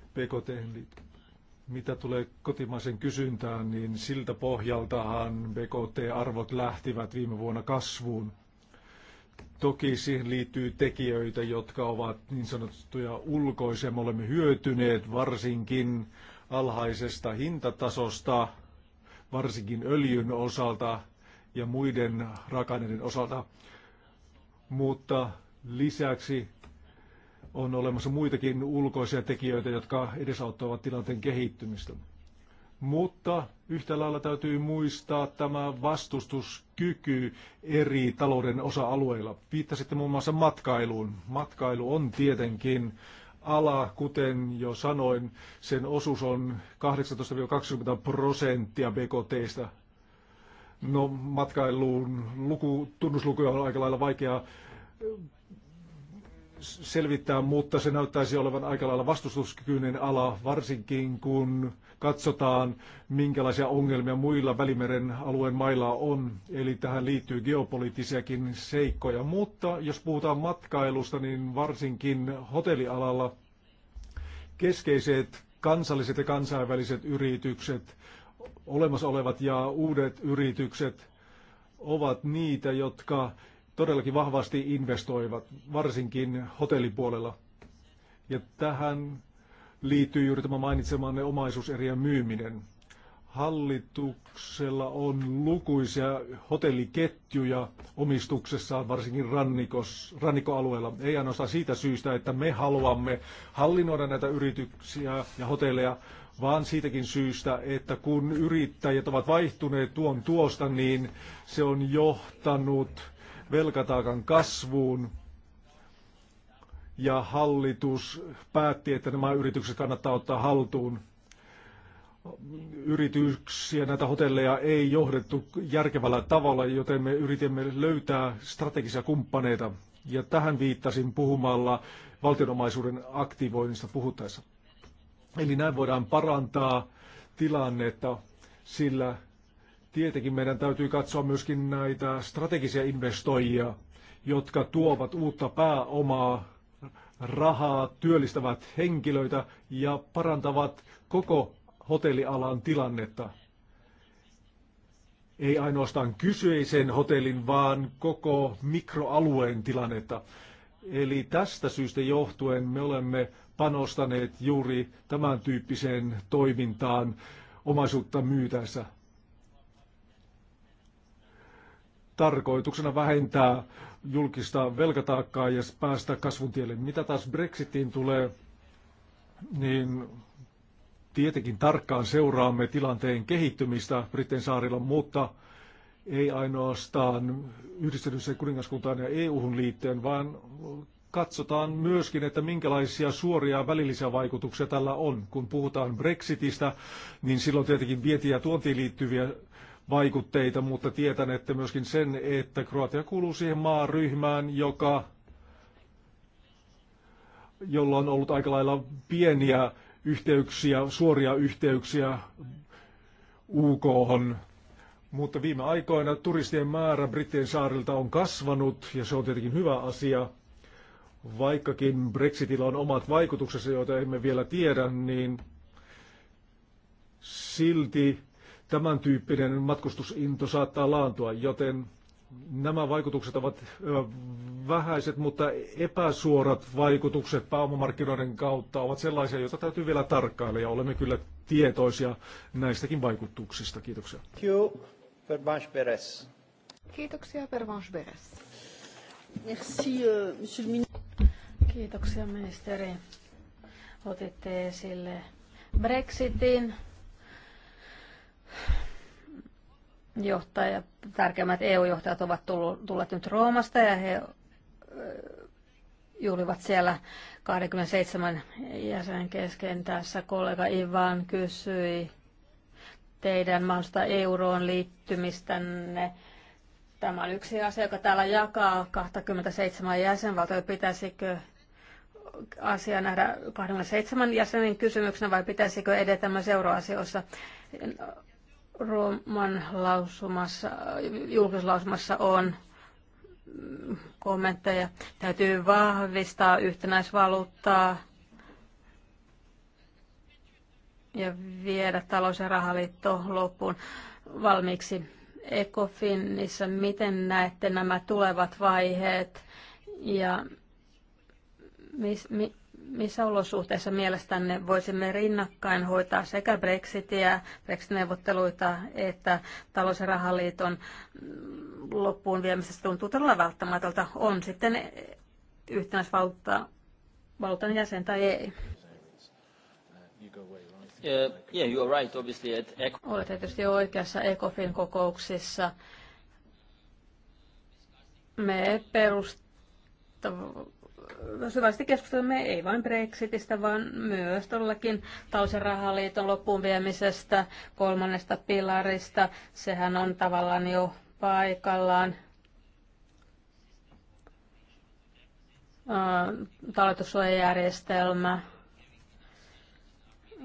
PKT Mitä tulee kotimaisen kysyntään, niin siltä pohjaltahan BKT-arvot lähtivät viime vuonna kasvuun. Toki siihen liittyy tekijöitä, jotka ovat niin sanottuja ulkoisia. Me olemme hyötyneet varsinkin alhaisesta hintatasosta, varsinkin öljyn osalta ja muiden rakanneiden osalta. Mutta lisäksi on olemassa muitakin ulkoisia tekijöitä, jotka edesauttavat tilanteen kehittymistä. Mutta yhtä lailla täytyy muistaa tämä vastustuskyky eri talouden osa-alueilla. Viittasitte muun muassa matkailuun. Matkailu on tietenkin ala, kuten jo sanoin, sen osuus on 18-20 prosenttia BKTstä. No matkailuun luku, tunnuslukuja on aika lailla vaikea selvittää, mutta se näyttäisi olevan aika lailla vastustuskykyinen ala, varsinkin kun katsotaan, minkälaisia ongelmia muilla Välimeren alueen mailla on. Eli tähän liittyy geopoliittisiakin seikkoja. Mutta jos puhutaan matkailusta, niin varsinkin hotellialalla keskeiset kansalliset ja kansainväliset yritykset, olemassa olevat ja uudet yritykset ovat niitä, jotka todellakin vahvasti investoivat, varsinkin hotellipuolella. Ja tähän liittyy juuri tämä mainitsemanne omaisuuserien myyminen. Hallituksella on lukuisia hotelliketjuja omistuksessaan, varsinkin rannikos, rannikkoalueella. Ei ainoastaan siitä syystä, että me haluamme hallinnoida näitä yrityksiä ja hotelleja, vaan siitäkin syystä, että kun yrittäjät ovat vaihtuneet tuon tuosta, niin se on johtanut velkataakan kasvuun. Ja hallitus päätti, että nämä yritykset kannattaa ottaa haltuun. Yrityksiä, näitä hotelleja ei johdettu järkevällä tavalla, joten me yritimme löytää strategisia kumppaneita. Ja tähän viittasin puhumalla valtionomaisuuden aktivoinnista puhuttaessa. Eli näin voidaan parantaa tilannetta, sillä Tietenkin meidän täytyy katsoa myöskin näitä strategisia investoijia, jotka tuovat uutta pääomaa, rahaa, työllistävät henkilöitä ja parantavat koko hotellialan tilannetta. Ei ainoastaan kyseisen hotellin, vaan koko mikroalueen tilannetta. Eli tästä syystä johtuen me olemme panostaneet juuri tämän tyyppiseen toimintaan omaisuutta myytäessä. tarkoituksena vähentää julkista velkataakkaa ja päästä kasvun tielle. Mitä taas Brexitiin tulee, niin tietenkin tarkkaan seuraamme tilanteen kehittymistä Britten saarilla, mutta ei ainoastaan yhdistetyssä kuningaskuntaan ja EU-hun liitteen, vaan katsotaan myöskin, että minkälaisia suoria välillisiä vaikutuksia tällä on. Kun puhutaan Brexitistä, niin silloin tietenkin vietiä ja tuontiin liittyviä vaikutteita, mutta tietän, että myöskin sen, että Kroatia kuuluu siihen maaryhmään, joka, jolla on ollut aika lailla pieniä yhteyksiä, suoria yhteyksiä UK hon, Mutta viime aikoina turistien määrä Brittien saarilta on kasvanut ja se on tietenkin hyvä asia. Vaikkakin Brexitillä on omat vaikutuksensa, joita emme vielä tiedä, niin silti tämän tyyppinen matkustusinto saattaa laantua, joten nämä vaikutukset ovat vähäiset, mutta epäsuorat vaikutukset pääomamarkkinoiden kautta ovat sellaisia, joita täytyy vielä tarkkailla ja olemme kyllä tietoisia näistäkin vaikutuksista. Kiitoksia. Kiitoksia, Pervanche Beres. Merci, euh, monsieur le Kiitoksia, ministeri. Otitte esille Brexitin johtajat tärkeimmät EU-johtajat ovat tullut, tulleet nyt Roomasta ja he juhlivat siellä 27 jäsenen kesken. Tässä kollega Ivan kysyi teidän mahdollista euroon liittymistänne. Tämä on yksi asia, joka täällä jakaa 27 jäsenvaltoja. Pitäisikö asia nähdä 27 jäsenen kysymyksenä vai pitäisikö edetä myös euroasioissa? Roman lausumassa, julkislausumassa on kommentteja. Täytyy vahvistaa yhtenäisvaluuttaa ja viedä talous- ja rahaliitto loppuun valmiiksi. Ecofinissa, miten näette nämä tulevat vaiheet ja mis, mi, missä olosuhteissa mielestänne voisimme rinnakkain hoitaa sekä Brexitiä, Brexit-neuvotteluita, että talous- ja rahaliiton mm, loppuun viemisestä tuntuu todella välttämätöntä. On sitten yhtenäisvaluutan jäsen tai ei. Uh, yeah, you are right, obviously, at Olet tietysti oikeassa ECOFIN kokouksissa. Me perustamme syvällisesti keskustelemme ei vain Brexitistä, vaan myös todellakin talousrahaliiton loppuun viemisestä, kolmannesta pilarista. Sehän on tavallaan jo paikallaan. Talletussuojajärjestelmä.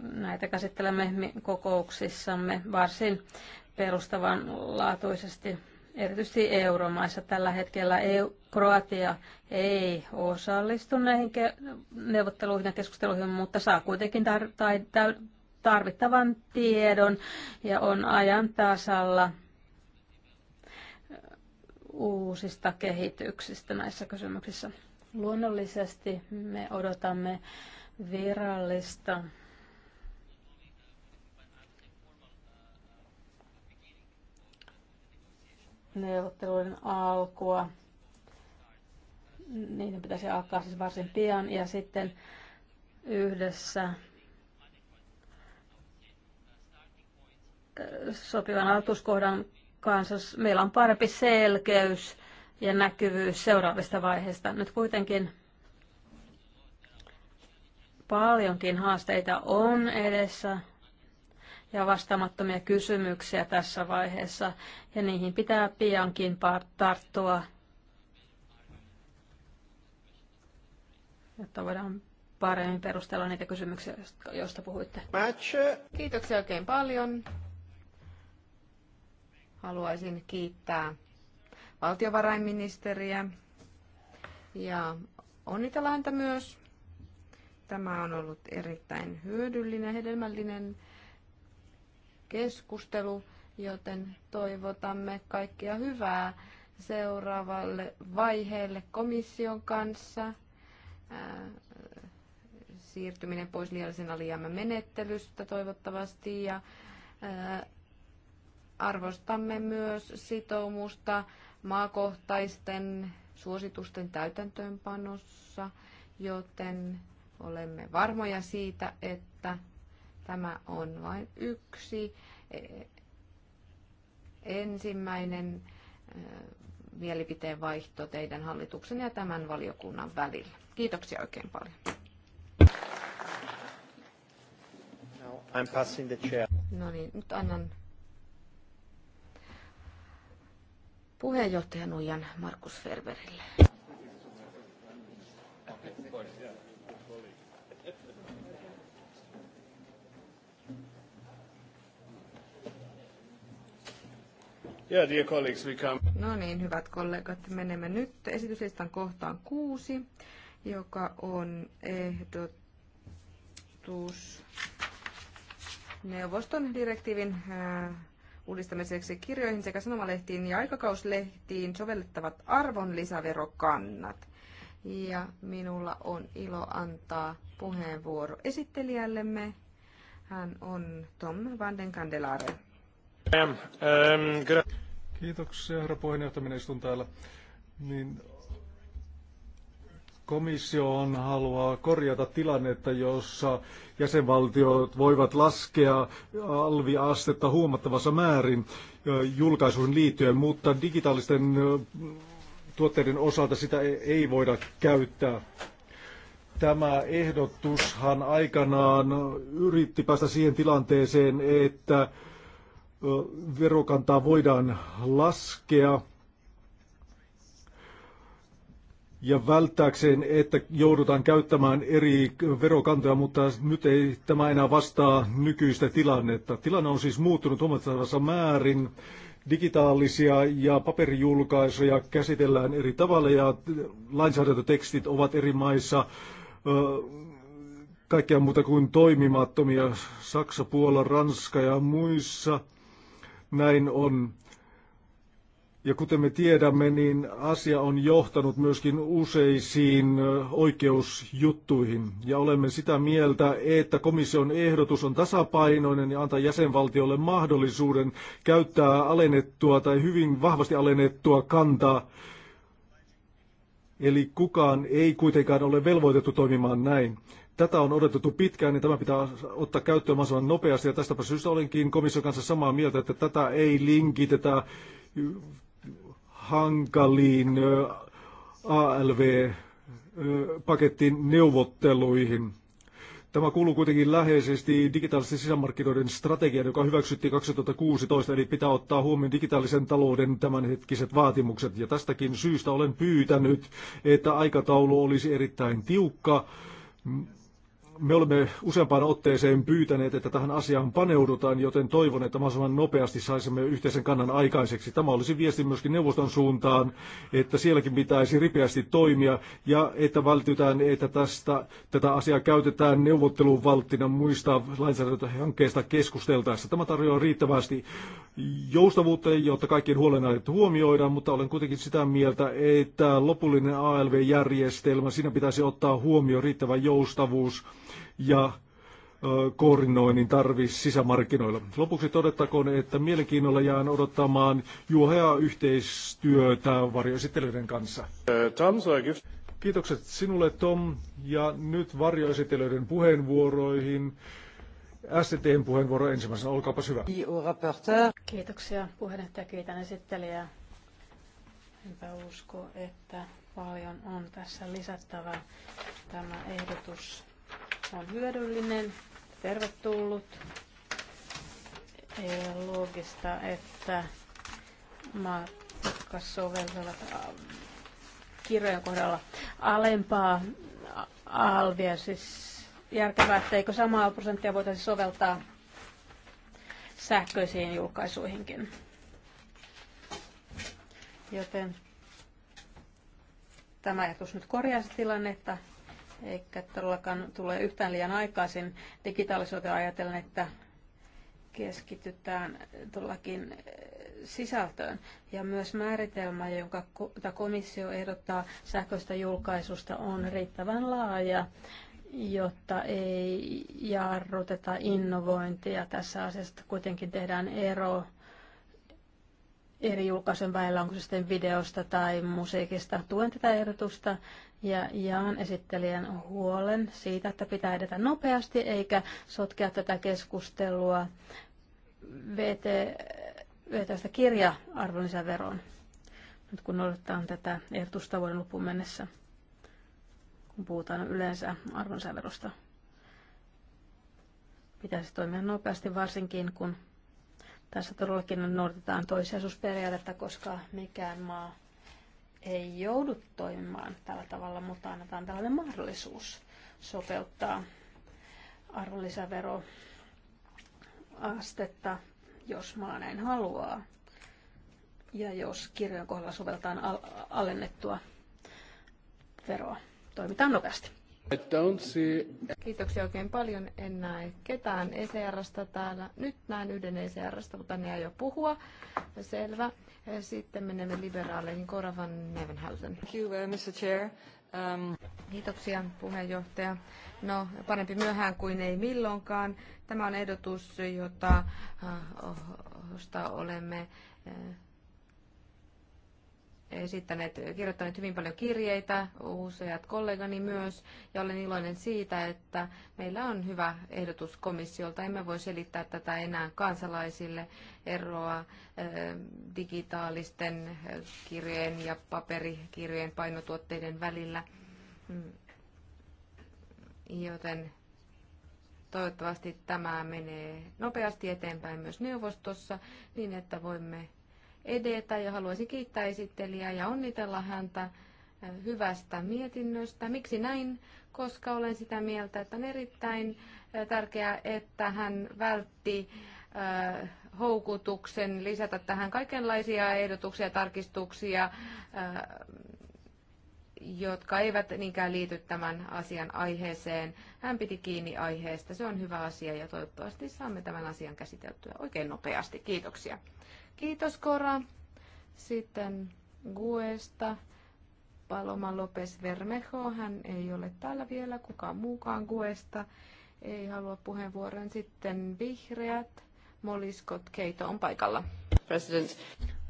Näitä käsittelemme kokouksissamme varsin perustavanlaatuisesti erityisesti euromaissa tällä hetkellä. EU, Kroatia ei osallistu näihin neuvotteluihin ja keskusteluihin, mutta saa kuitenkin tar- tai tarvittavan tiedon ja on ajan tasalla uusista kehityksistä näissä kysymyksissä. Luonnollisesti me odotamme virallista neuvotteluiden alkua niiden pitäisi alkaa siis varsin pian ja sitten yhdessä äh, sopivan aloituskohdan kanssa meillä on parempi selkeys ja näkyvyys seuraavista vaiheista. Nyt kuitenkin paljonkin haasteita on edessä ja vastaamattomia kysymyksiä tässä vaiheessa, ja niihin pitää piankin tarttua jotta voidaan paremmin perustella niitä kysymyksiä, joista puhuitte. Match. Kiitoksia oikein paljon. Haluaisin kiittää valtiovarainministeriä ja onnitella häntä myös. Tämä on ollut erittäin hyödyllinen, hedelmällinen keskustelu, joten toivotamme kaikkia hyvää seuraavalle vaiheelle komission kanssa. Äh, siirtyminen pois liiallisen alijäämän menettelystä toivottavasti ja äh, arvostamme myös sitoumusta maakohtaisten suositusten täytäntöönpanossa, joten olemme varmoja siitä, että tämä on vain yksi e, ensimmäinen äh, mielipiteen vaihto teidän hallituksen ja tämän valiokunnan välillä. Kiitoksia oikein paljon. I'm passing the chair. No niin, nyt annan puheenjohtajan ujan Markus Ferberille. Yeah, dear colleagues, we come. No niin, hyvät kollegat, menemme nyt esityslistan kohtaan kuusi joka on ehdotus neuvoston direktiivin äh, uudistamiseksi kirjoihin sekä sanomalehtiin ja aikakauslehtiin sovellettavat arvonlisäverokannat. Ja minulla on ilo antaa puheenvuoro esittelijällemme. Hän on Tom van den Candelare. Um, Kiitoksia, herra puheenjohtaja. Minä istun täällä. Niin Komissio on haluaa korjata tilannetta, jossa jäsenvaltiot voivat laskea alviastetta huomattavassa määrin julkaisuun liittyen, mutta digitaalisten tuotteiden osalta sitä ei voida käyttää. Tämä ehdotushan aikanaan yritti päästä siihen tilanteeseen, että verokantaa voidaan laskea – ja välttääkseen, että joudutaan käyttämään eri verokantoja, mutta nyt ei tämä enää vastaa nykyistä tilannetta. Tilanne on siis muuttunut huomattavassa määrin. Digitaalisia ja paperijulkaisuja käsitellään eri tavalla ja lainsäädäntötekstit ovat eri maissa kaikkea muuta kuin toimimattomia. Saksa, Puola, Ranska ja muissa näin on. Ja kuten me tiedämme, niin asia on johtanut myöskin useisiin oikeusjuttuihin. Ja olemme sitä mieltä, että komission ehdotus on tasapainoinen ja antaa jäsenvaltiolle mahdollisuuden käyttää alennettua tai hyvin vahvasti alennettua kantaa. Eli kukaan ei kuitenkaan ole velvoitettu toimimaan näin. Tätä on odotettu pitkään, niin tämä pitää ottaa käyttöön mahdollisimman nopeasti. Ja tästäpä syystä olenkin komission kanssa samaa mieltä, että tätä ei linkitetä hankaliin ALV-pakettiin neuvotteluihin. Tämä kuuluu kuitenkin läheisesti digitaalisten sisämarkkinoiden strategiaan, joka hyväksyttiin 2016, eli pitää ottaa huomioon digitaalisen talouden tämänhetkiset vaatimukset. Ja tästäkin syystä olen pyytänyt, että aikataulu olisi erittäin tiukka. Me olemme useampaan otteeseen pyytäneet, että tähän asiaan paneudutaan, joten toivon, että mahdollisimman nopeasti saisimme yhteisen kannan aikaiseksi. Tämä olisi viesti myöskin neuvoston suuntaan, että sielläkin pitäisi ripeästi toimia ja että vältytään, että tästä, tätä asiaa käytetään neuvottelun valttina muista lainsäädäntöhankkeista keskusteltaessa. Tämä tarjoaa riittävästi joustavuutta, jotta kaikkien huolenaiheet huomioidaan, mutta olen kuitenkin sitä mieltä, että lopullinen ALV-järjestelmä, siinä pitäisi ottaa huomioon riittävä joustavuus ja koordinoinnin tarvi sisämarkkinoilla. Lopuksi todettakoon, että mielenkiinnolla jään odottamaan juohea yhteistyötä varjoesittelyiden kanssa. Kiitokset sinulle Tom ja nyt varjoesittelyiden puheenvuoroihin. STTn puheenvuoro ensimmäisenä, olkaapas hyvä. Kiitoksia puheenjohtaja, kiitän esittelijää. Enpä usko, että paljon on tässä lisättävä Tämä ehdotus on hyödyllinen, tervetullut. Ei ole loogista, että maat, jotka soveltavat äh, kirjojen kohdalla alempaa äh, alvia, siis järkevää, että eikö samaa prosenttia voitaisiin soveltaa sähköisiin julkaisuihinkin. Joten tämä ajatus nyt korjaa tilannetta eikä todellakaan tule yhtään liian aikaisin digitaalisuuteen ajatellen, että keskitytään todellakin eh, sisältöön. Ja myös määritelmä, jonka komissio ehdottaa sähköistä julkaisusta, on riittävän laaja, jotta ei jarruteta innovointia. Tässä asiassa kuitenkin tehdään ero eri julkaisun välillä, onko se sitten videosta tai musiikista. Tuen tätä ehdotusta ja jaan esittelijän huolen siitä, että pitää edetä nopeasti eikä sotkea tätä keskustelua VT, VT-stä kirja arvonlisäveroon, nyt kun noudatetaan tätä ehdotusta vuoden loppuun mennessä, kun puhutaan yleensä arvonlisäverosta. Pitäisi toimia nopeasti varsinkin, kun tässä todellakin noudatetaan toissijaisuusperiaatetta, koska mikään maa ei joudu toimimaan tällä tavalla, mutta annetaan tällainen mahdollisuus sopeuttaa arvonlisäveroastetta, jos maa näin haluaa. Ja jos kirjojen kohdalla sovelletaan alennettua veroa, toimitaan nopeasti. Kiitoksia oikein paljon. En näe ketään ECRstä täällä. Nyt näen yhden ECRstä, mutta ne ei jo puhua. Selvä. Sitten menemme liberaaleihin. Cora van Nevenhausen. Uh, um, Kiitoksia puheenjohtaja. No, parempi myöhään kuin ei milloinkaan. Tämä on ehdotus, jota uh, olemme uh, esittäneet, kirjoittaneet hyvin paljon kirjeitä, useat kollegani myös, ja olen iloinen siitä, että meillä on hyvä ehdotus komissiolta. Emme voi selittää tätä enää kansalaisille eroa digitaalisten kirjeen ja paperikirjeen painotuotteiden välillä. Mm. Joten toivottavasti tämä menee nopeasti eteenpäin myös neuvostossa niin, että voimme edetä ja haluaisin kiittää esittelijää ja onnitella häntä hyvästä mietinnöstä. Miksi näin? Koska olen sitä mieltä, että on erittäin eh, tärkeää, että hän vältti eh, houkutuksen lisätä tähän kaikenlaisia ehdotuksia ja tarkistuksia, eh, jotka eivät niinkään liity tämän asian aiheeseen. Hän piti kiinni aiheesta. Se on hyvä asia ja toivottavasti saamme tämän asian käsiteltyä oikein nopeasti. Kiitoksia. Kiitos Kora. Sitten Guesta. Paloma Lopes Vermejo, hän ei ole täällä vielä, kukaan muukaan Guesta. Ei halua puheenvuoron. Sitten vihreät. Moliskot Keito on paikalla. President.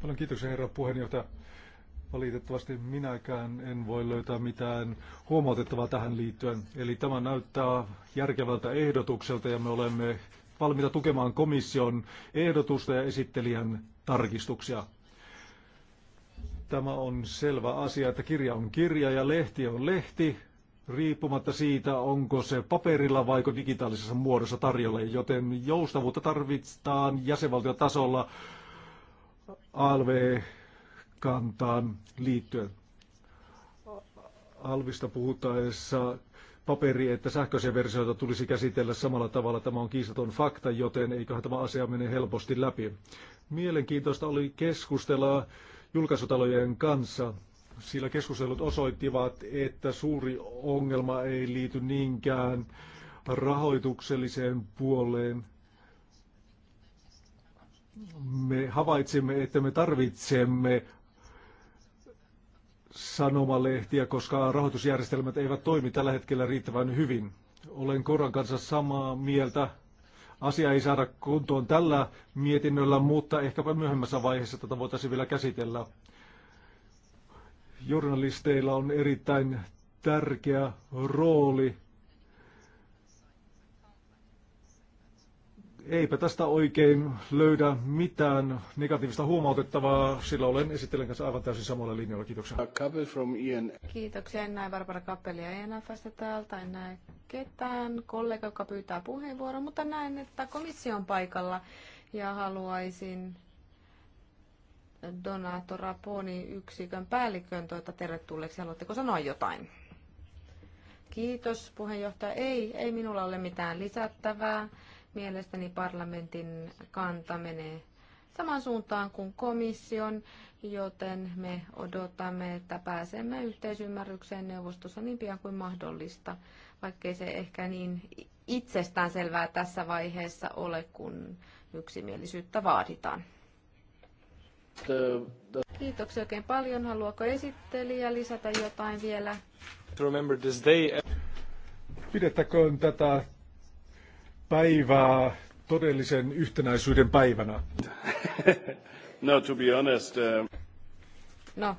Paljon kiitos herra puheenjohtaja. Valitettavasti minäkään en voi löytää mitään huomautettavaa tähän liittyen. Eli tämä näyttää järkevältä ehdotukselta ja me olemme valmiita tukemaan komission ehdotusta ja esittelijän tarkistuksia. Tämä on selvä asia, että kirja on kirja ja lehti on lehti, riippumatta siitä, onko se paperilla vai digitaalisessa muodossa tarjolla, joten joustavuutta tarvitaan jäsenvaltiotasolla ALV-kantaan liittyen. Alvista puhutaessa paperi, että sähköisiä versioita tulisi käsitellä samalla tavalla. Tämä on kiistaton fakta, joten eiköhän tämä asia mene helposti läpi. Mielenkiintoista oli keskustella julkaisutalojen kanssa. Sillä keskustelut osoittivat, että suuri ongelma ei liity niinkään rahoitukselliseen puoleen. Me havaitsimme, että me tarvitsemme sanomalehtiä, koska rahoitusjärjestelmät eivät toimi tällä hetkellä riittävän hyvin. Olen Koran kanssa samaa mieltä. Asia ei saada kuntoon tällä mietinnöllä, mutta ehkäpä myöhemmässä vaiheessa tätä voitaisiin vielä käsitellä. Journalisteilla on erittäin tärkeä rooli eipä tästä oikein löydä mitään negatiivista huomautettavaa, sillä olen esittelen kanssa aivan täysin samalla linjalla. Kiitoksia. Uh, from Kiitoksia. En näe Barbara Kappelia ENFstä täältä. En näe ketään kollega, joka pyytää puheenvuoron, mutta näen, että komissio on paikalla ja haluaisin Donato Raponi yksikön päällikön tuota tervetulleeksi. Haluatteko sanoa jotain? Kiitos puheenjohtaja. Ei, ei minulla ole mitään lisättävää. Mielestäni parlamentin kanta menee saman suuntaan kuin komission, joten me odotamme, että pääsemme yhteisymmärrykseen neuvostossa niin pian kuin mahdollista, vaikkei se ehkä niin itsestään selvää tässä vaiheessa ole, kun yksimielisyyttä vaaditaan. Kiitoksia oikein paljon. Haluaako esittelijä lisätä jotain vielä? Remember this day. Pidettäköön tätä päivää todellisen yhtenäisyyden päivänä? No, to be honest. Uh... No,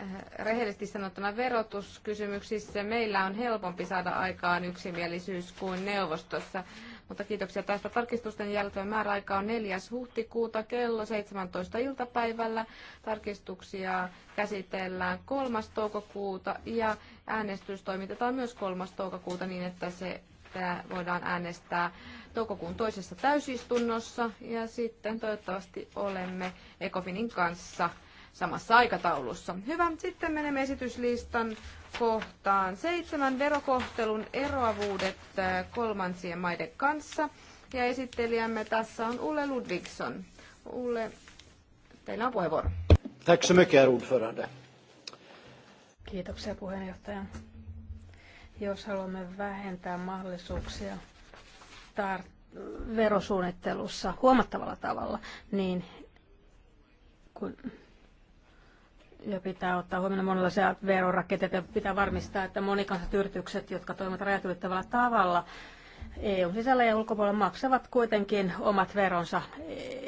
äh, rehellisesti sanottuna verotuskysymyksissä meillä on helpompi saada aikaan yksimielisyys kuin neuvostossa. Mutta kiitoksia tästä tarkistusten jälkeen. Määräaika on 4. huhtikuuta kello 17 iltapäivällä. Tarkistuksia käsitellään 3. toukokuuta ja äänestys toimitetaan myös 3. toukokuuta niin, että se sitä voidaan äänestää toukokuun toisessa täysistunnossa ja sitten toivottavasti olemme Ekofinin kanssa samassa aikataulussa. Hyvä, sitten menemme esityslistan kohtaan seitsemän verokohtelun eroavuudet äh, kolmansien maiden kanssa. Ja esittelijämme tässä on Ulle Ludvigsson. Ulle, teillä on puheenvuoro. Tack så mycket, ordförande. Kiitoksia puheenjohtaja jos haluamme vähentää mahdollisuuksia tar- verosuunnittelussa huomattavalla tavalla, niin kun ja pitää ottaa huomioon monenlaisia verorakenteita ja pitää varmistaa, että monikansat yritykset, jotka toimivat rajat ylittävällä tavalla, EUn sisällä ja ulkopuolella maksavat kuitenkin omat veronsa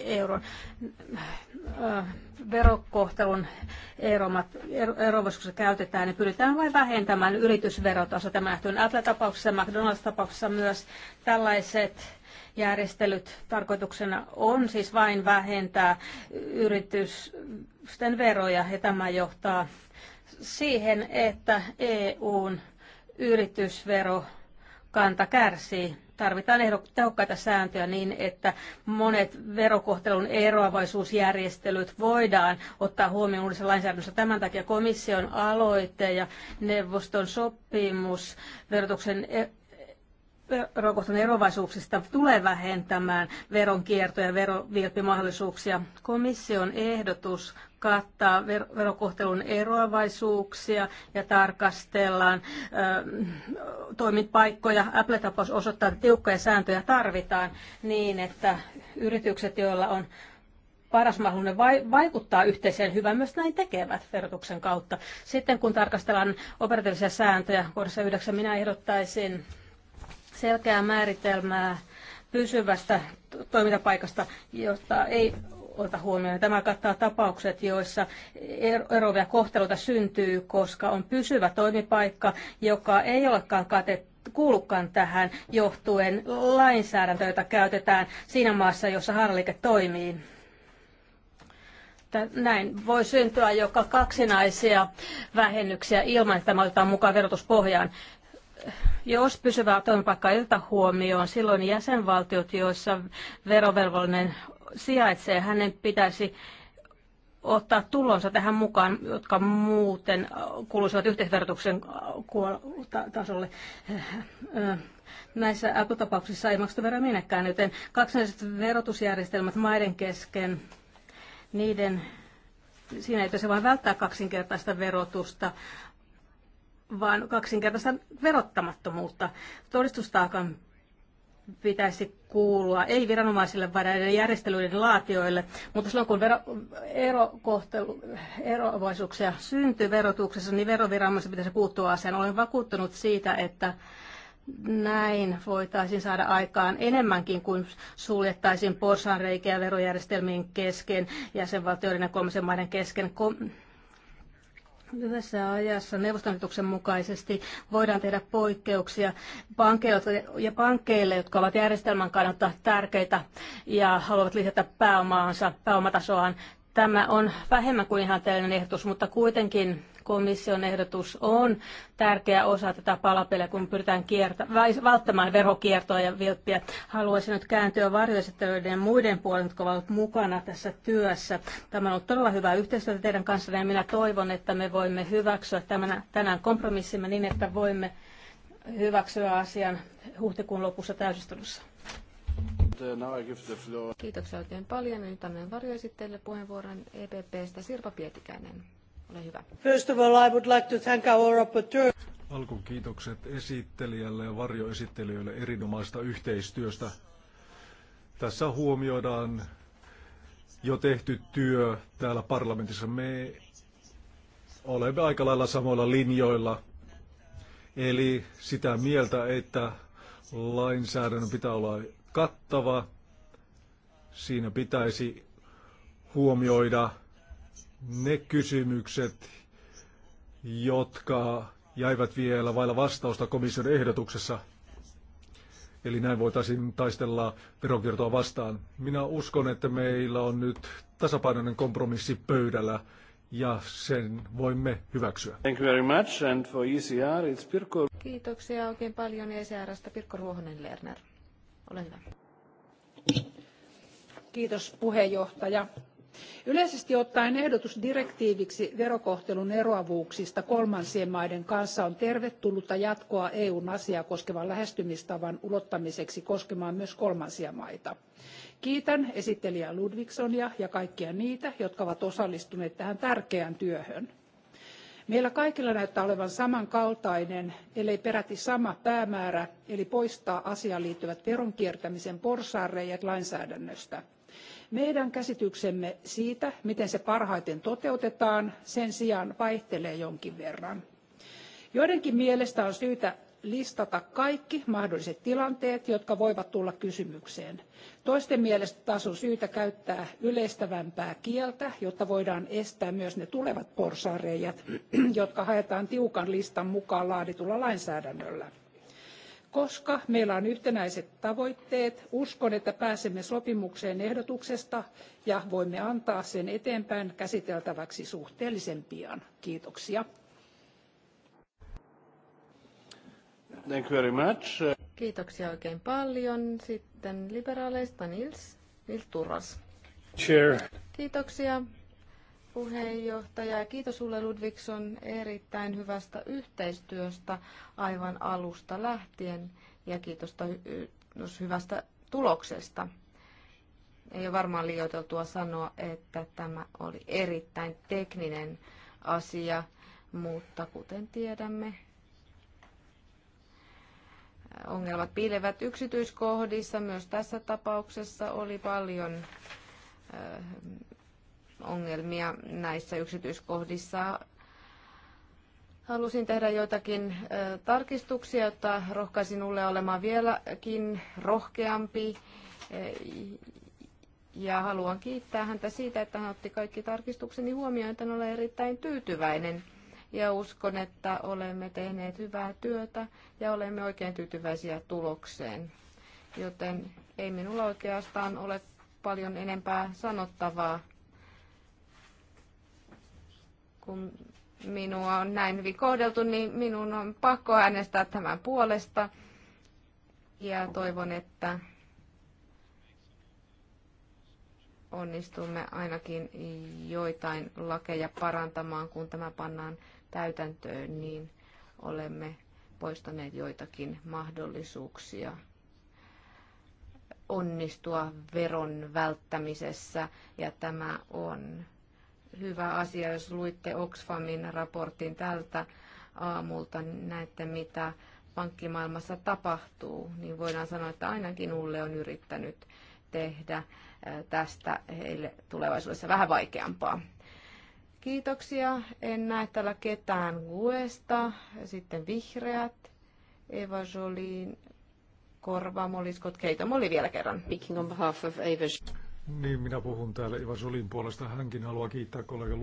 euron verokohtelun eromat, käytetään, niin pyritään vain vähentämään yritysverotaso. Tämä nähty Apple-tapauksessa ja McDonald's-tapauksessa myös tällaiset järjestelyt tarkoituksena on siis vain vähentää yritysten veroja ja tämä johtaa siihen, että EUn yritysvero kanta kärsii. Tarvitaan tehokkaita sääntöjä niin, että monet verokohtelun eroavaisuusjärjestelyt voidaan ottaa huomioon uudessa lainsäädännössä. Tämän takia komission aloite ja neuvoston sopimus verotuksen e- verokohtainen erovaisuuksista tulee vähentämään veronkiertoja ja verovilppimahdollisuuksia. Komission ehdotus kattaa verokohtelun eroavaisuuksia ja tarkastellaan ö, toimipaikkoja. Apple-tapaus osoittaa, että tiukkoja sääntöjä tarvitaan niin, että yritykset, joilla on paras mahdollinen vaikuttaa yhteiseen hyvään, myös näin tekevät verotuksen kautta. Sitten kun tarkastellaan operatiivisia sääntöjä, kohdassa 9 minä ehdottaisin selkeää määritelmää pysyvästä toimintapaikasta, jota ei ota huomioon. Tämä kattaa tapaukset, joissa eroavia kohteluita syntyy, koska on pysyvä toimipaikka, joka ei olekaan katettu kuulukaan tähän johtuen lainsäädäntö, jota käytetään siinä maassa, jossa harlike toimii. Näin voi syntyä joka kaksinaisia vähennyksiä ilman, että tämä otetaan mukaan verotuspohjaan jos pysyvää toimipaikkaa ei oteta huomioon, silloin jäsenvaltiot, joissa verovelvollinen sijaitsee, hänen pitäisi ottaa tulonsa tähän mukaan, jotka muuten kuuluisivat yhteisverotuksen tasolle. Näissä aputapauksissa ei maksettu veroa minnekään, joten kaksinaiset verotusjärjestelmät maiden kesken, niiden, siinä ei tosiaan vain välttää kaksinkertaista verotusta, vaan kaksinkertaista verottamattomuutta. Todistustaakan pitäisi kuulua ei viranomaisille, vaan näiden järjestelyiden laatioille. Mutta silloin kun vero, erokohtelu, eroavaisuuksia syntyy verotuksessa, niin veroviranomaisen pitäisi puuttua asiaan. Olen vakuuttunut siitä, että näin voitaisiin saada aikaan enemmänkin kuin suljettaisiin porsaanreikiä verojärjestelmien kesken, jäsenvaltioiden ja kolmisen maiden kesken. Kom- lyhyessä ajassa neuvostoliitoksen mukaisesti voidaan tehdä poikkeuksia pankeille, ja pankkeille, jotka ovat järjestelmän kannalta tärkeitä ja haluavat lisätä pääomaansa, pääomatasoaan. Tämä on vähemmän kuin ihanteellinen ehdotus, mutta kuitenkin komission ehdotus on tärkeä osa tätä palapeliä, kun pyritään kiertä, välttämään verokiertoa ja vilppiä. Haluaisin nyt kääntyä varjoesittelyiden ja muiden puolen, jotka ovat mukana tässä työssä. Tämä on ollut todella hyvää yhteistyötä teidän kanssanne ja minä toivon, että me voimme hyväksyä tämän, tänään kompromissimme niin, että voimme hyväksyä asian huhtikuun lopussa täysistunnossa. Uh, Kiitoksia oikein paljon. Nyt annan varjoesittäjille puheenvuoron EPPstä Sirpa Pietikäinen. Ole hyvä. First of all, I would like to thank our rapporteur. Alkuun kiitokset esittelijälle ja varjoesittelijöille erinomaista yhteistyöstä. Tässä huomioidaan jo tehty työ täällä parlamentissa. Me olemme aika lailla samoilla linjoilla. Eli sitä mieltä, että lainsäädännön pitää olla kattava. Siinä pitäisi huomioida ne kysymykset, jotka jäivät vielä vailla vastausta komission ehdotuksessa. Eli näin voitaisiin taistella veronkiertoa vastaan. Minä uskon, että meillä on nyt tasapainoinen kompromissi pöydällä ja sen voimme hyväksyä. Thank you very much and for ECR it's Pirko. Kiitoksia oikein paljon ECRstä Pirkko Ruohonen Lerner. Ole hyvä. Kiitos puheenjohtaja. Yleisesti ottaen ehdotus direktiiviksi verokohtelun eroavuuksista kolmansien maiden kanssa on tervetullutta jatkoa EUn asiaa koskevan lähestymistavan ulottamiseksi koskemaan myös kolmansia maita. Kiitän esittelijä Ludvigsonia ja kaikkia niitä, jotka ovat osallistuneet tähän tärkeään työhön Meillä kaikilla näyttää olevan samankaltainen, ellei peräti sama päämäärä, eli poistaa asiaan liittyvät veronkiertämisen porsaanreijät lainsäädännöstä. Meidän käsityksemme siitä, miten se parhaiten toteutetaan, sen sijaan vaihtelee jonkin verran. Joidenkin mielestä on syytä listata kaikki mahdolliset tilanteet, jotka voivat tulla kysymykseen. Toisten mielestä taas on syytä käyttää yleistävämpää kieltä, jotta voidaan estää myös ne tulevat porsaanreijät, jotka haetaan tiukan listan mukaan laaditulla lainsäädännöllä. Koska meillä on yhtenäiset tavoitteet, uskon, että pääsemme sopimukseen ehdotuksesta ja voimme antaa sen eteenpäin käsiteltäväksi suhteellisen pian. Kiitoksia. Thank you very much. Kiitoksia oikein paljon. Sitten liberaaleista Nils, Nils Turras. Chair. Kiitoksia puheenjohtaja kiitos Ulle Ludvigson erittäin hyvästä yhteistyöstä aivan alusta lähtien ja kiitos hyvästä tuloksesta. Ei ole varmaan liioiteltua sanoa, että tämä oli erittäin tekninen asia, mutta kuten tiedämme, ongelmat piilevät yksityiskohdissa. Myös tässä tapauksessa oli paljon äh, ongelmia näissä yksityiskohdissa. Halusin tehdä joitakin äh, tarkistuksia, jotta rohkaisin Ulle olemaan vieläkin rohkeampi. Äh, ja haluan kiittää häntä siitä, että hän otti kaikki tarkistukseni huomioon, että olen erittäin tyytyväinen ja uskon, että olemme tehneet hyvää työtä ja olemme oikein tyytyväisiä tulokseen. Joten ei minulla oikeastaan ole paljon enempää sanottavaa, kun minua on näin hyvin kohdeltu, niin minun on pakko äänestää tämän puolesta. Ja toivon, että onnistumme ainakin joitain lakeja parantamaan, kun tämä pannaan täytäntöön, niin olemme poistaneet joitakin mahdollisuuksia onnistua veron välttämisessä ja tämä on hyvä asia. Jos luitte Oxfamin raportin tältä aamulta, niin näette mitä pankkimaailmassa tapahtuu, niin voidaan sanoa, että ainakin Ulle on yrittänyt tehdä tästä heille tulevaisuudessa vähän vaikeampaa. Kiitoksia. En näe täällä ketään Guesta. Sitten vihreät. Eva Jolin korva, moliskot, keito. Moli vielä kerran. Speaking on behalf of Eva niin, minä puhun täällä Iva Solin puolesta. Hänkin haluaa kiittää kollega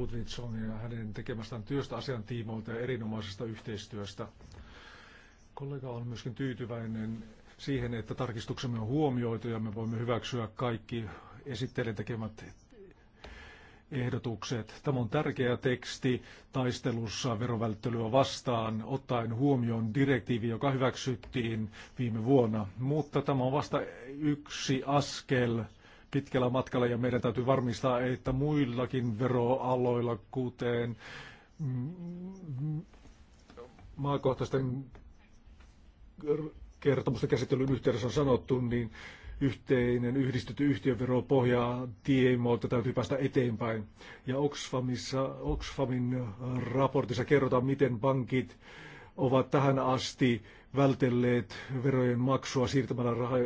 ja hänen tekemästään työstä asian tiimoilta ja erinomaisesta yhteistyöstä. Kollega on myöskin tyytyväinen siihen, että tarkistuksemme on huomioitu ja me voimme hyväksyä kaikki esittelijän tekemät ehdotukset. Tämä on tärkeä teksti taistelussa verovälttelyä vastaan, ottaen huomioon direktiivi, joka hyväksyttiin viime vuonna. Mutta tämä on vasta yksi askel pitkällä matkalla ja meidän täytyy varmistaa, että muillakin veroaloilla, kuten mm, maakohtaisten kertomusten käsittelyn yhteydessä on sanottu, niin yhteinen yhdistetty yhtiöveropohja tiimoilta täytyy päästä eteenpäin. Ja Oxfamissa, Oxfamin raportissa kerrotaan, miten pankit ovat tähän asti vältelleet verojen maksua siirtämällä rahaa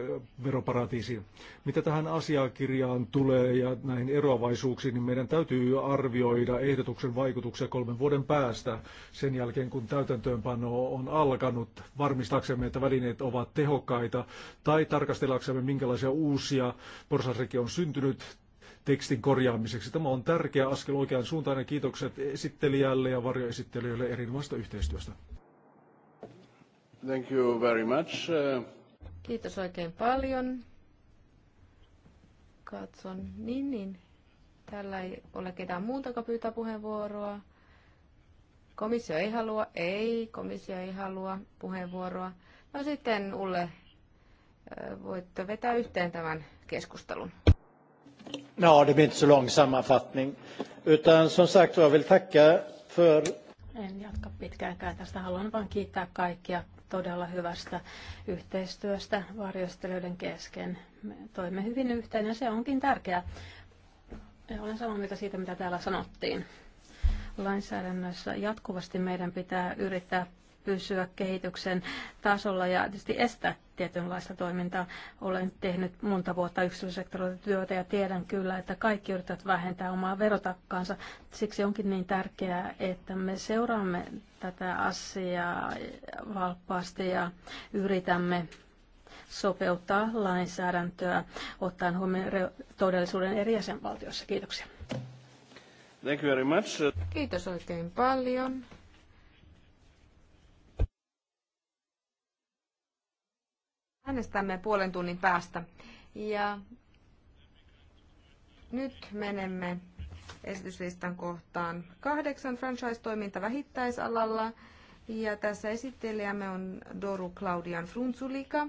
veroparatiisiin. Mitä tähän asiakirjaan tulee ja näihin eroavaisuuksiin, niin meidän täytyy arvioida ehdotuksen vaikutuksia kolmen vuoden päästä sen jälkeen, kun täytäntöönpano on alkanut, varmistaksemme, että välineet ovat tehokkaita tai tarkastellaksemme, minkälaisia uusia porsasreki on syntynyt tekstin korjaamiseksi. Tämä on tärkeä askel oikeaan suuntaan ja kiitokset esittelijälle ja varjoesittelijöille erinomaisesta yhteistyöstä. Thank you very much. Kiitos oikein paljon. Katson. Niin, niin. Täällä ei ole ketään muuta, joka pyytää puheenvuoroa. Komissio ei halua. Ei, komissio ei halua puheenvuoroa. No sitten Ulle, äh, voitte vetää yhteen tämän keskustelun. Ja, det blir inte så lång sammanfattning. Utan som sagt jag vill tacka för... En jatka pitkäänkään tästä. Haluan vain kiittää kaikkia todella hyvästä yhteistyöstä varjostelijoiden kesken. Me toimme hyvin yhteen ja se onkin tärkeää. Ja olen samaa mieltä siitä, mitä täällä sanottiin. Lainsäädännössä jatkuvasti meidän pitää yrittää pysyä kehityksen tasolla ja tietysti estää tietynlaista toimintaa. Olen tehnyt monta vuotta yksityissektorilla työtä ja tiedän kyllä, että kaikki yrittävät vähentää omaa verotakkaansa. Siksi onkin niin tärkeää, että me seuraamme tätä asiaa valppaasti ja yritämme sopeuttaa lainsäädäntöä ottaen huomioon todellisuuden eri jäsenvaltioissa. Kiitoksia. Thank you very much. Kiitos oikein paljon. Äänestämme puolen tunnin päästä. Ja nyt menemme esityslistan kohtaan kahdeksan franchise-toiminta vähittäisalalla. Ja tässä esittelijämme on Doru Claudian Frunzulika,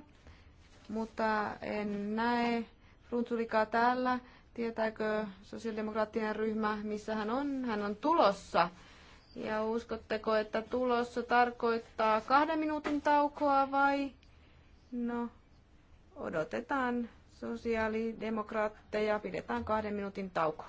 mutta en näe Frunzulikaa täällä. Tietääkö sosiaalidemokraattinen ryhmä, missä hän on? Hän on tulossa. Ja uskotteko, että tulossa tarkoittaa kahden minuutin taukoa vai No, odotetaan sosiaalidemokraatteja. Pidetään kahden minuutin tauko.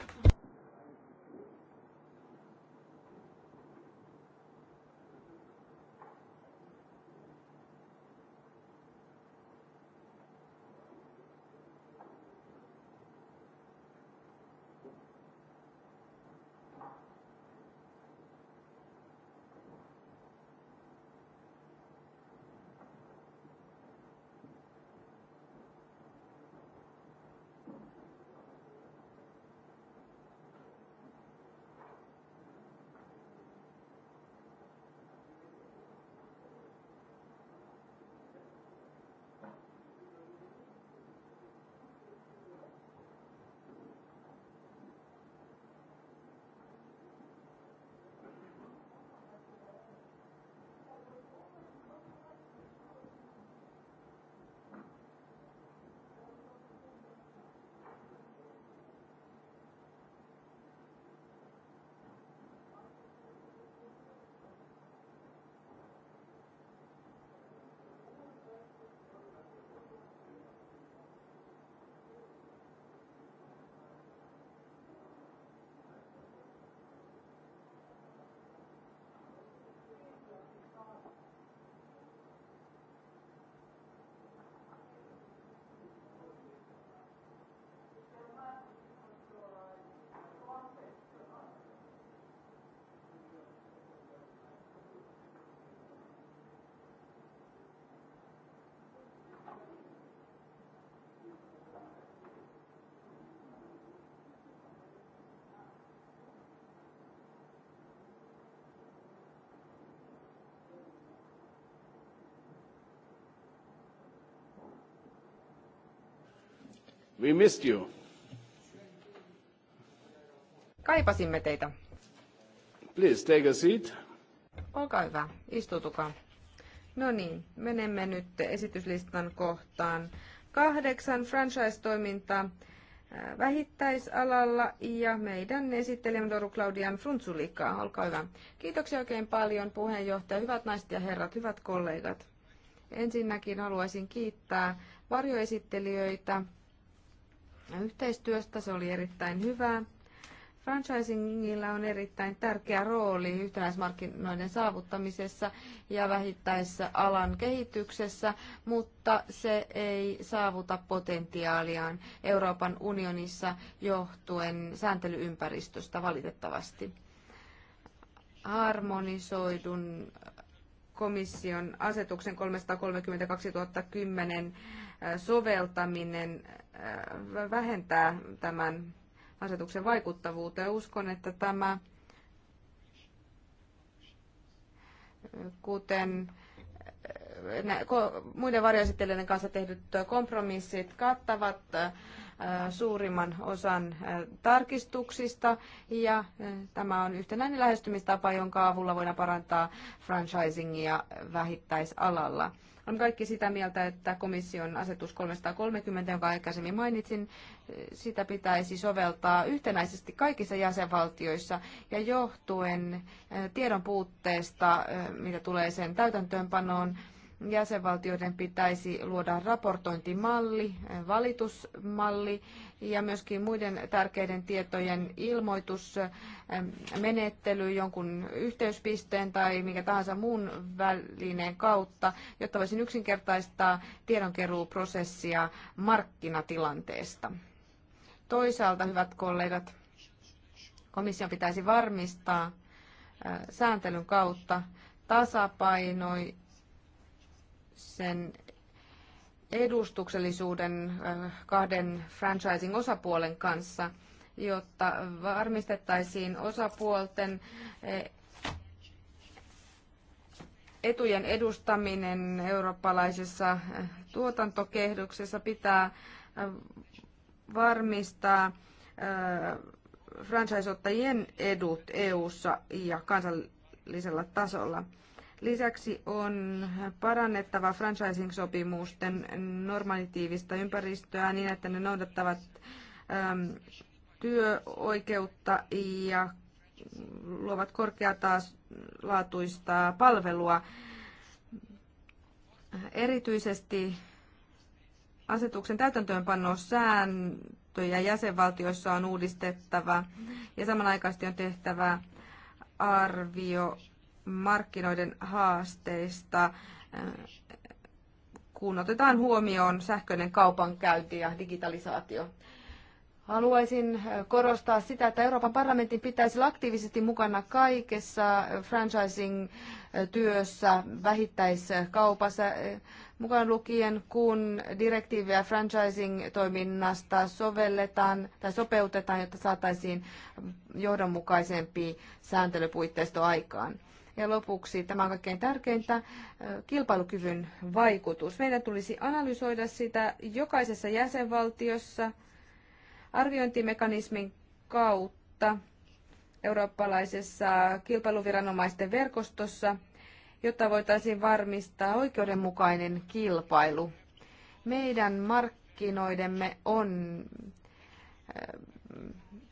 We missed you. Kaipasimme teitä. Please take a seat. Olkaa hyvä, istutukaa. No niin, menemme nyt esityslistan kohtaan. Kahdeksan franchise-toiminta äh, vähittäisalalla ja meidän esittelijämme Doru Claudian Frunzulika. Olkaa hyvä. Kiitoksia oikein paljon puheenjohtaja, hyvät naiset ja herrat, hyvät kollegat. Ensinnäkin haluaisin kiittää varjoesittelijöitä yhteistyöstä. Se oli erittäin hyvää. Franchisingilla on erittäin tärkeä rooli yhtenäismarkkinoiden saavuttamisessa ja vähittäisessä alan kehityksessä, mutta se ei saavuta potentiaaliaan Euroopan unionissa johtuen sääntelyympäristöstä valitettavasti. Harmonisoidun komission asetuksen 332 2010 soveltaminen Äh, vähentää tämän asetuksen vaikuttavuutta. Ja uskon, että tämä, kuten äh, muiden varjoesittelijöiden kanssa tehdyt kompromissit kattavat äh, suurimman osan tarkistuksista ja tämä on yhtenäinen lähestymistapa, jonka avulla voidaan parantaa franchisingia vähittäisalalla. On kaikki sitä mieltä, että komission asetus 330, jonka aikaisemmin mainitsin, sitä pitäisi soveltaa yhtenäisesti kaikissa jäsenvaltioissa ja johtuen tiedon puutteesta, mitä tulee sen täytäntöönpanoon, jäsenvaltioiden pitäisi luoda raportointimalli, valitusmalli ja myöskin muiden tärkeiden tietojen ilmoitusmenettely jonkun yhteyspisteen tai minkä tahansa muun välineen kautta, jotta voisin yksinkertaistaa tiedonkeruuprosessia markkinatilanteesta. Toisaalta, hyvät kollegat, komission pitäisi varmistaa sääntelyn kautta tasapainoi sen edustuksellisuuden äh, kahden franchising-osapuolen kanssa, jotta varmistettaisiin osapuolten eh, etujen edustaminen eurooppalaisessa eh, tuotantokehdoksessa pitää eh, varmistaa franchise edut EU-ssa ja kansallisella tasolla. Lisäksi on parannettava franchising-sopimusten normatiivista ympäristöä niin, että ne noudattavat työoikeutta ja luovat korkeataslaatuista palvelua. Erityisesti asetuksen täytäntöönpanon sääntöjä jäsenvaltioissa on uudistettava ja samanaikaisesti on tehtävä arvio markkinoiden haasteista, äh, kun otetaan huomioon sähköinen kaupankäynti ja digitalisaatio. Haluaisin äh, korostaa sitä, että Euroopan parlamentin pitäisi olla aktiivisesti mukana kaikessa äh, franchising-työssä, vähittäiskaupassa, mukaan lukien kun direktiiviä franchising-toiminnasta sovelletaan tai sopeutetaan, jotta saataisiin johdonmukaisempi sääntelypuitteisto aikaan. Ja lopuksi, tämä on kaikkein tärkeintä, kilpailukyvyn vaikutus. Meidän tulisi analysoida sitä jokaisessa jäsenvaltiossa arviointimekanismin kautta eurooppalaisessa kilpailuviranomaisten verkostossa, jotta voitaisiin varmistaa oikeudenmukainen kilpailu. Meidän markkinoidemme on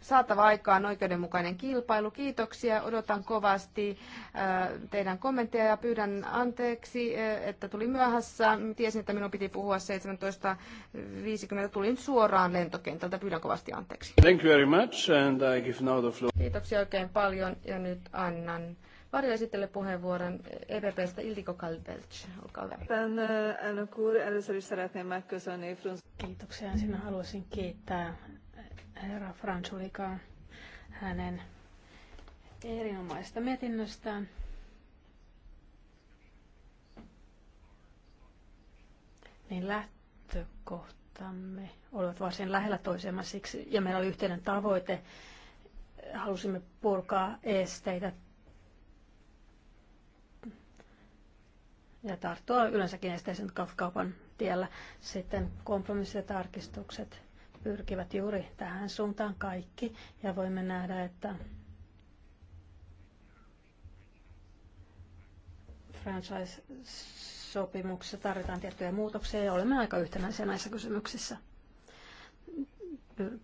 saatava aikaan oikeudenmukainen kilpailu. Kiitoksia, odotan kovasti äh, teidän kommentteja ja pyydän anteeksi, äh, että tuli myöhässä. Tiesin, että minun piti puhua 17.50. Tulin suoraan lentokentältä. Pyydän kovasti anteeksi. Thank you very much and I give now the floor. Kiitoksia oikein paljon ja nyt annan varjoesittele puheenvuoron EPPstä Ildiko Kalbelts. Olkaa hyvä. Uh, Kiitoksia. Ensin haluaisin kiittää herra Fransulikaa hänen erinomaista mietinnöstään. Niin lähtökohtamme olivat varsin lähellä toisemme siksi, ja meillä oli yhteinen tavoite. Halusimme purkaa esteitä ja tarttua yleensäkin esteisen kaupan tiellä. Sitten kompromissit ja tarkistukset pyrkivät juuri tähän suuntaan kaikki ja voimme nähdä, että franchise-sopimuksessa tarvitaan tiettyjä muutoksia ja olemme aika yhtenäisiä näissä kysymyksissä.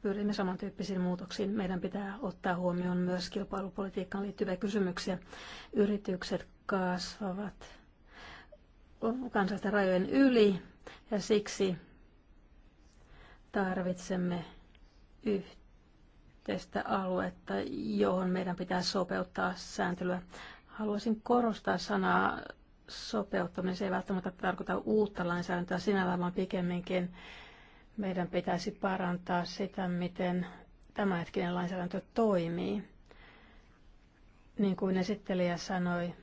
Pyrimme samantyyppisiin muutoksiin. Meidän pitää ottaa huomioon myös kilpailupolitiikkaan liittyviä kysymyksiä. Yritykset kasvavat kansallisten rajojen yli ja siksi Tarvitsemme yhteistä aluetta, johon meidän pitää sopeuttaa sääntelyä. Haluaisin korostaa sanaa sopeuttaminen. Se ei välttämättä tarkoita uutta lainsäädäntöä sinällään, vaan pikemminkin meidän pitäisi parantaa sitä, miten tämänhetkinen lainsäädäntö toimii. Niin kuin esittelijä sanoi,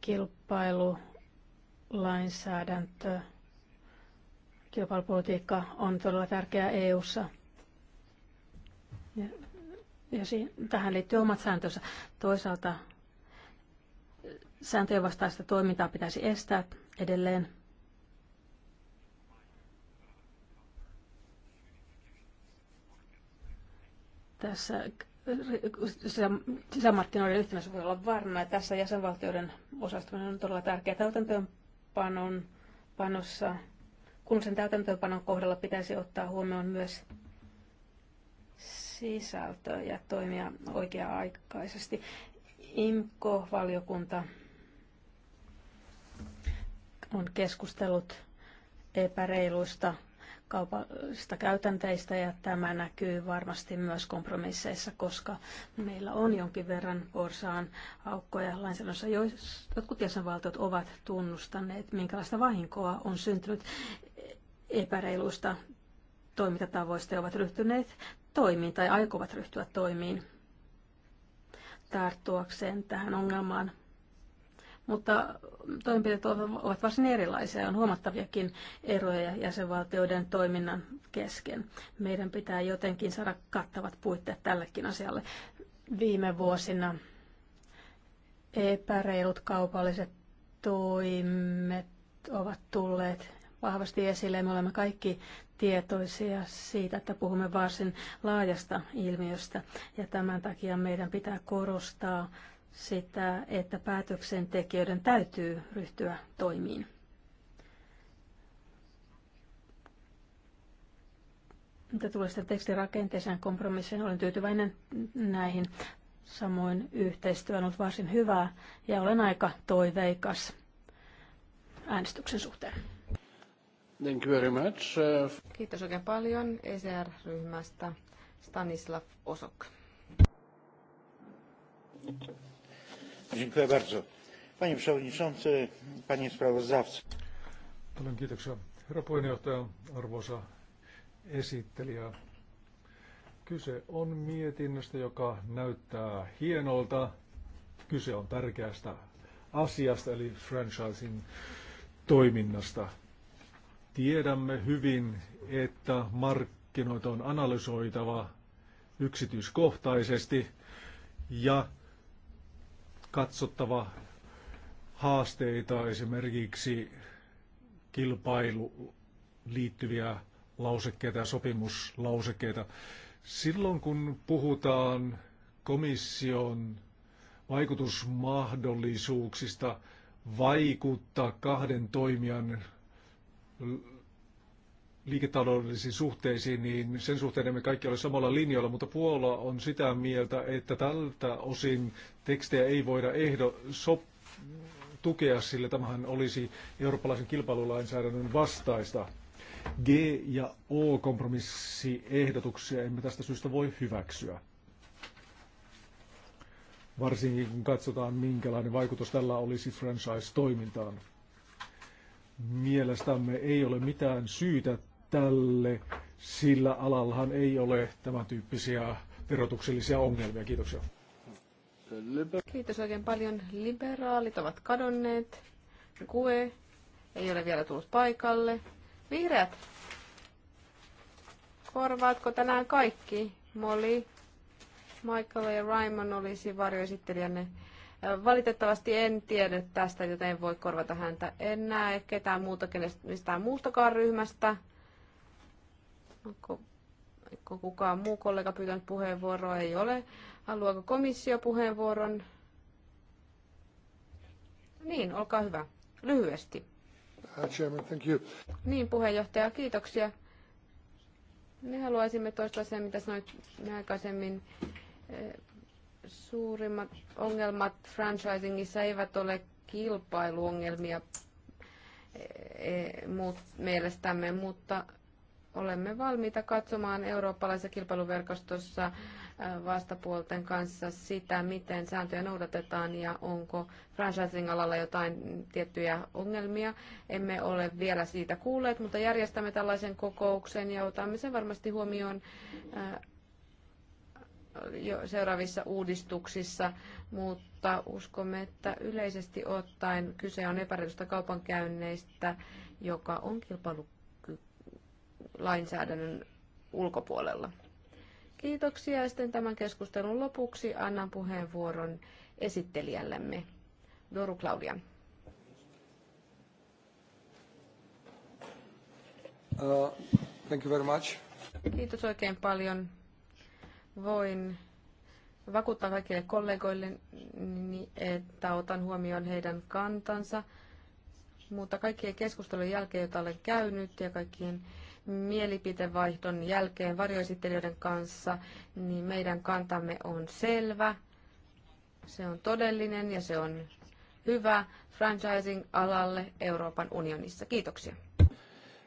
kilpailulainsäädäntö Kilpailupolitiikka on todella tärkeää EU:ssa. Ja, ja siihen, tähän liittyy omat sääntönsä. Toisaalta sääntöjen vastaista toimintaa pitäisi estää edelleen. Tässä sisämarkkinoiden yhteydessä voi olla varma, ja tässä jäsenvaltioiden osastuminen on todella tärkeää täytäntöönpanon panossa kun sen täytäntöönpanon kohdalla pitäisi ottaa huomioon myös sisältö ja toimia oikea-aikaisesti. IMKO-valiokunta on keskustellut epäreiluista kaupallisista käytänteistä ja tämä näkyy varmasti myös kompromisseissa, koska meillä on jonkin verran porsaan aukkoja lainsäädännössä. Jotkut jäsenvaltiot ovat tunnustaneet, minkälaista vahinkoa on syntynyt epäreiluista toimintatavoista ja ovat ryhtyneet toimiin tai aikovat ryhtyä toimiin tarttuakseen tähän ongelmaan. Mutta toimenpiteet ovat varsin erilaisia ja on huomattaviakin eroja jäsenvaltioiden toiminnan kesken. Meidän pitää jotenkin saada kattavat puitteet tällekin asialle. Viime vuosina epäreilut kaupalliset toimet ovat tulleet vahvasti esille. Me olemme kaikki tietoisia siitä, että puhumme varsin laajasta ilmiöstä ja tämän takia meidän pitää korostaa sitä, että päätöksentekijöiden täytyy ryhtyä toimiin. Mitä tulee sitten tekstirakenteeseen kompromissiin, olen tyytyväinen näihin. Samoin yhteistyö on ollut varsin hyvää ja olen aika toiveikas äänestyksen suhteen. Thank you very much. Uh, Kiitos oikein paljon ECR-ryhmästä Stanislav Osok. Dziękuję bardzo. Panie Przewodniczący, Panie Sprawozdawcy. Paljon kiitoksia. Herra puheenjohtaja, arvoisa esittelijä. Kyse on mietinnöstä, joka näyttää hienolta. Kyse on tärkeästä asiasta, eli franchising toiminnasta. Tiedämme hyvin, että markkinoita on analysoitava yksityiskohtaisesti ja katsottava haasteita, esimerkiksi kilpailu liittyviä lausekkeita ja sopimuslausekkeita. Silloin kun puhutaan komission vaikutusmahdollisuuksista vaikuttaa kahden toimijan liiketaloudellisiin suhteisiin, niin sen suhteen emme kaikki ole samalla linjalla, mutta Puola on sitä mieltä, että tältä osin tekstejä ei voida ehdo sop- tukea, sillä tämähän olisi eurooppalaisen kilpailulainsäädännön vastaista. G- ja O-kompromissiehdotuksia emme tästä syystä voi hyväksyä. Varsinkin kun katsotaan, minkälainen vaikutus tällä olisi franchise-toimintaan. Mielestämme ei ole mitään syytä tälle, sillä alallahan ei ole tämän tyyppisiä verotuksellisia ongelmia. Kiitoksia. Kiitos oikein paljon. Liberaalit ovat kadonneet. Kue ei ole vielä tullut paikalle. Vihreät, korvaatko tänään kaikki? Molly, Michael ja Raimon olisi varjoesittelijänne. Valitettavasti en tiedä tästä, joten en voi korvata häntä. En näe ketään muuta kenestä, mistään muustakaan ryhmästä. Onko, onko kukaan muu kollega pyytänyt puheenvuoroa? Ei ole. Haluaako komissio puheenvuoron? Niin, olkaa hyvä. Lyhyesti. Uh, Chairman, thank you. Niin, puheenjohtaja, kiitoksia. Me haluaisimme toistaa sen, mitä sanoit aikaisemmin. Suurimmat ongelmat franchisingissa eivät ole kilpailuongelmia e, muut, mielestämme, mutta olemme valmiita katsomaan eurooppalaisessa kilpailuverkostossa vastapuolten kanssa sitä, miten sääntöjä noudatetaan ja onko franchising-alalla jotain tiettyjä ongelmia. Emme ole vielä siitä kuulleet, mutta järjestämme tällaisen kokouksen ja otamme sen varmasti huomioon jo seuraavissa uudistuksissa, mutta uskomme, että yleisesti ottaen kyse on epäreilusta kaupankäynneistä, joka on kilpailulainsäädännön ulkopuolella. Kiitoksia ja sitten tämän keskustelun lopuksi annan puheenvuoron esittelijällemme Doru Claudia. Uh, thank you very much. Kiitos oikein paljon voin vakuuttaa kaikille kollegoille, niin, että otan huomioon heidän kantansa. Mutta kaikkien keskustelujen jälkeen, joita olen käynyt ja kaikkien mielipitevaihdon jälkeen varjoesittelijöiden kanssa, niin meidän kantamme on selvä. Se on todellinen ja se on hyvä franchising-alalle Euroopan unionissa. Kiitoksia.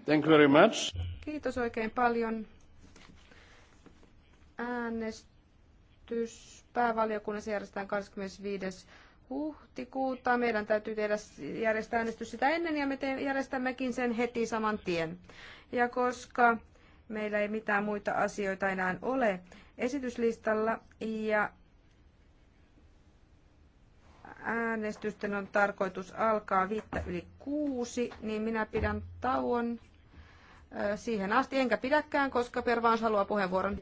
Thank you very much. Kiitos oikein paljon äänestys päävaliokunnassa järjestetään 25 huhtikuuta. Meidän täytyy tehdä, järjestää äänestys sitä ennen ja me te, järjestämmekin sen heti saman tien. Ja koska meillä ei mitään muita asioita enää ole esityslistalla ja äänestysten on tarkoitus alkaa viittä yli kuusi, niin minä pidän tauon siihen asti, enkä pidäkään, koska Pervaans haluaa puheenvuoron.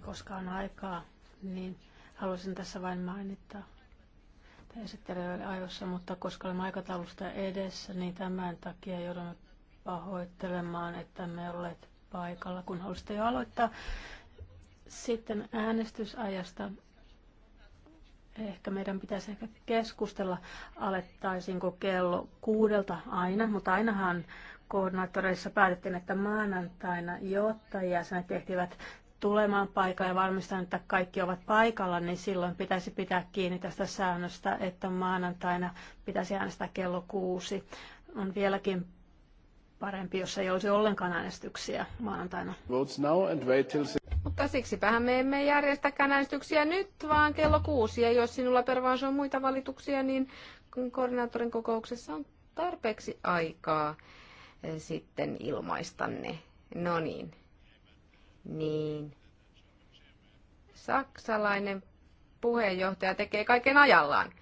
Koska on aikaa, niin haluaisin tässä vain mainita esittelijöiden ajoissa, mutta koska olemme aikataulusta edessä, niin tämän takia joudumme pahoittelemaan, että me olleet paikalla, kun haluaisitte jo aloittaa. Sitten äänestysajasta ehkä meidän pitäisi ehkä keskustella, alettaisinko kello kuudelta aina, mutta ainahan koordinaattoreissa päätettiin, että maanantaina, jotta jäsenet tehtivät tulemaan paikalle ja varmistan, että kaikki ovat paikalla, niin silloin pitäisi pitää kiinni tästä säännöstä, että maanantaina pitäisi äänestää kello kuusi. On vieläkin parempi, jos ei olisi ollenkaan äänestyksiä maanantaina. Mutta siksi me emme järjestäkään äänestyksiä nyt, vaan kello kuusi. Ja jos sinulla pervaansa on muita valituksia, niin koordinaattorin kokouksessa on tarpeeksi aikaa sitten ilmaista ne. No niin. Niin. Saksalainen puheenjohtaja tekee kaiken ajallaan.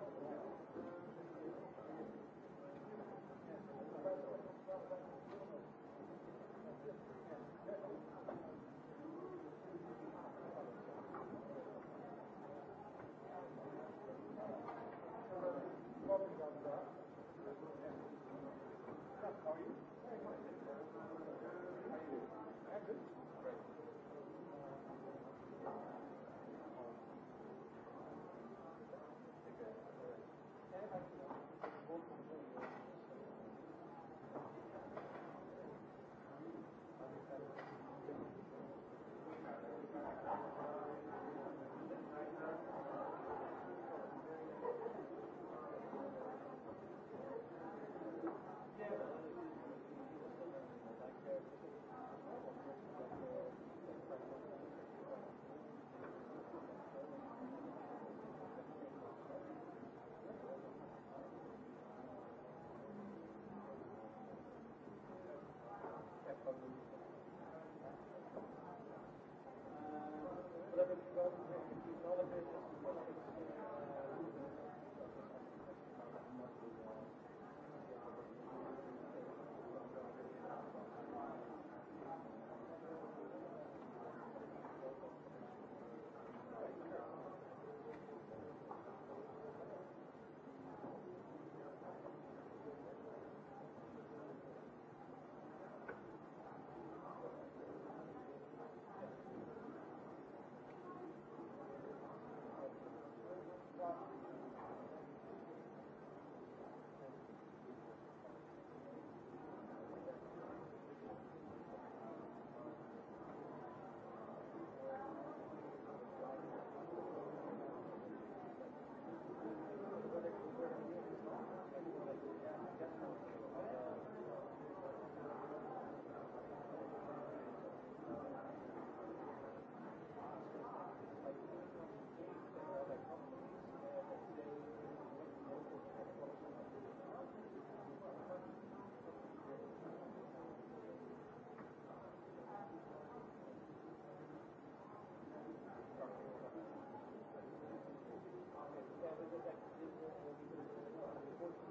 Thank you.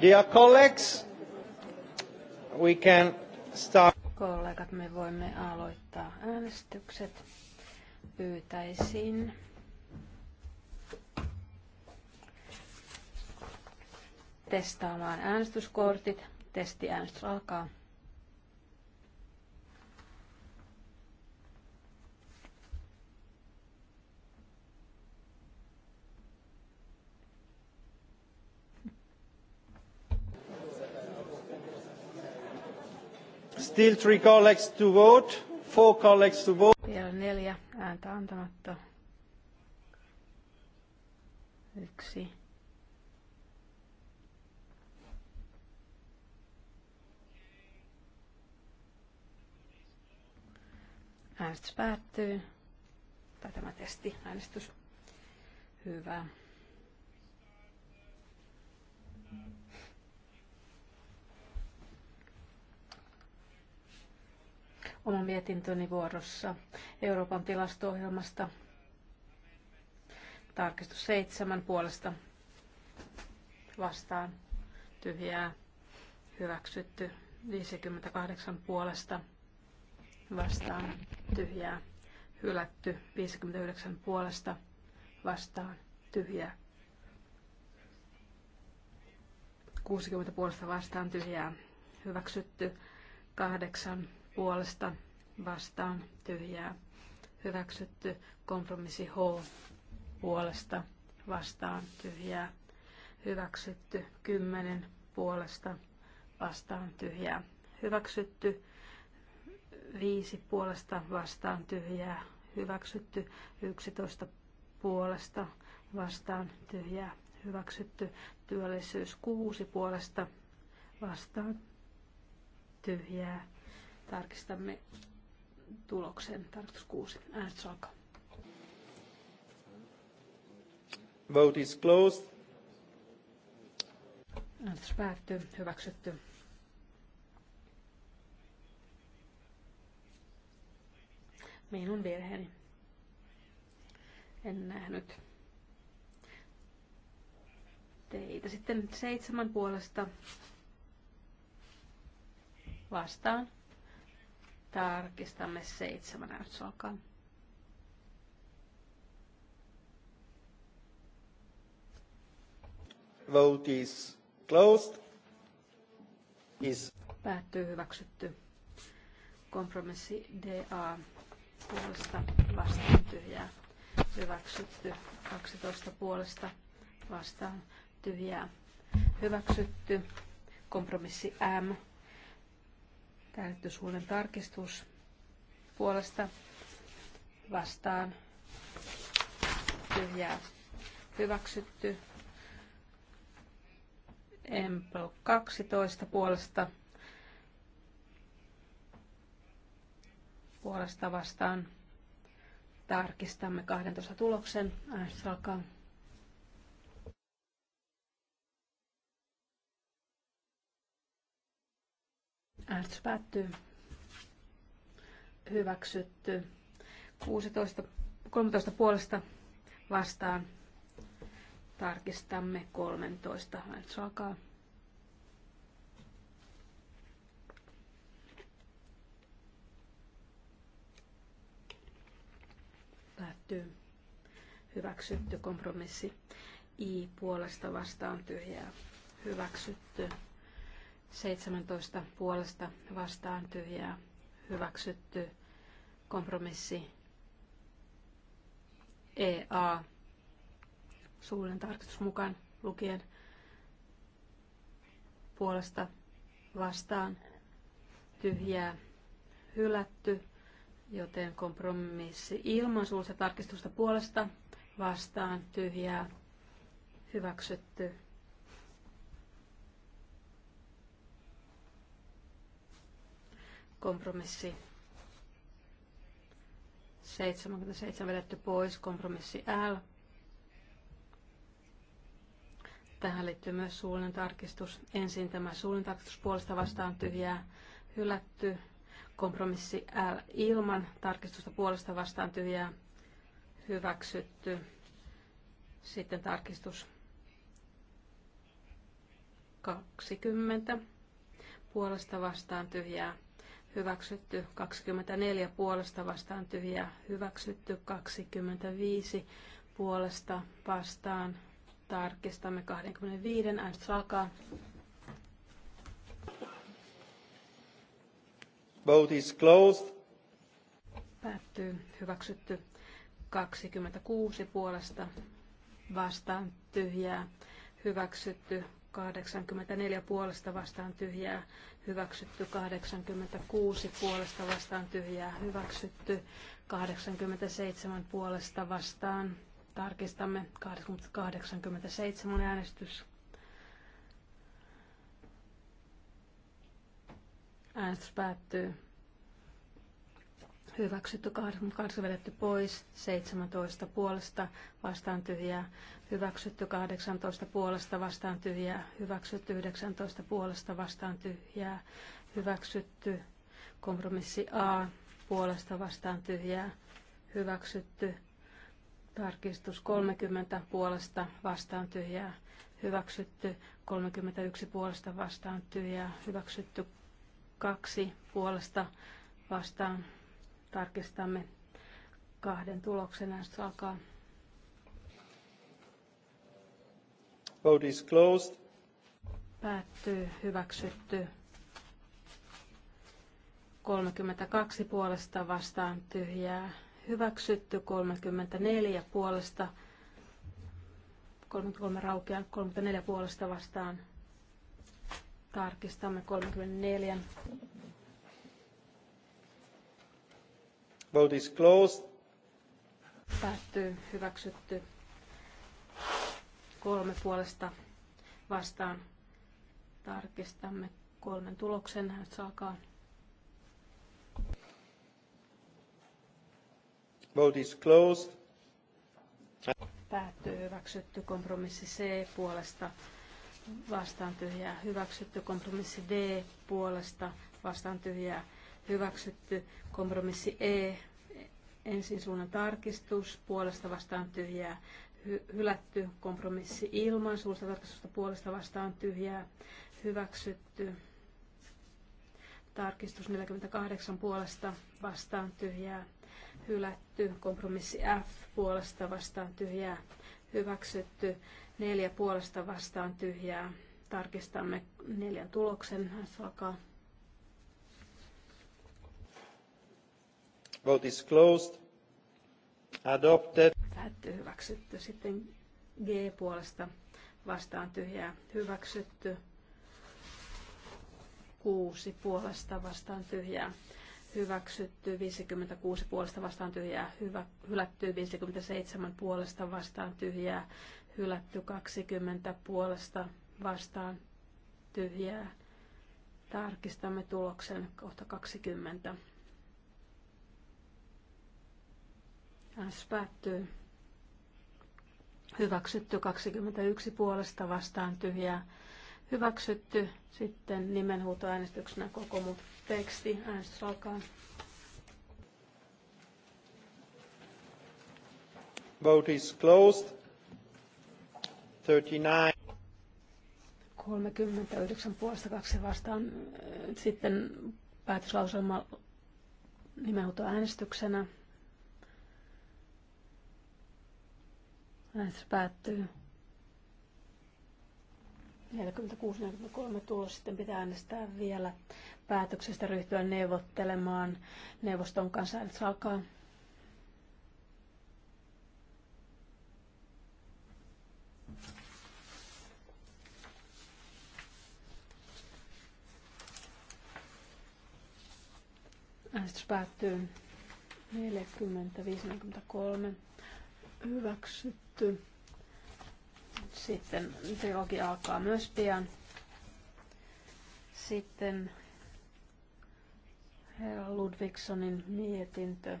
Dear colleagues, we can start. Kollegat, me voimme aloittaa äänestykset. Pyytäisin testaamaan äänestyskortit. Testiäänestys alkaa. Still three colleagues to vote. Four colleagues to vote. Vielä neljä ääntä antamatta. Yksi. Äänestys päättyy. Tai tämä testi, äänestys. Hyvä. oman mietintöni vuorossa Euroopan tilasto-ohjelmasta. Tarkistus seitsemän puolesta vastaan tyhjää hyväksytty 58 puolesta vastaan tyhjää hylätty 59 puolesta vastaan tyhjää 60 puolesta vastaan tyhjää hyväksytty 8 puolesta vastaan tyhjää hyväksytty. Kompromissi H puolesta vastaan tyhjää hyväksytty. 10 puolesta vastaan tyhjää hyväksytty. 5 puolesta vastaan tyhjää hyväksytty. 11 puolesta vastaan tyhjää hyväksytty. Työllisyys 6 puolesta vastaan tyhjää tarkistamme tuloksen. Tarkistus 6. Äänestys alkaa. Vote is closed. Äänestys päättyy. Hyväksytty. Minun virheeni. En nähnyt teitä. Sitten seitsemän puolesta vastaan Tarkistamme seitsemän äänestys Vote is closed. Is. Päättyy hyväksytty. Kompromissi DA puolesta vastaan tyhjää. Hyväksytty 12 puolesta vastaan tyhjää. Hyväksytty kompromissi M Täytetty tarkistus puolesta vastaan tyhjää hyväksytty. Emplo 12 puolesta puolesta vastaan tarkistamme 12 tuloksen. Äänestys alkaa. Äänestys päättyy. Hyväksytty. 16, 13 puolesta vastaan. Tarkistamme 13. Äänestys alkaa. Päättyy. Hyväksytty kompromissi. I puolesta vastaan tyhjää. Hyväksytty. 17 puolesta vastaan tyhjää hyväksytty kompromissi EA suullinen tarkoitus mukaan lukien puolesta vastaan tyhjää hylätty, joten kompromissi ilman suullista tarkistusta puolesta vastaan tyhjää hyväksytty. kompromissi 77 vedetty pois, kompromissi L. Tähän liittyy myös suullinen tarkistus. Ensin tämä suullinen tarkistus puolesta vastaan tyhjää hylätty. Kompromissi L ilman tarkistusta puolesta vastaan tyhjää hyväksytty. Sitten tarkistus 20 puolesta vastaan tyhjää hyväksytty 24 puolesta vastaan tyhjää, hyväksytty 25 puolesta vastaan. Tarkistamme 25, äänestys alkaa. Vote is closed. Päättyy, hyväksytty 26 puolesta vastaan tyhjää, hyväksytty 84 puolesta vastaan tyhjää hyväksytty, 86 puolesta vastaan tyhjää hyväksytty, 87 puolesta vastaan. Tarkistamme 87 äänestys. Äänestys päättyy hyväksytty, 8 vedetty pois, 17 puolesta vastaan tyhjää, hyväksytty 18 puolesta vastaan tyhjää, hyväksytty 19 puolesta vastaan tyhjää, hyväksytty kompromissi A puolesta vastaan tyhjää, hyväksytty tarkistus 30 puolesta vastaan tyhjää, hyväksytty 31 puolesta vastaan tyhjää, hyväksytty 2 puolesta vastaan tarkistamme kahden tuloksen näistä alkaa. Vote is closed. Päättyy, hyväksytty. 32 puolesta vastaan tyhjää, hyväksytty. 34 puolesta, 33 raukea 34 puolesta vastaan. Tarkistamme 34. Vote is closed. Päättyy. Hyväksytty. Kolme puolesta vastaan. Tarkistamme kolmen tuloksen. Hän saakaa. Vote is closed. Päättyy. Hyväksytty. Kompromissi C puolesta vastaan tyhjää. Hyväksytty. Kompromissi D puolesta vastaan tyhjää. Hyväksytty. Kompromissi E Ensin suunnan tarkistus, puolesta vastaan tyhjää, hy- hylätty kompromissi ilman suullista tarkistusta, puolesta vastaan tyhjää, hyväksytty. Tarkistus 48 puolesta vastaan tyhjää, hylätty. Kompromissi F puolesta vastaan tyhjää, hyväksytty. Neljä puolesta vastaan tyhjää. Tarkistamme neljän tuloksen. F alkaa. Vote is closed. Adopted. Päätty hyväksytty. Sitten G puolesta vastaan tyhjää hyväksytty. kuusi puolesta vastaan tyhjää hyväksytty, 56 puolesta vastaan tyhjää, hyvä, hylätty 57 puolesta vastaan tyhjää, hylätty 20 puolesta vastaan tyhjää. Tarkistamme tuloksen kohta 20. Äänestys päättyy. Hyväksytty 21 puolesta vastaan tyhjää. Hyväksytty sitten nimenhuutoäänestyksenä koko muu teksti. Äänestys alkaa. Vote is closed. 39. 39 puolesta kaksi vastaan. Sitten päätöslauselma nimenhuutoäänestyksenä. äänestyksenä. Näin se päättyy. 46-43 tulos sitten pitää äänestää vielä päätöksestä ryhtyä neuvottelemaan neuvoston kanssa. Äänestys alkaa. Äänestys päättyy 40-53 hyväksytty. Sitten trilogi alkaa myös pian. Sitten herra Ludvigsonin mietintö,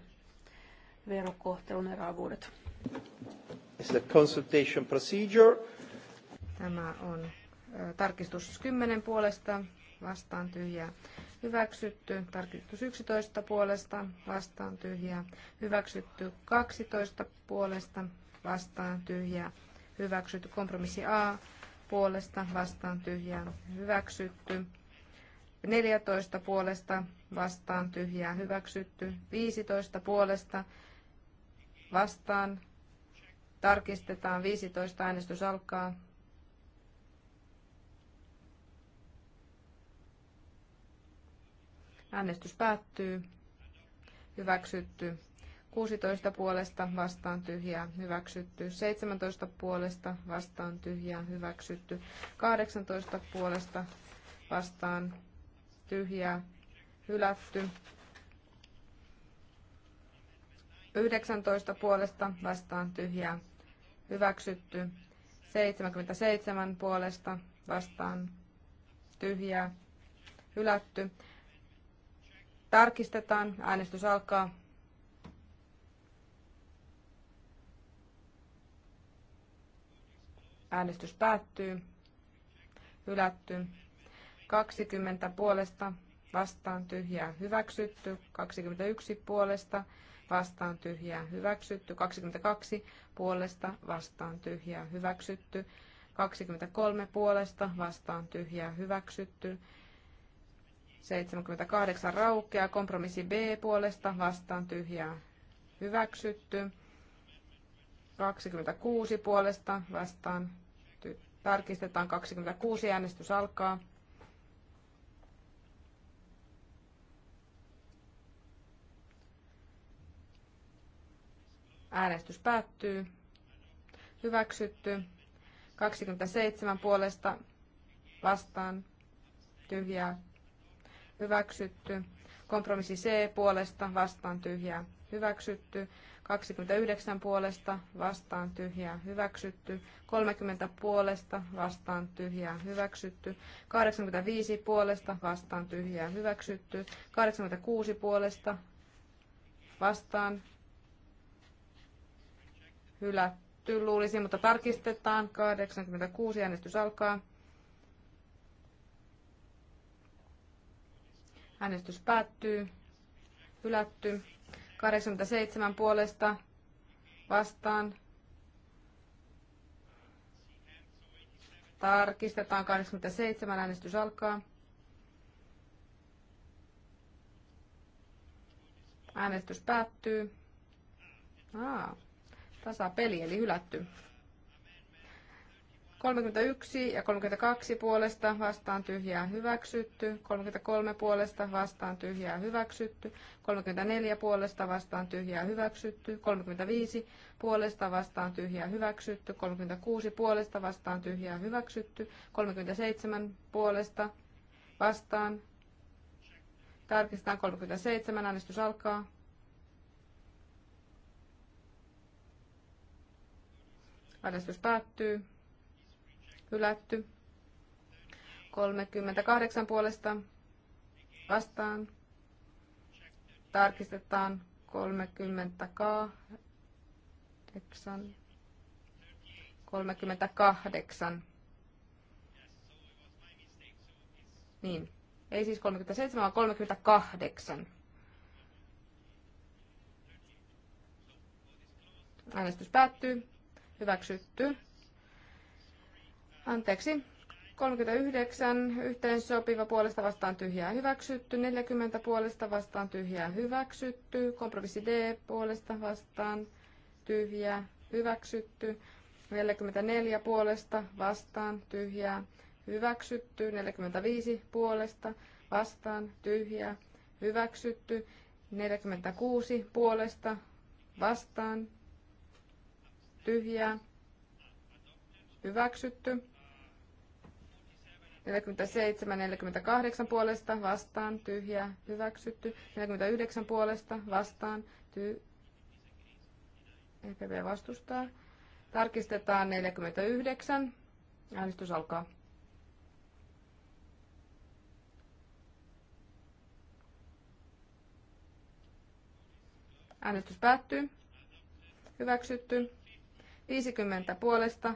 verokohtelun eroavuudet. It's the consultation procedure. Tämä on tarkistus 10 puolesta, vastaan tyhjää Hyväksytty tarkistus 11 puolesta vastaan tyhjää. Hyväksytty 12 puolesta vastaan tyhjää. Hyväksytty kompromissi A puolesta vastaan tyhjää. Hyväksytty 14 puolesta vastaan tyhjää. Hyväksytty 15 puolesta vastaan. Tarkistetaan 15 äänestys alkaa. Äänestys päättyy. Hyväksytty. 16 puolesta vastaan tyhjää hyväksytty, 17 puolesta vastaan tyhjää hyväksytty, 18 puolesta vastaan tyhjää hylätty, 19 puolesta vastaan tyhjää hyväksytty, 77 puolesta vastaan tyhjää hylätty, Tarkistetaan. Äänestys alkaa. Äänestys päättyy. Hylätty. 20 puolesta vastaan tyhjää hyväksytty. 21 puolesta vastaan tyhjää hyväksytty. 22 puolesta vastaan tyhjää hyväksytty. 23 puolesta vastaan tyhjää hyväksytty. 78 raukkea, kompromissi B puolesta vastaan tyhjää hyväksytty. 26 puolesta vastaan tarkistetaan 26 äänestys alkaa. Äänestys päättyy. Hyväksytty. 27 puolesta vastaan tyhjää hyväksytty. Kompromissi C puolesta vastaan tyhjää hyväksytty. 29 puolesta vastaan tyhjää hyväksytty. 30 puolesta vastaan tyhjää hyväksytty. 85 puolesta vastaan tyhjää hyväksytty. 86 puolesta vastaan hylätty luulisin, mutta tarkistetaan. 86 äänestys alkaa. Äänestys päättyy. Hylätty. 87 puolesta vastaan. Tarkistetaan 87. Äänestys alkaa. Äänestys päättyy. Aa, tasapeli eli hylätty. 31 ja 32 puolesta vastaan tyhjää hyväksytty, 33 puolesta vastaan tyhjää hyväksytty, 34 puolesta vastaan tyhjää hyväksytty, 35 puolesta vastaan tyhjää hyväksytty, 36 puolesta vastaan tyhjää hyväksytty, 37 puolesta vastaan. Tarkistetaan 37, äänestys alkaa. Äänestys päättyy hylätty. 38 puolesta vastaan. Tarkistetaan 30 38. 38. Niin. Ei siis 37, vaan 38. Äänestys päättyy. Hyväksytty. Anteeksi. 39 yhteensopiva puolesta vastaan tyhjää hyväksytty, 40 puolesta vastaan tyhjää hyväksytty, kompromissi D puolesta vastaan tyhjää hyväksytty, 44 puolesta vastaan tyhjää hyväksytty, 45 puolesta vastaan tyhjää hyväksytty, 46 puolesta vastaan tyhjää hyväksytty. 47, 48 puolesta vastaan, tyhjä hyväksytty. 49 puolesta vastaan, ty... EPP vastustaa. Tarkistetaan 49. Äänestys alkaa. Äänestys päättyy. Hyväksytty. 50 puolesta.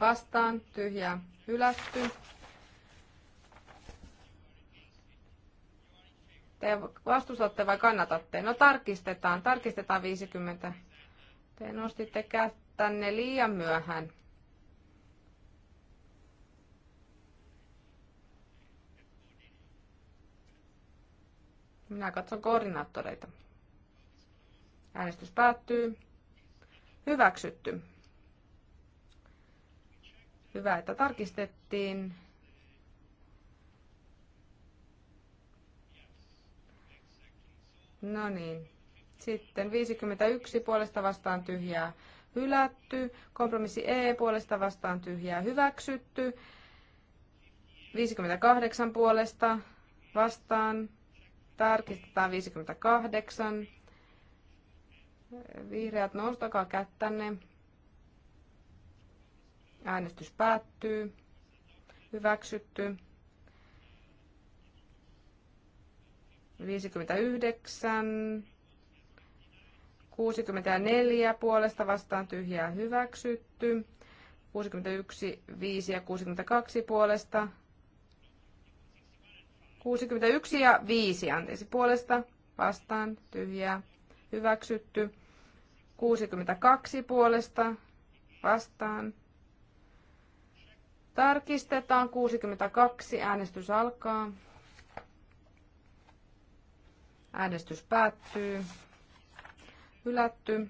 Vastaan. Tyhjää. Hylätty. Te vastustatte vai kannatatte? No tarkistetaan, tarkistetaan 50. Te nostitte kättänne liian myöhään. Minä katson koordinaattoreita. Äänestys päättyy. Hyväksytty. Hyvä, että tarkistettiin. No niin. Sitten 51 puolesta vastaan tyhjää hylätty. Kompromissi E puolesta vastaan tyhjää hyväksytty. 58 puolesta vastaan. Tarkistetaan 58. Vihreät, nostakaa kättänne. Äänestys päättyy. Hyväksytty. 59, 64 puolesta vastaan tyhjää hyväksytty. 61, 5 ja 62 puolesta. 61 ja 5, anteeksi, puolesta vastaan tyhjää hyväksytty. 62 puolesta vastaan. Tarkistetaan 62, äänestys alkaa. Äänestys päättyy. Hylätty.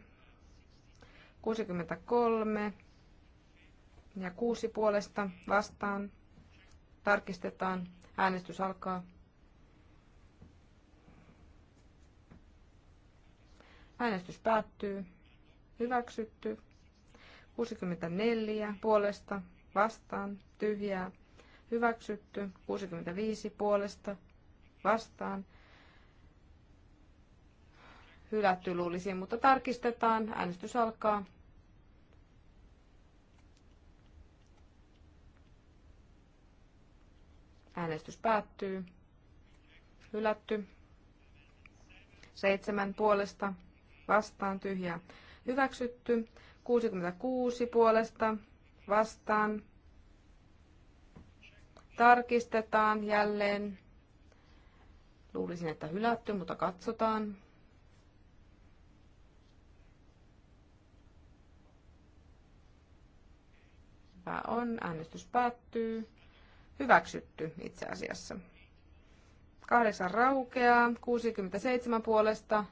63 ja 6 puolesta vastaan. Tarkistetaan. Äänestys alkaa. Äänestys päättyy. Hyväksytty. 64 puolesta vastaan. Tyhjää. Hyväksytty. 65 puolesta vastaan hylätty luulisin, mutta tarkistetaan. Äänestys alkaa. Äänestys päättyy. Hylätty. Seitsemän puolesta. Vastaan tyhjä. Hyväksytty. 66 puolesta. Vastaan. Tarkistetaan jälleen. Luulisin, että hylätty, mutta katsotaan. selvää on. Äänestys päättyy. Hyväksytty itse asiassa. kahdeksan raukeaa, 67 puolesta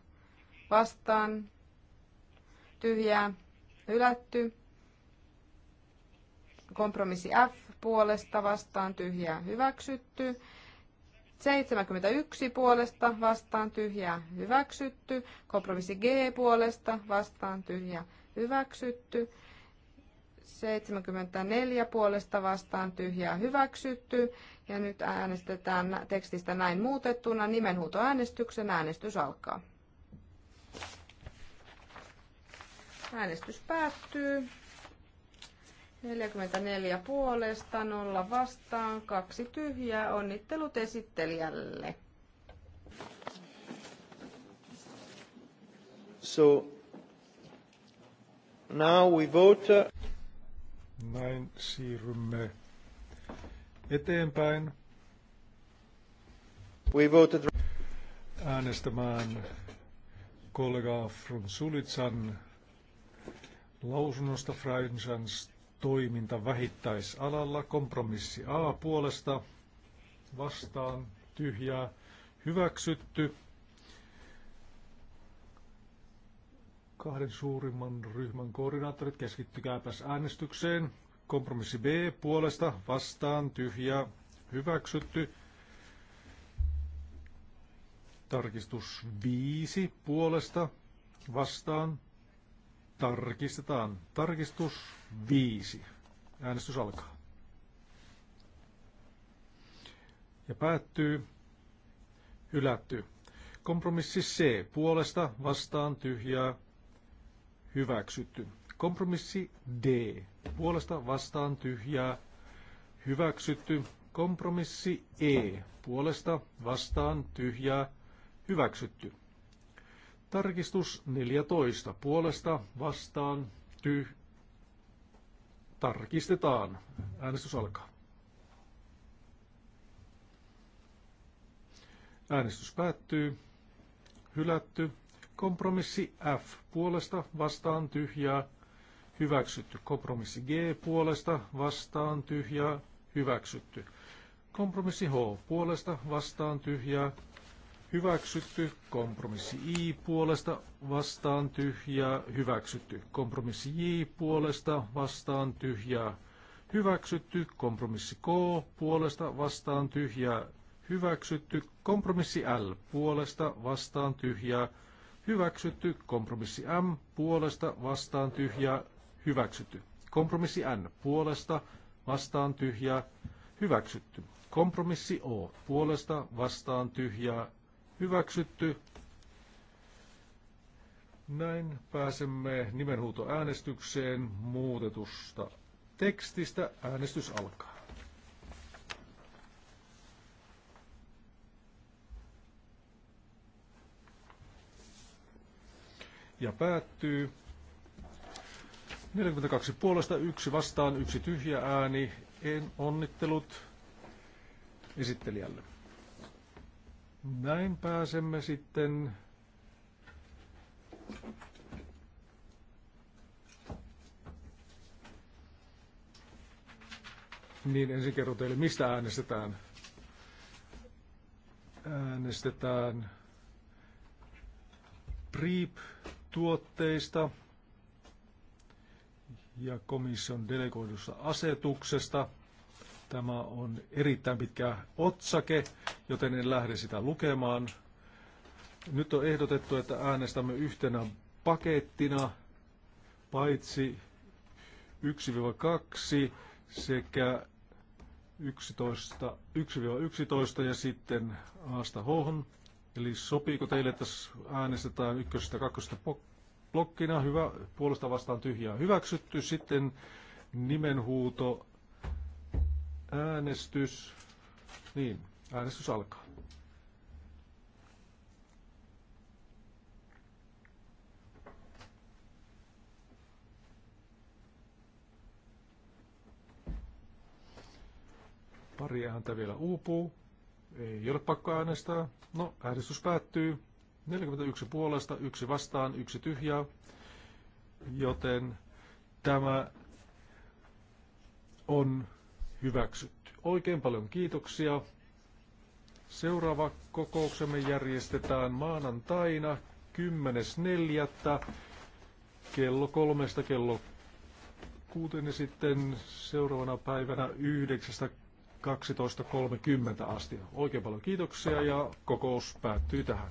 vastaan, tyhjää, hylätty. Kompromissi F puolesta vastaan, tyhjää, hyväksytty. 71 puolesta vastaan tyhjää hyväksytty. Kompromissi G puolesta vastaan tyhjää hyväksytty. 74 puolesta vastaan tyhjää hyväksytty. Ja nyt äänestetään tekstistä näin muutettuna nimenhuutoäänestyksen. Äänestys alkaa. Äänestys päättyy. 44 puolesta, 0 vastaan, kaksi tyhjää. Onnittelut esittelijälle. So now we vote. Näin siirrymme eteenpäin. We voted... Äänestämään kollega Frunzulitsan lausunnosta Freinsans toiminta vähittäisalalla. Kompromissi A puolesta vastaan tyhjää hyväksytty. kahden suurimman ryhmän koordinaattorit, keskittykääpäs äänestykseen. Kompromissi B puolesta vastaan tyhjä hyväksytty. Tarkistus 5 puolesta vastaan tarkistetaan. Tarkistus 5. Äänestys alkaa. Ja päättyy. Hylätty. Kompromissi C. Puolesta vastaan tyhjää hyväksytty. Kompromissi D. Puolesta vastaan tyhjää hyväksytty. Kompromissi E. Puolesta vastaan tyhjää hyväksytty. Tarkistus 14. Puolesta vastaan tyh. Tarkistetaan. Äänestys alkaa. Äänestys päättyy. Hylätty. Kompromissi F puolesta vastaan tyhjää hyväksytty. Kompromissi G puolesta vastaan tyhjää hyväksytty. Kompromissi H puolesta vastaan tyhjää hyväksytty. Kompromissi I puolesta vastaan tyhjää hyväksytty. Kompromissi J puolesta vastaan tyhjää hyväksytty. Kompromissi K puolesta vastaan tyhjää hyväksytty. Kompromissi L puolesta vastaan tyhjää hyväksytty Hyväksytty. Kompromissi M puolesta vastaan tyhjää. Hyväksytty. Kompromissi N puolesta vastaan tyhjää. Hyväksytty. Kompromissi O puolesta vastaan tyhjää. Hyväksytty. Näin pääsemme nimenhuutoäänestykseen muutetusta tekstistä. Äänestys alkaa. ja päättyy. 42 puolesta, yksi vastaan, yksi tyhjä ääni. En onnittelut esittelijälle. Näin pääsemme sitten Niin, ensin kerron teille, mistä äänestetään. Äänestetään priip tuotteista ja komission delegoidussa asetuksesta. Tämä on erittäin pitkä otsake, joten en lähde sitä lukemaan. Nyt on ehdotettu, että äänestämme yhtenä pakettina paitsi 1-2 sekä 11, 1-11 ja sitten Aasta Hohon Eli sopiiko teille, että äänestetään ykkösestä ja kakkosesta blokkina? Hyvä, puolesta vastaan tyhjää hyväksytty. Sitten nimenhuuto, äänestys. Niin, äänestys alkaa. Pari ääntä vielä uupuu. Ei ole pakko äänestää. No, äänestys päättyy. 41 puolesta, yksi vastaan, yksi tyhjää. Joten tämä on hyväksytty. Oikein paljon kiitoksia. Seuraava kokouksemme järjestetään maanantaina 10.4. kello kolmesta kello kuuteen ja sitten seuraavana päivänä yhdeksästä 12.30 asti. Oikein paljon kiitoksia ja kokous päättyy tähän.